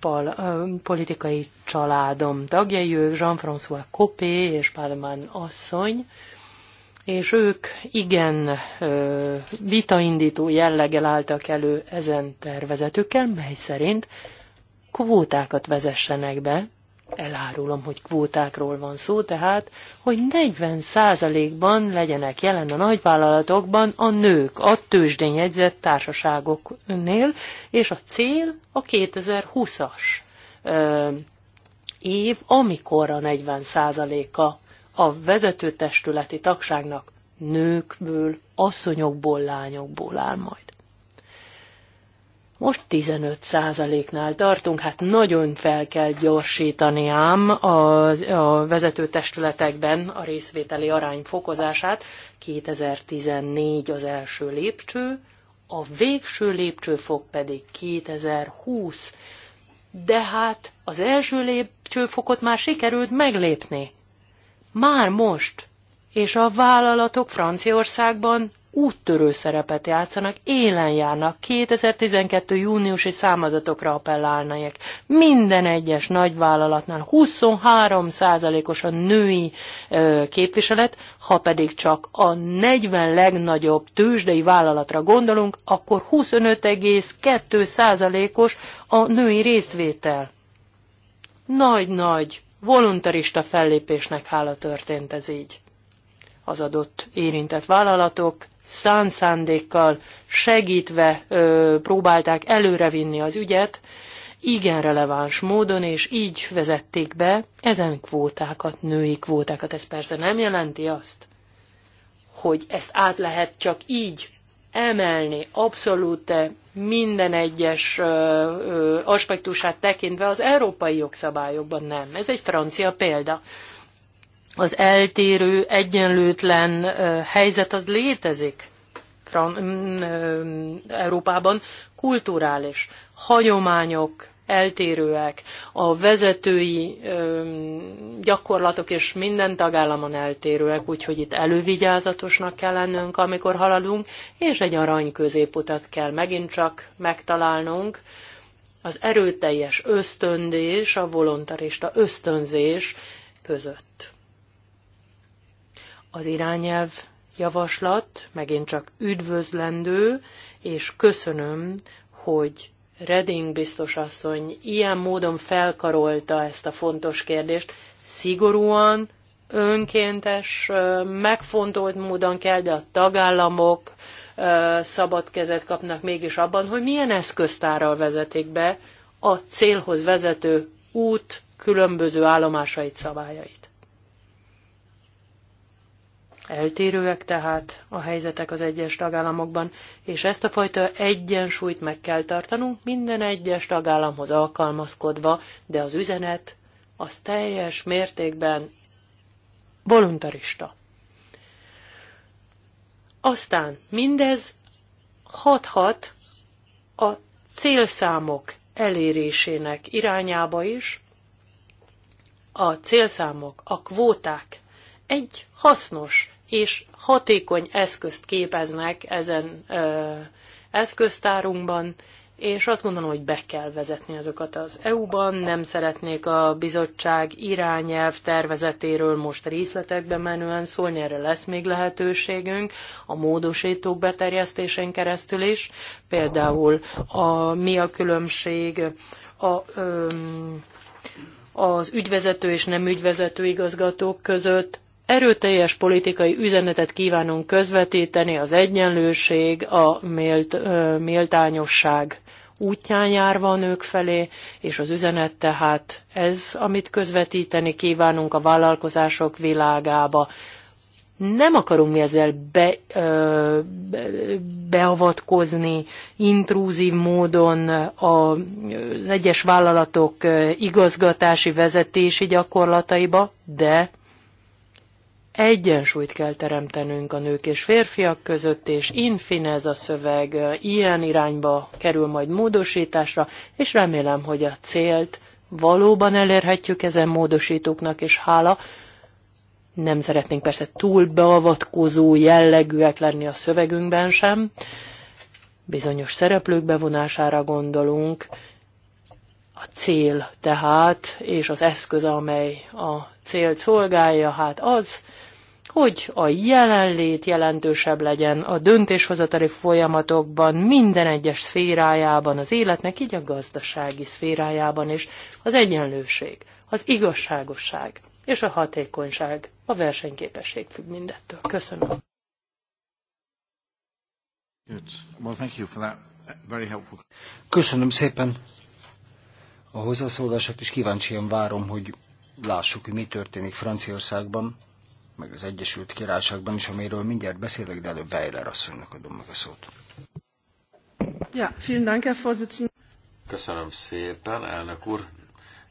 Speaker 3: pal, politikai családom tagjai, ők Jean-François Copé és Pálmán asszony, és ők igen vitaindító jelleggel álltak elő ezen tervezetükkel, mely szerint kvótákat vezessenek be, elárulom, hogy kvótákról van szó, tehát, hogy 40%-ban legyenek jelen a nagyvállalatokban a nők a tőzsdén jegyzett társaságoknél, és a cél a 2020-as év, amikor a 40%-a a vezető testületi tagságnak nőkből, asszonyokból, lányokból áll majd. Most 15%-nál tartunk, hát nagyon fel kell gyorsítani ám a, a vezető testületekben a részvételi arány fokozását. 2014 az első lépcső, a végső lépcsőfok pedig 2020. De hát az első lépcsőfokot már sikerült meglépni már most, és a vállalatok Franciaországban úttörő szerepet játszanak, élen járnak, 2012. júniusi számadatokra appellálnak. Minden egyes nagyvállalatnál 23%-os a női ö, képviselet, ha pedig csak a 40 legnagyobb tőzsdei vállalatra gondolunk, akkor 25,2%-os a női résztvétel. Nagy-nagy voluntarista fellépésnek hála történt ez így. Az adott érintett vállalatok szánszándékkal segítve ö, próbálták előrevinni az ügyet, igen releváns módon, és így vezették be ezen kvótákat, női kvótákat. Ez persze nem jelenti azt, hogy ezt át lehet csak így emelni abszolút minden egyes aspektusát tekintve az európai jogszabályokban nem. Ez egy francia példa. Az eltérő, egyenlőtlen helyzet az létezik Európában, kulturális hagyományok, eltérőek, a vezetői gyakorlatok és minden tagállamon eltérőek, úgyhogy itt elővigyázatosnak kell lennünk, amikor haladunk, és egy arany középutat kell megint csak megtalálnunk. Az erőteljes ösztöndés, a voluntarista ösztönzés között. Az irányelv javaslat megint csak üdvözlendő, és köszönöm, hogy Reding biztos asszony ilyen módon felkarolta ezt a fontos kérdést, szigorúan, önkéntes, megfontolt módon kell, de a tagállamok szabad kezet kapnak mégis abban, hogy milyen eszköztárral vezetik be a célhoz vezető út különböző állomásait, szabályait. Eltérőek tehát a helyzetek az egyes tagállamokban, és ezt a fajta egyensúlyt meg kell tartanunk minden egyes tagállamhoz alkalmazkodva, de az üzenet az teljes mértékben voluntarista. Aztán mindez hathat a célszámok elérésének irányába is, a célszámok, a kvóták egy hasznos és hatékony eszközt képeznek ezen ö, eszköztárunkban, és azt gondolom, hogy be kell vezetni azokat az EU-ban. Nem szeretnék a bizottság irányelv tervezetéről most részletekbe menően szólni, erre lesz még lehetőségünk a módosítók beterjesztésén keresztül is. Például a, mi a különbség a, ö, az ügyvezető és nem ügyvezető igazgatók között, erőteljes politikai üzenetet kívánunk közvetíteni az egyenlőség, a mélt, méltányosság útján járva a nők felé, és az üzenet tehát ez, amit közvetíteni kívánunk a vállalkozások világába. Nem akarunk mi ezzel be, ö, beavatkozni intrúzív módon az egyes vállalatok igazgatási vezetési gyakorlataiba, de egyensúlyt kell teremtenünk a nők és férfiak között, és infin ez a szöveg ilyen irányba kerül majd módosításra, és remélem, hogy a célt valóban elérhetjük ezen módosítóknak, és hála, nem szeretnénk persze túl beavatkozó jellegűek lenni a szövegünkben sem, bizonyos szereplők bevonására gondolunk, a cél tehát, és az eszköz, amely a célt szolgálja, hát az, hogy a jelenlét jelentősebb legyen a döntéshozatali folyamatokban, minden egyes szférájában az életnek, így a gazdasági szférájában is, az egyenlőség, az igazságosság és a hatékonyság, a versenyképesség függ mindettől. Köszönöm.
Speaker 1: Köszönöm szépen a hozzászólását, és kíváncsian várom, hogy lássuk, hogy mi történik Franciaországban, meg az Egyesült Királyságban is, amiről mindjárt beszélek, de előbb Bejler asszonynak adom meg a szót.
Speaker 3: Ja, vielen Dank, Herr Vorsitzender.
Speaker 1: Köszönöm szépen,
Speaker 2: elnök úr.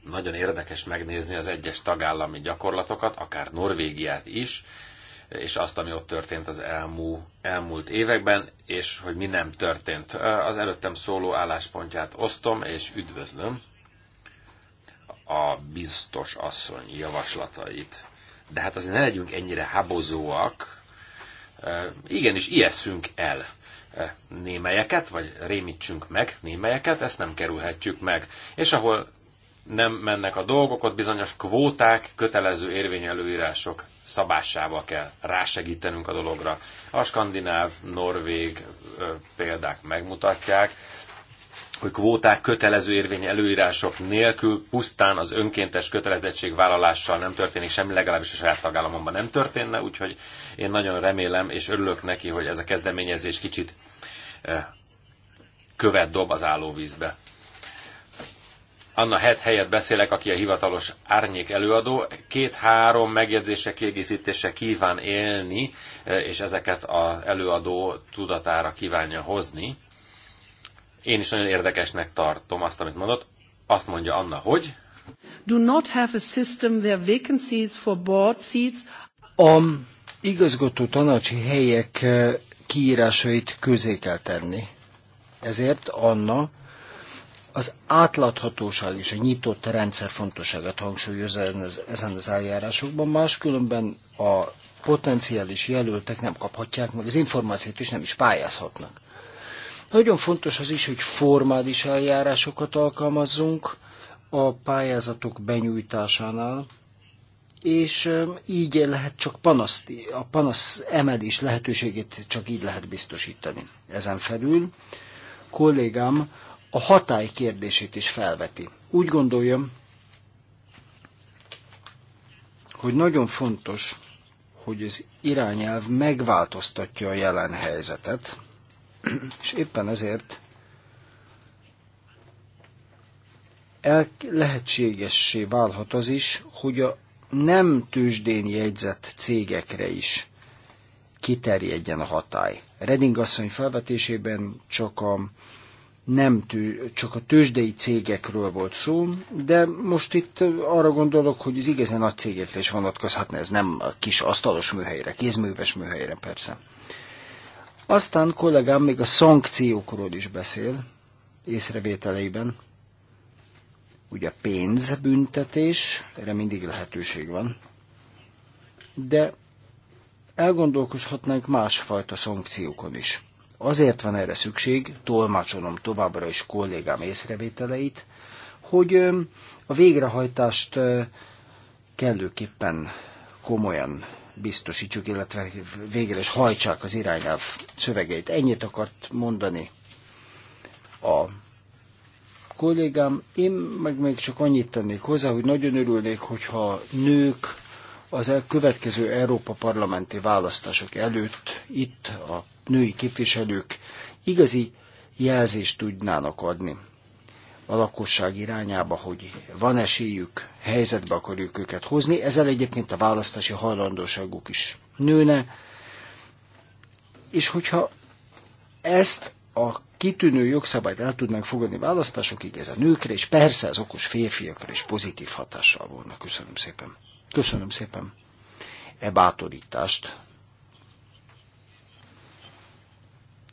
Speaker 2: Nagyon érdekes megnézni az egyes tagállami gyakorlatokat, akár Norvégiát is, és azt, ami ott történt az elmú, elmúlt években, és hogy mi nem történt. Az előttem szóló álláspontját osztom és üdvözlöm a biztos asszony javaslatait. De hát azért ne legyünk ennyire habozóak. Igen és ijesszünk el némelyeket, vagy rémítsünk meg némelyeket, ezt nem kerülhetjük meg. És ahol nem mennek a dolgok, ott bizonyos kvóták, kötelező érvényelőírások szabássával kell rásegítenünk a dologra. A skandináv, norvég példák megmutatják, hogy kvóták kötelező érvény előírások nélkül pusztán az önkéntes kötelezettségvállalással nem történik semmi, legalábbis a saját tagállamomban nem történne, úgyhogy én nagyon remélem és örülök neki, hogy ez a kezdeményezés kicsit eh, követ dob az állóvízbe. Anna Het helyett beszélek, aki a hivatalos árnyék előadó. Két-három megjegyzése, kiegészítése kíván élni, eh, és ezeket az előadó tudatára kívánja hozni. Én is nagyon érdekesnek tartom azt, amit mondott. Azt mondja Anna, hogy
Speaker 3: do not have a system where vacancies for board seats
Speaker 1: a igazgató tanácsi helyek eh, kiírásait közé kell tenni. Ezért Anna az átláthatóság és a nyitott rendszer fontosságát hangsúlyozza ezen az eljárásokban, máskülönben a potenciális jelöltek nem kaphatják meg az információt, és nem is pályázhatnak. Nagyon fontos az is, hogy formális eljárásokat alkalmazzunk a pályázatok benyújtásánál, és így lehet csak panaszt, a panasz emelés lehetőségét csak így lehet biztosítani. Ezen felül kollégám a hatály kérdését is felveti. Úgy gondoljam, hogy nagyon fontos, hogy az irányelv megváltoztatja a jelen helyzetet, és éppen ezért el, lehetségessé válhat az is, hogy a nem tőzsdén jegyzett cégekre is kiterjedjen a hatály. Reding asszony felvetésében csak a, nem tő, csak a tőzsdei cégekről volt szó, de most itt arra gondolok, hogy az igazán nagy cégekre is vonatkozhatna, ez nem a kis asztalos műhelyre, kézműves műhelyre persze. Aztán kollégám még a szankciókról is beszél észrevételeiben. Ugye pénzbüntetés, erre mindig lehetőség van. De elgondolkozhatnánk másfajta szankciókon is. Azért van erre szükség, tolmácsolom továbbra is kollégám észrevételeit, hogy a végrehajtást kellőképpen komolyan biztosítsuk, illetve végre is hajtsák az irányelv szövegeit. Ennyit akart mondani a kollégám. Én meg még csak annyit tennék hozzá, hogy nagyon örülnék, hogyha nők az következő Európa parlamenti választások előtt itt a női képviselők igazi jelzést tudnának adni a lakosság irányába, hogy van esélyük, helyzetbe akarjuk őket hozni. Ezzel egyébként a választási hajlandóságuk is nőne. És hogyha ezt a kitűnő jogszabályt el tudnánk fogadni választásokig, ez a nőkre, és persze az okos férfiakra is pozitív hatással volna. Köszönöm szépen. Köszönöm szépen e bátorítást.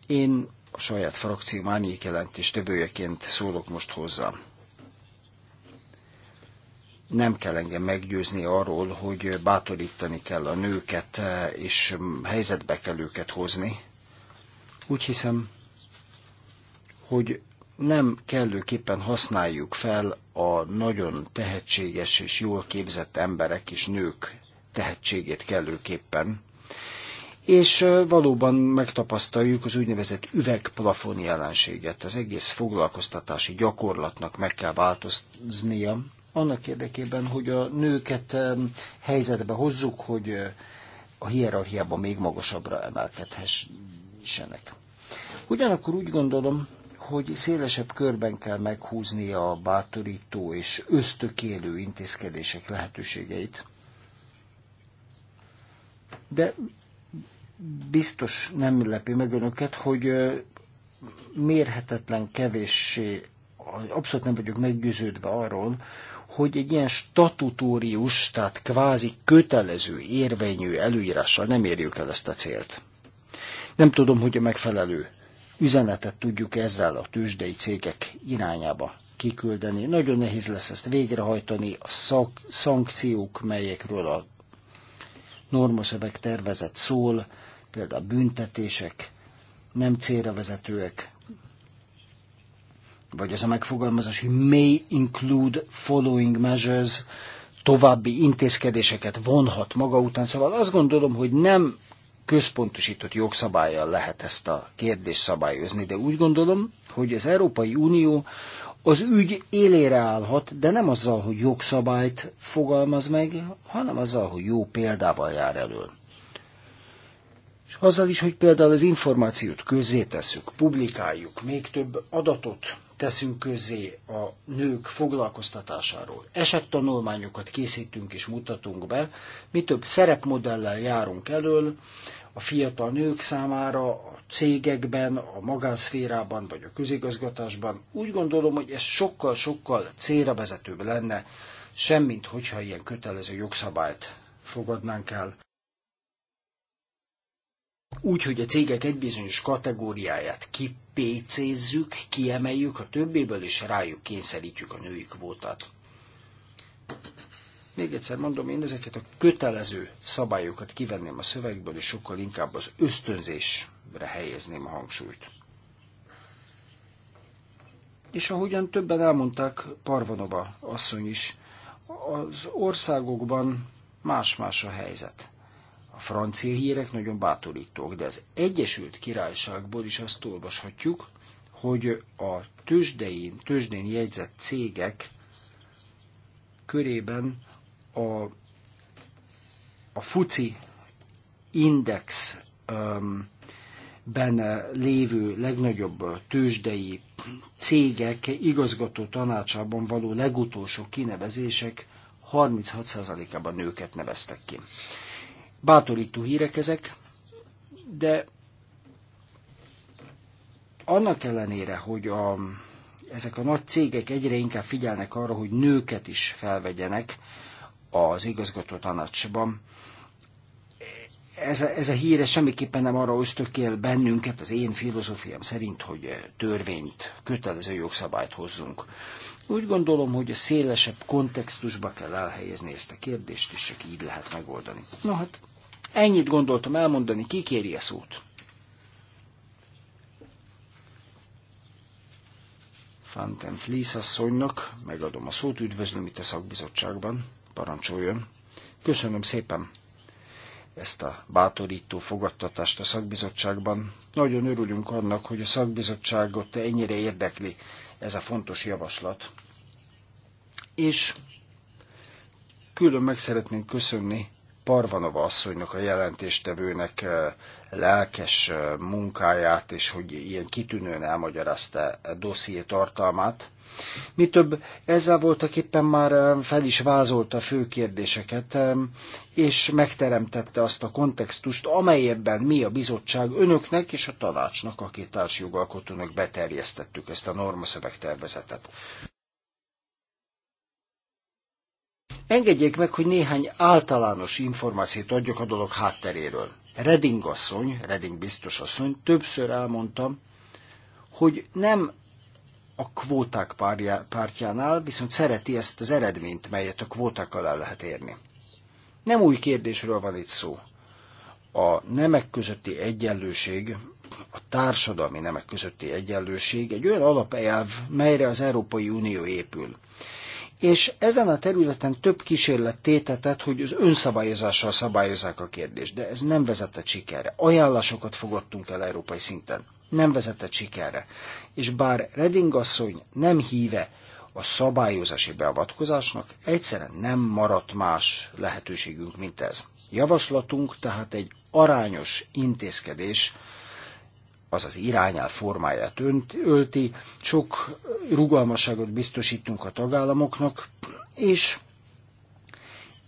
Speaker 1: Én a saját frakció mániék jelentés tövőjeként szólok most hozzá. Nem kell engem meggyőzni arról, hogy bátorítani kell a nőket, eh, és helyzetbe kell őket hozni. Úgy hiszem, hogy nem kellőképpen használjuk fel a nagyon tehetséges és jól képzett emberek és nők tehetségét kellőképpen, és valóban megtapasztaljuk az úgynevezett üvegplafon jelenséget. Az egész foglalkoztatási gyakorlatnak meg kell változnia annak érdekében, hogy a nőket helyzetbe hozzuk, hogy a hierarchiában még magasabbra emelkedhessenek. Ugyanakkor úgy gondolom, hogy szélesebb körben kell meghúzni a bátorító és ösztökélő intézkedések lehetőségeit. De Biztos nem lepi meg önöket, hogy mérhetetlen kevéssé, abszolút nem vagyok meggyőződve arról, hogy egy ilyen statutórius, tehát kvázi kötelező, érvényű előírással nem érjük el ezt a célt. Nem tudom, hogy a megfelelő üzenetet tudjuk ezzel a tőzsdei cégek irányába kiküldeni. Nagyon nehéz lesz ezt végrehajtani, a szak, szankciók, melyekről a normaszöveg tervezet szól, például büntetések nem célra vezetőek, vagy az a megfogalmazás, hogy may include following measures, további intézkedéseket vonhat maga után. Szóval azt gondolom, hogy nem központosított jogszabályjal lehet ezt a kérdést szabályozni, de úgy gondolom, hogy az Európai Unió az ügy élére állhat, de nem azzal, hogy jogszabályt fogalmaz meg, hanem azzal, hogy jó példával jár elő és azzal is, hogy például az információt közzétesszük, publikáljuk, még több adatot teszünk közzé a nők foglalkoztatásáról. Esettanulmányokat készítünk és mutatunk be, mi több szerepmodellel járunk elől, a fiatal nők számára, a cégekben, a magánszférában vagy a közigazgatásban. Úgy gondolom, hogy ez sokkal-sokkal célra vezetőbb lenne, semmint hogyha ilyen kötelező jogszabályt fogadnánk el úgy, hogy a cégek egy bizonyos kategóriáját kipécézzük, kiemeljük a többéből, és rájuk kényszerítjük a női kvótát. Még egyszer mondom, én ezeket a kötelező szabályokat kivenném a szövegből, és sokkal inkább az ösztönzésre helyezném a hangsúlyt. És ahogyan többen elmondták, Parvanova asszony is, az országokban más-más a helyzet. A francia hírek nagyon bátorítók, de az Egyesült Királyságból is azt olvashatjuk, hogy a tőzsdei, tőzsdén jegyzett cégek körében a, a FUCI index um, lévő legnagyobb tőzsdei cégek igazgató tanácsában való legutolsó kinevezések 36%-ában nőket neveztek ki. Bátorító hírek ezek, de annak ellenére, hogy a, ezek a nagy cégek egyre inkább figyelnek arra, hogy nőket is felvegyenek az igazgató tanácsban, ez a, ez a híre semmiképpen nem arra ösztökél bennünket, az én filozófiám szerint, hogy törvényt, kötelező jogszabályt hozzunk. Úgy gondolom, hogy a szélesebb kontextusba kell elhelyezni ezt a kérdést, és csak így lehet megoldani. Na hát, Ennyit gondoltam elmondani, ki kéri a szót. Fantem Flisz asszonynak megadom a szót, üdvözlöm itt a szakbizottságban, parancsoljon. Köszönöm szépen ezt a bátorító fogadtatást a szakbizottságban. Nagyon örülünk annak, hogy a szakbizottságot ennyire érdekli ez a fontos javaslat. És külön meg szeretnénk köszönni Parvanova asszonynak, a jelentéstevőnek eh, lelkes eh, munkáját, és hogy ilyen kitűnően elmagyarázta a dosszié tartalmát. Mi több, ezzel voltak éppen már eh, fel is vázolta a fő kérdéseket, és megteremtette azt a kontextust, amelyben mi a bizottság önöknek és a tanácsnak, a két társjogalkotónak beterjesztettük ezt a normaszövegtervezetet. Engedjék meg, hogy néhány általános információt adjak a dolog hátteréről. Reding asszony, Reding biztos asszony többször elmondta, hogy nem a kvóták pártjánál, viszont szereti ezt az eredményt, melyet a kvótákkal el lehet érni. Nem új kérdésről van itt szó. A nemek közötti egyenlőség, a társadalmi nemek közötti egyenlőség egy olyan alapelv, melyre az Európai Unió épül és ezen a területen több kísérlet tétetett, hogy az önszabályozással szabályozzák a kérdést, de ez nem vezetett sikerre. Ajánlásokat fogadtunk el európai szinten, nem vezetett sikerre. És bár Reding asszony nem híve a szabályozási beavatkozásnak, egyszerűen nem maradt más lehetőségünk, mint ez. Javaslatunk tehát egy arányos intézkedés, az az irányel formáját ölti, sok rugalmasságot biztosítunk a tagállamoknak, és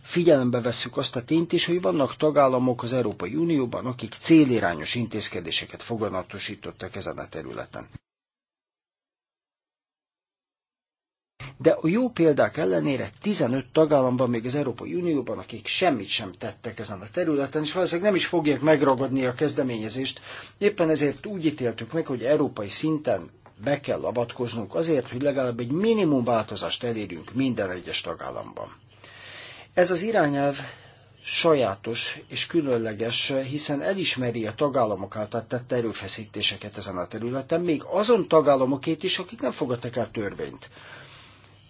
Speaker 1: figyelembe vesszük azt a tényt is, hogy vannak tagállamok az Európai Unióban, akik célirányos intézkedéseket foganatosítottak ezen a területen. De a jó példák ellenére 15 tagállamban, még az Európai Unióban, akik semmit sem tettek ezen a területen, és valószínűleg nem is fogják megragadni a kezdeményezést. Éppen ezért úgy ítéltük meg, hogy európai szinten be kell avatkoznunk azért, hogy legalább egy minimum változást elérjünk minden egyes tagállamban. Ez az irányelv sajátos és különleges, hiszen elismeri a tagállamok által tett erőfeszítéseket ezen a területen, még azon tagállamokét is, akik nem fogadtak el törvényt.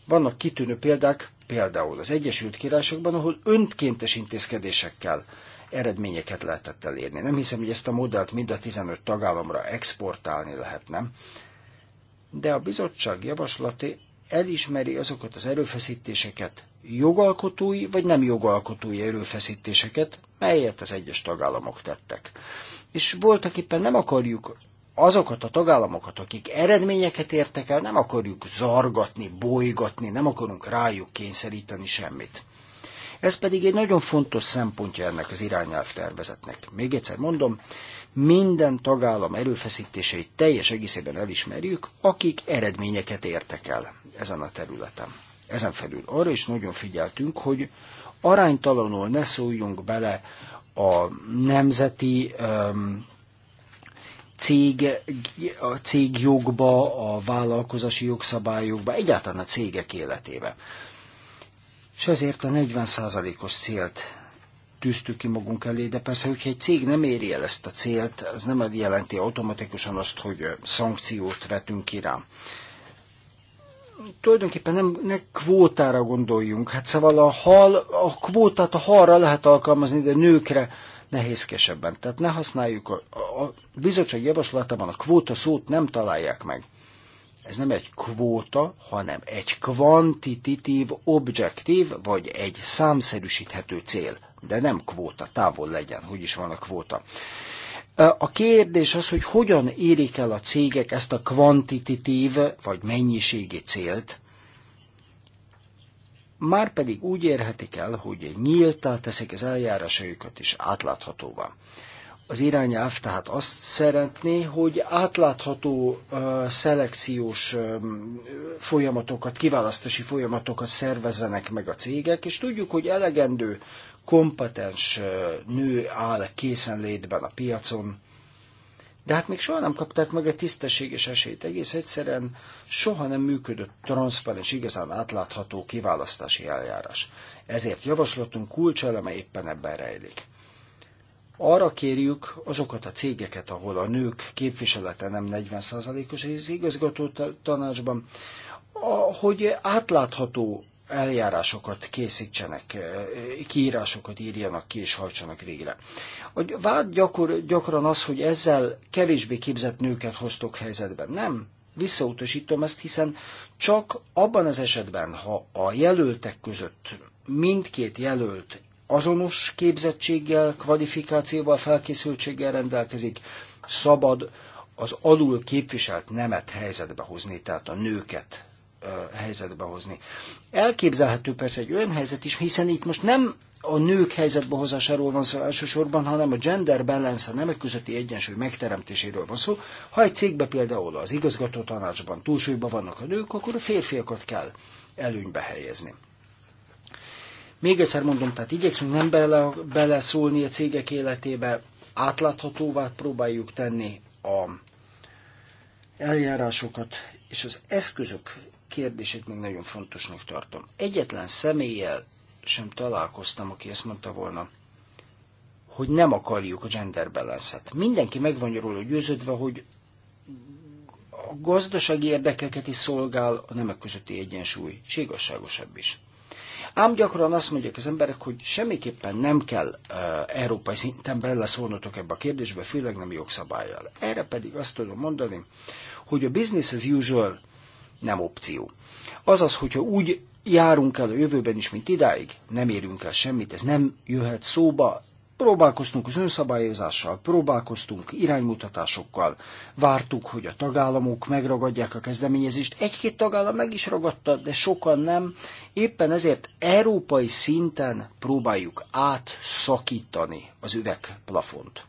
Speaker 1: Vannak kitűnő példák, például az Egyesült Királyságban, ahol önkéntes intézkedésekkel eredményeket lehetett elérni. Nem hiszem, hogy ezt a modellt mind a 15 tagállamra exportálni lehet, nem? De a bizottság javaslati elismeri azokat az erőfeszítéseket, jogalkotói vagy nem jogalkotói erőfeszítéseket, melyet az egyes tagállamok tettek. És voltak éppen nem akarjuk azokat a tagállamokat, akik eredményeket értek el, nem akarjuk zargatni, bolygatni, nem akarunk rájuk kényszeríteni semmit. Ez pedig egy nagyon fontos szempontja ennek az irányelvtervezetnek. Még egyszer mondom, minden tagállam erőfeszítéseit teljes egészében elismerjük, akik eredményeket értek el ezen a területen. Ezen felül arra is nagyon figyeltünk, hogy aránytalanul ne szóljunk bele a nemzeti um, cég, a cég jogba, a vállalkozási jogszabályokba, egyáltalán a cégek életébe. És ezért a 40%-os célt tűztük ki magunk elé, de persze, hogyha egy cég nem éri el ezt a célt, az nem jelenti automatikusan azt, hogy szankciót vetünk ki rá. Tulajdonképpen nem, ne kvótára gondoljunk. Hát szóval a hal, a kvótát a halra lehet alkalmazni, de nőkre nehézkesebben. Tehát ne használjuk a, a bizottság javaslatában a kvóta szót nem találják meg. Ez nem egy kvóta, hanem egy kvantitatív objektív, vagy egy számszerűsíthető cél. De nem kvóta, távol legyen, hogy is van a kvóta. A kérdés az, hogy hogyan érik el a cégek ezt a kvantitatív vagy mennyiségi célt, már pedig úgy érhetik el, hogy nyíltá teszik az eljárásaikat is átláthatóvá. Az irányelv tehát azt szeretné, hogy átlátható uh, szelekciós um, folyamatokat, kiválasztási folyamatokat szervezzenek meg a cégek, és tudjuk, hogy elegendő kompetens uh, nő áll készenlétben a piacon, de hát még soha nem kapták meg a tisztességes esélyt. Egész egyszerűen soha nem működött transzparens, igazán átlátható kiválasztási eljárás. Ezért javaslatunk kulcseleme éppen ebben rejlik. Arra kérjük azokat a cégeket, ahol a nők képviselete nem 40%-os az igazgató tanácsban, hogy átlátható eljárásokat készítsenek, eh, kiírásokat írjanak ki és hajtsanak végre. A vád gyakor, gyakran az, hogy ezzel kevésbé képzett nőket hoztok helyzetben. Nem, visszautasítom ezt, hiszen csak abban az esetben, ha a jelöltek között mindkét jelölt azonos képzettséggel, kvalifikációval, felkészültséggel rendelkezik, szabad az alul képviselt nemet helyzetbe hozni, tehát a nőket helyzetbe hozni. Elképzelhető persze egy olyan helyzet is, hiszen itt most nem a nők helyzetbe hozásáról van szó elsősorban, hanem a gender balance, a nemek közötti egyensúly megteremtéséről van szó. Ha egy cégbe például az igazgató tanácsban túlsúlyban vannak a nők, akkor a férfiakat kell előnybe helyezni. Még egyszer mondom, tehát igyekszünk nem bele, beleszólni a cégek életébe, átláthatóvá próbáljuk tenni a eljárásokat, és az eszközök kérdését még nagyon fontosnak tartom. Egyetlen személlyel sem találkoztam, aki ezt mondta volna, hogy nem akarjuk a gender balance-et. Mindenki meg van róla győződve, hogy a gazdasági érdekeket is szolgál a nemek közötti egyensúly, és igazságosabb is. Ám gyakran azt mondják az emberek, hogy semmiképpen nem kell uh, európai szinten beleszólnotok ebbe a kérdésbe, főleg nem jogszabályjal. Erre pedig azt tudom mondani, hogy a business as usual nem opció. Azaz, hogyha úgy járunk el a jövőben is, mint idáig, nem érünk el semmit, ez nem jöhet szóba, Próbálkoztunk az önszabályozással, próbálkoztunk iránymutatásokkal, vártuk, hogy a tagállamok megragadják a kezdeményezést. Egy-két tagállam meg is ragadta, de sokan nem. Éppen ezért európai szinten próbáljuk átszakítani az üvegplafont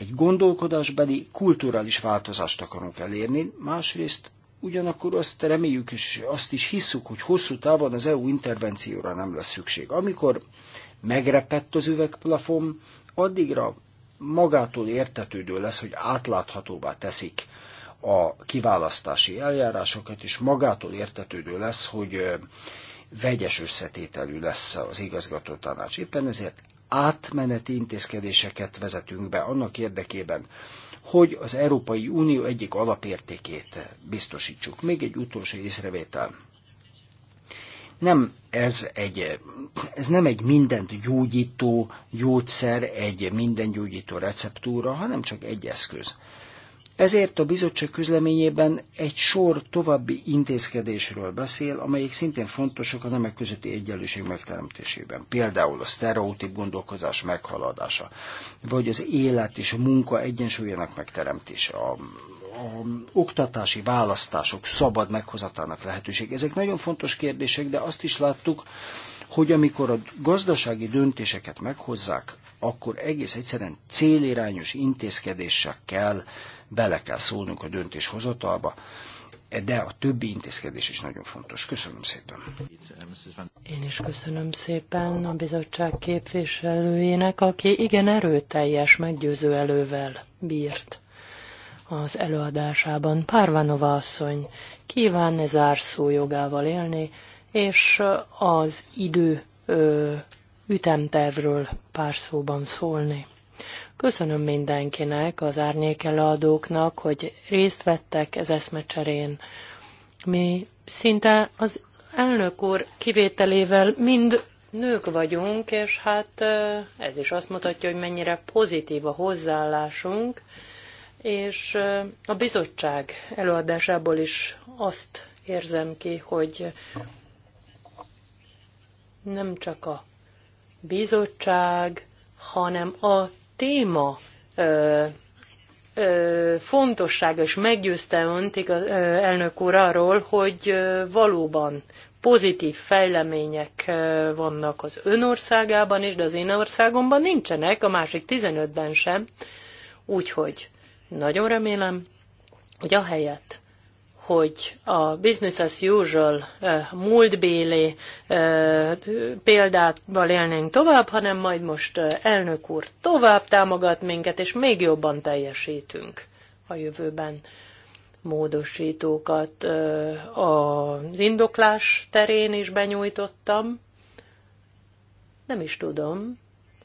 Speaker 1: egy gondolkodásbeli, kulturális változást akarunk elérni, másrészt ugyanakkor azt reméljük és azt is hisszük, hogy hosszú távon az EU intervencióra nem lesz szükség. Amikor megrepett az üvegplafon, addigra magától értetődő lesz, hogy átláthatóvá teszik a kiválasztási eljárásokat, és magától értetődő lesz, hogy vegyes összetételű lesz az igazgató tanács. Éppen ezért átmeneti intézkedéseket vezetünk be annak érdekében, hogy az Európai Unió egyik alapértékét biztosítsuk. Még egy utolsó észrevétel. Nem ez egy, ez nem egy mindent gyógyító gyógyszer, egy minden gyógyító receptúra, hanem csak egy eszköz. Ezért a bizottság közleményében egy sor további intézkedésről beszél, amelyek szintén fontosak a nemek közötti egyenlőség megteremtésében. Például a sztereotíp gondolkozás meghaladása, vagy az élet és a munka egyensúlyának megteremtése, a a oktatási választások szabad meghozatának lehetőség. Ezek nagyon fontos kérdések, de azt is láttuk, hogy amikor a gazdasági döntéseket meghozzák, akkor egész egyszerűen célirányos intézkedéssel kell bele kell szólnunk a döntéshozatalba, de a többi intézkedés is nagyon fontos. Köszönöm szépen.
Speaker 3: Én is köszönöm szépen a bizottság képviselőjének, aki igen erőteljes, meggyőző elővel bírt az előadásában. Párvanova asszony kíván ne zárszó jogával élni, és az idő ütemtervről pár szóban szólni. Köszönöm mindenkinek, az árnyék hogy részt vettek ez eszmecserén. Mi szinte az elnök úr kivételével mind nők vagyunk, és hát ez is azt mutatja, hogy mennyire pozitív a hozzáállásunk, és a bizottság előadásából is azt érzem ki, hogy nem csak a bizottság, hanem a téma ö, ö, fontossága, és meggyőzte önt igaz, ö, elnök úr arról, hogy ö, valóban pozitív fejlemények ö, vannak az ön országában is, de az én országomban nincsenek, a másik 15-ben sem. Úgyhogy nagyon remélem, hogy a helyet, hogy a business as usual eh, múltbéli eh, példával élnénk tovább, hanem majd most eh, elnök úr tovább támogat minket, és még jobban teljesítünk a jövőben módosítókat. Az indoklás terén is benyújtottam. Nem is tudom,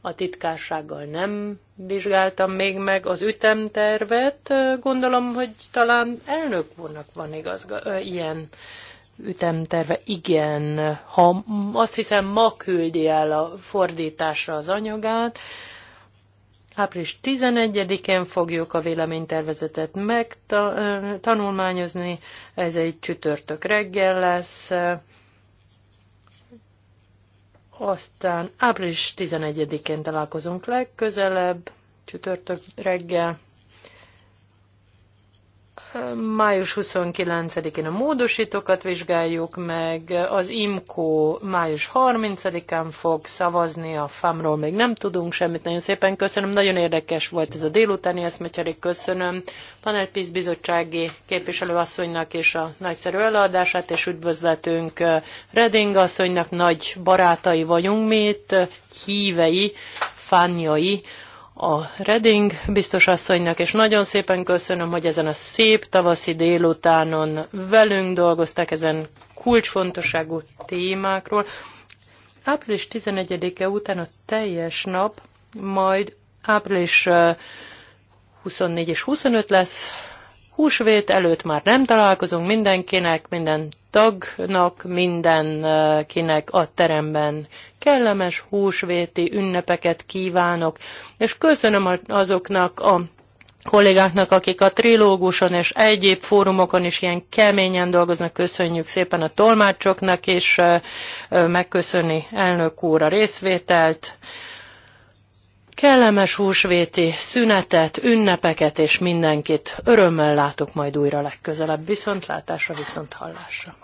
Speaker 3: a titkársággal nem vizsgáltam még meg az ütemtervet. Gondolom, hogy talán elnök úrnak van igazga, ilyen ütemterve. Igen, ha azt hiszem ma küldi el a fordításra az anyagát, Április 11-én fogjuk a véleménytervezetet megtanulmányozni, ez egy csütörtök reggel lesz, aztán április 11-én találkozunk legközelebb, csütörtök reggel. Május 29-én a módosítókat vizsgáljuk meg, az IMKO május 30-án fog szavazni, a FAM-ról még nem tudunk semmit. Nagyon szépen köszönöm, nagyon érdekes volt ez a délutáni eszmecserék, köszönöm. PISZ bizottsági képviselőasszonynak és a nagyszerű előadását, és üdvözletünk uh, Reding asszonynak, nagy barátai vagyunk mi itt, uh, hívei, fánjai a Reding biztos asszonynak, és nagyon szépen köszönöm, hogy ezen a szép tavaszi délutánon velünk dolgoztak ezen kulcsfontosságú témákról. Április 11-e után a teljes nap, majd április 24 eh, és 25 lesz Húsvét előtt már nem találkozunk mindenkinek, minden tagnak, mindenkinek eh, a teremben. Kellemes húsvéti ünnepeket kívánok, és köszönöm azoknak a kollégáknak, akik a trilóguson és egyéb fórumokon is ilyen keményen dolgoznak. Köszönjük szépen a tolmácsoknak, és eh, eh, megköszöni elnök úr a részvételt. Kellemes húsvéti szünetet, ünnepeket, és mindenkit örömmel látok majd újra legközelebb. Viszontlátásra, viszont hallásra.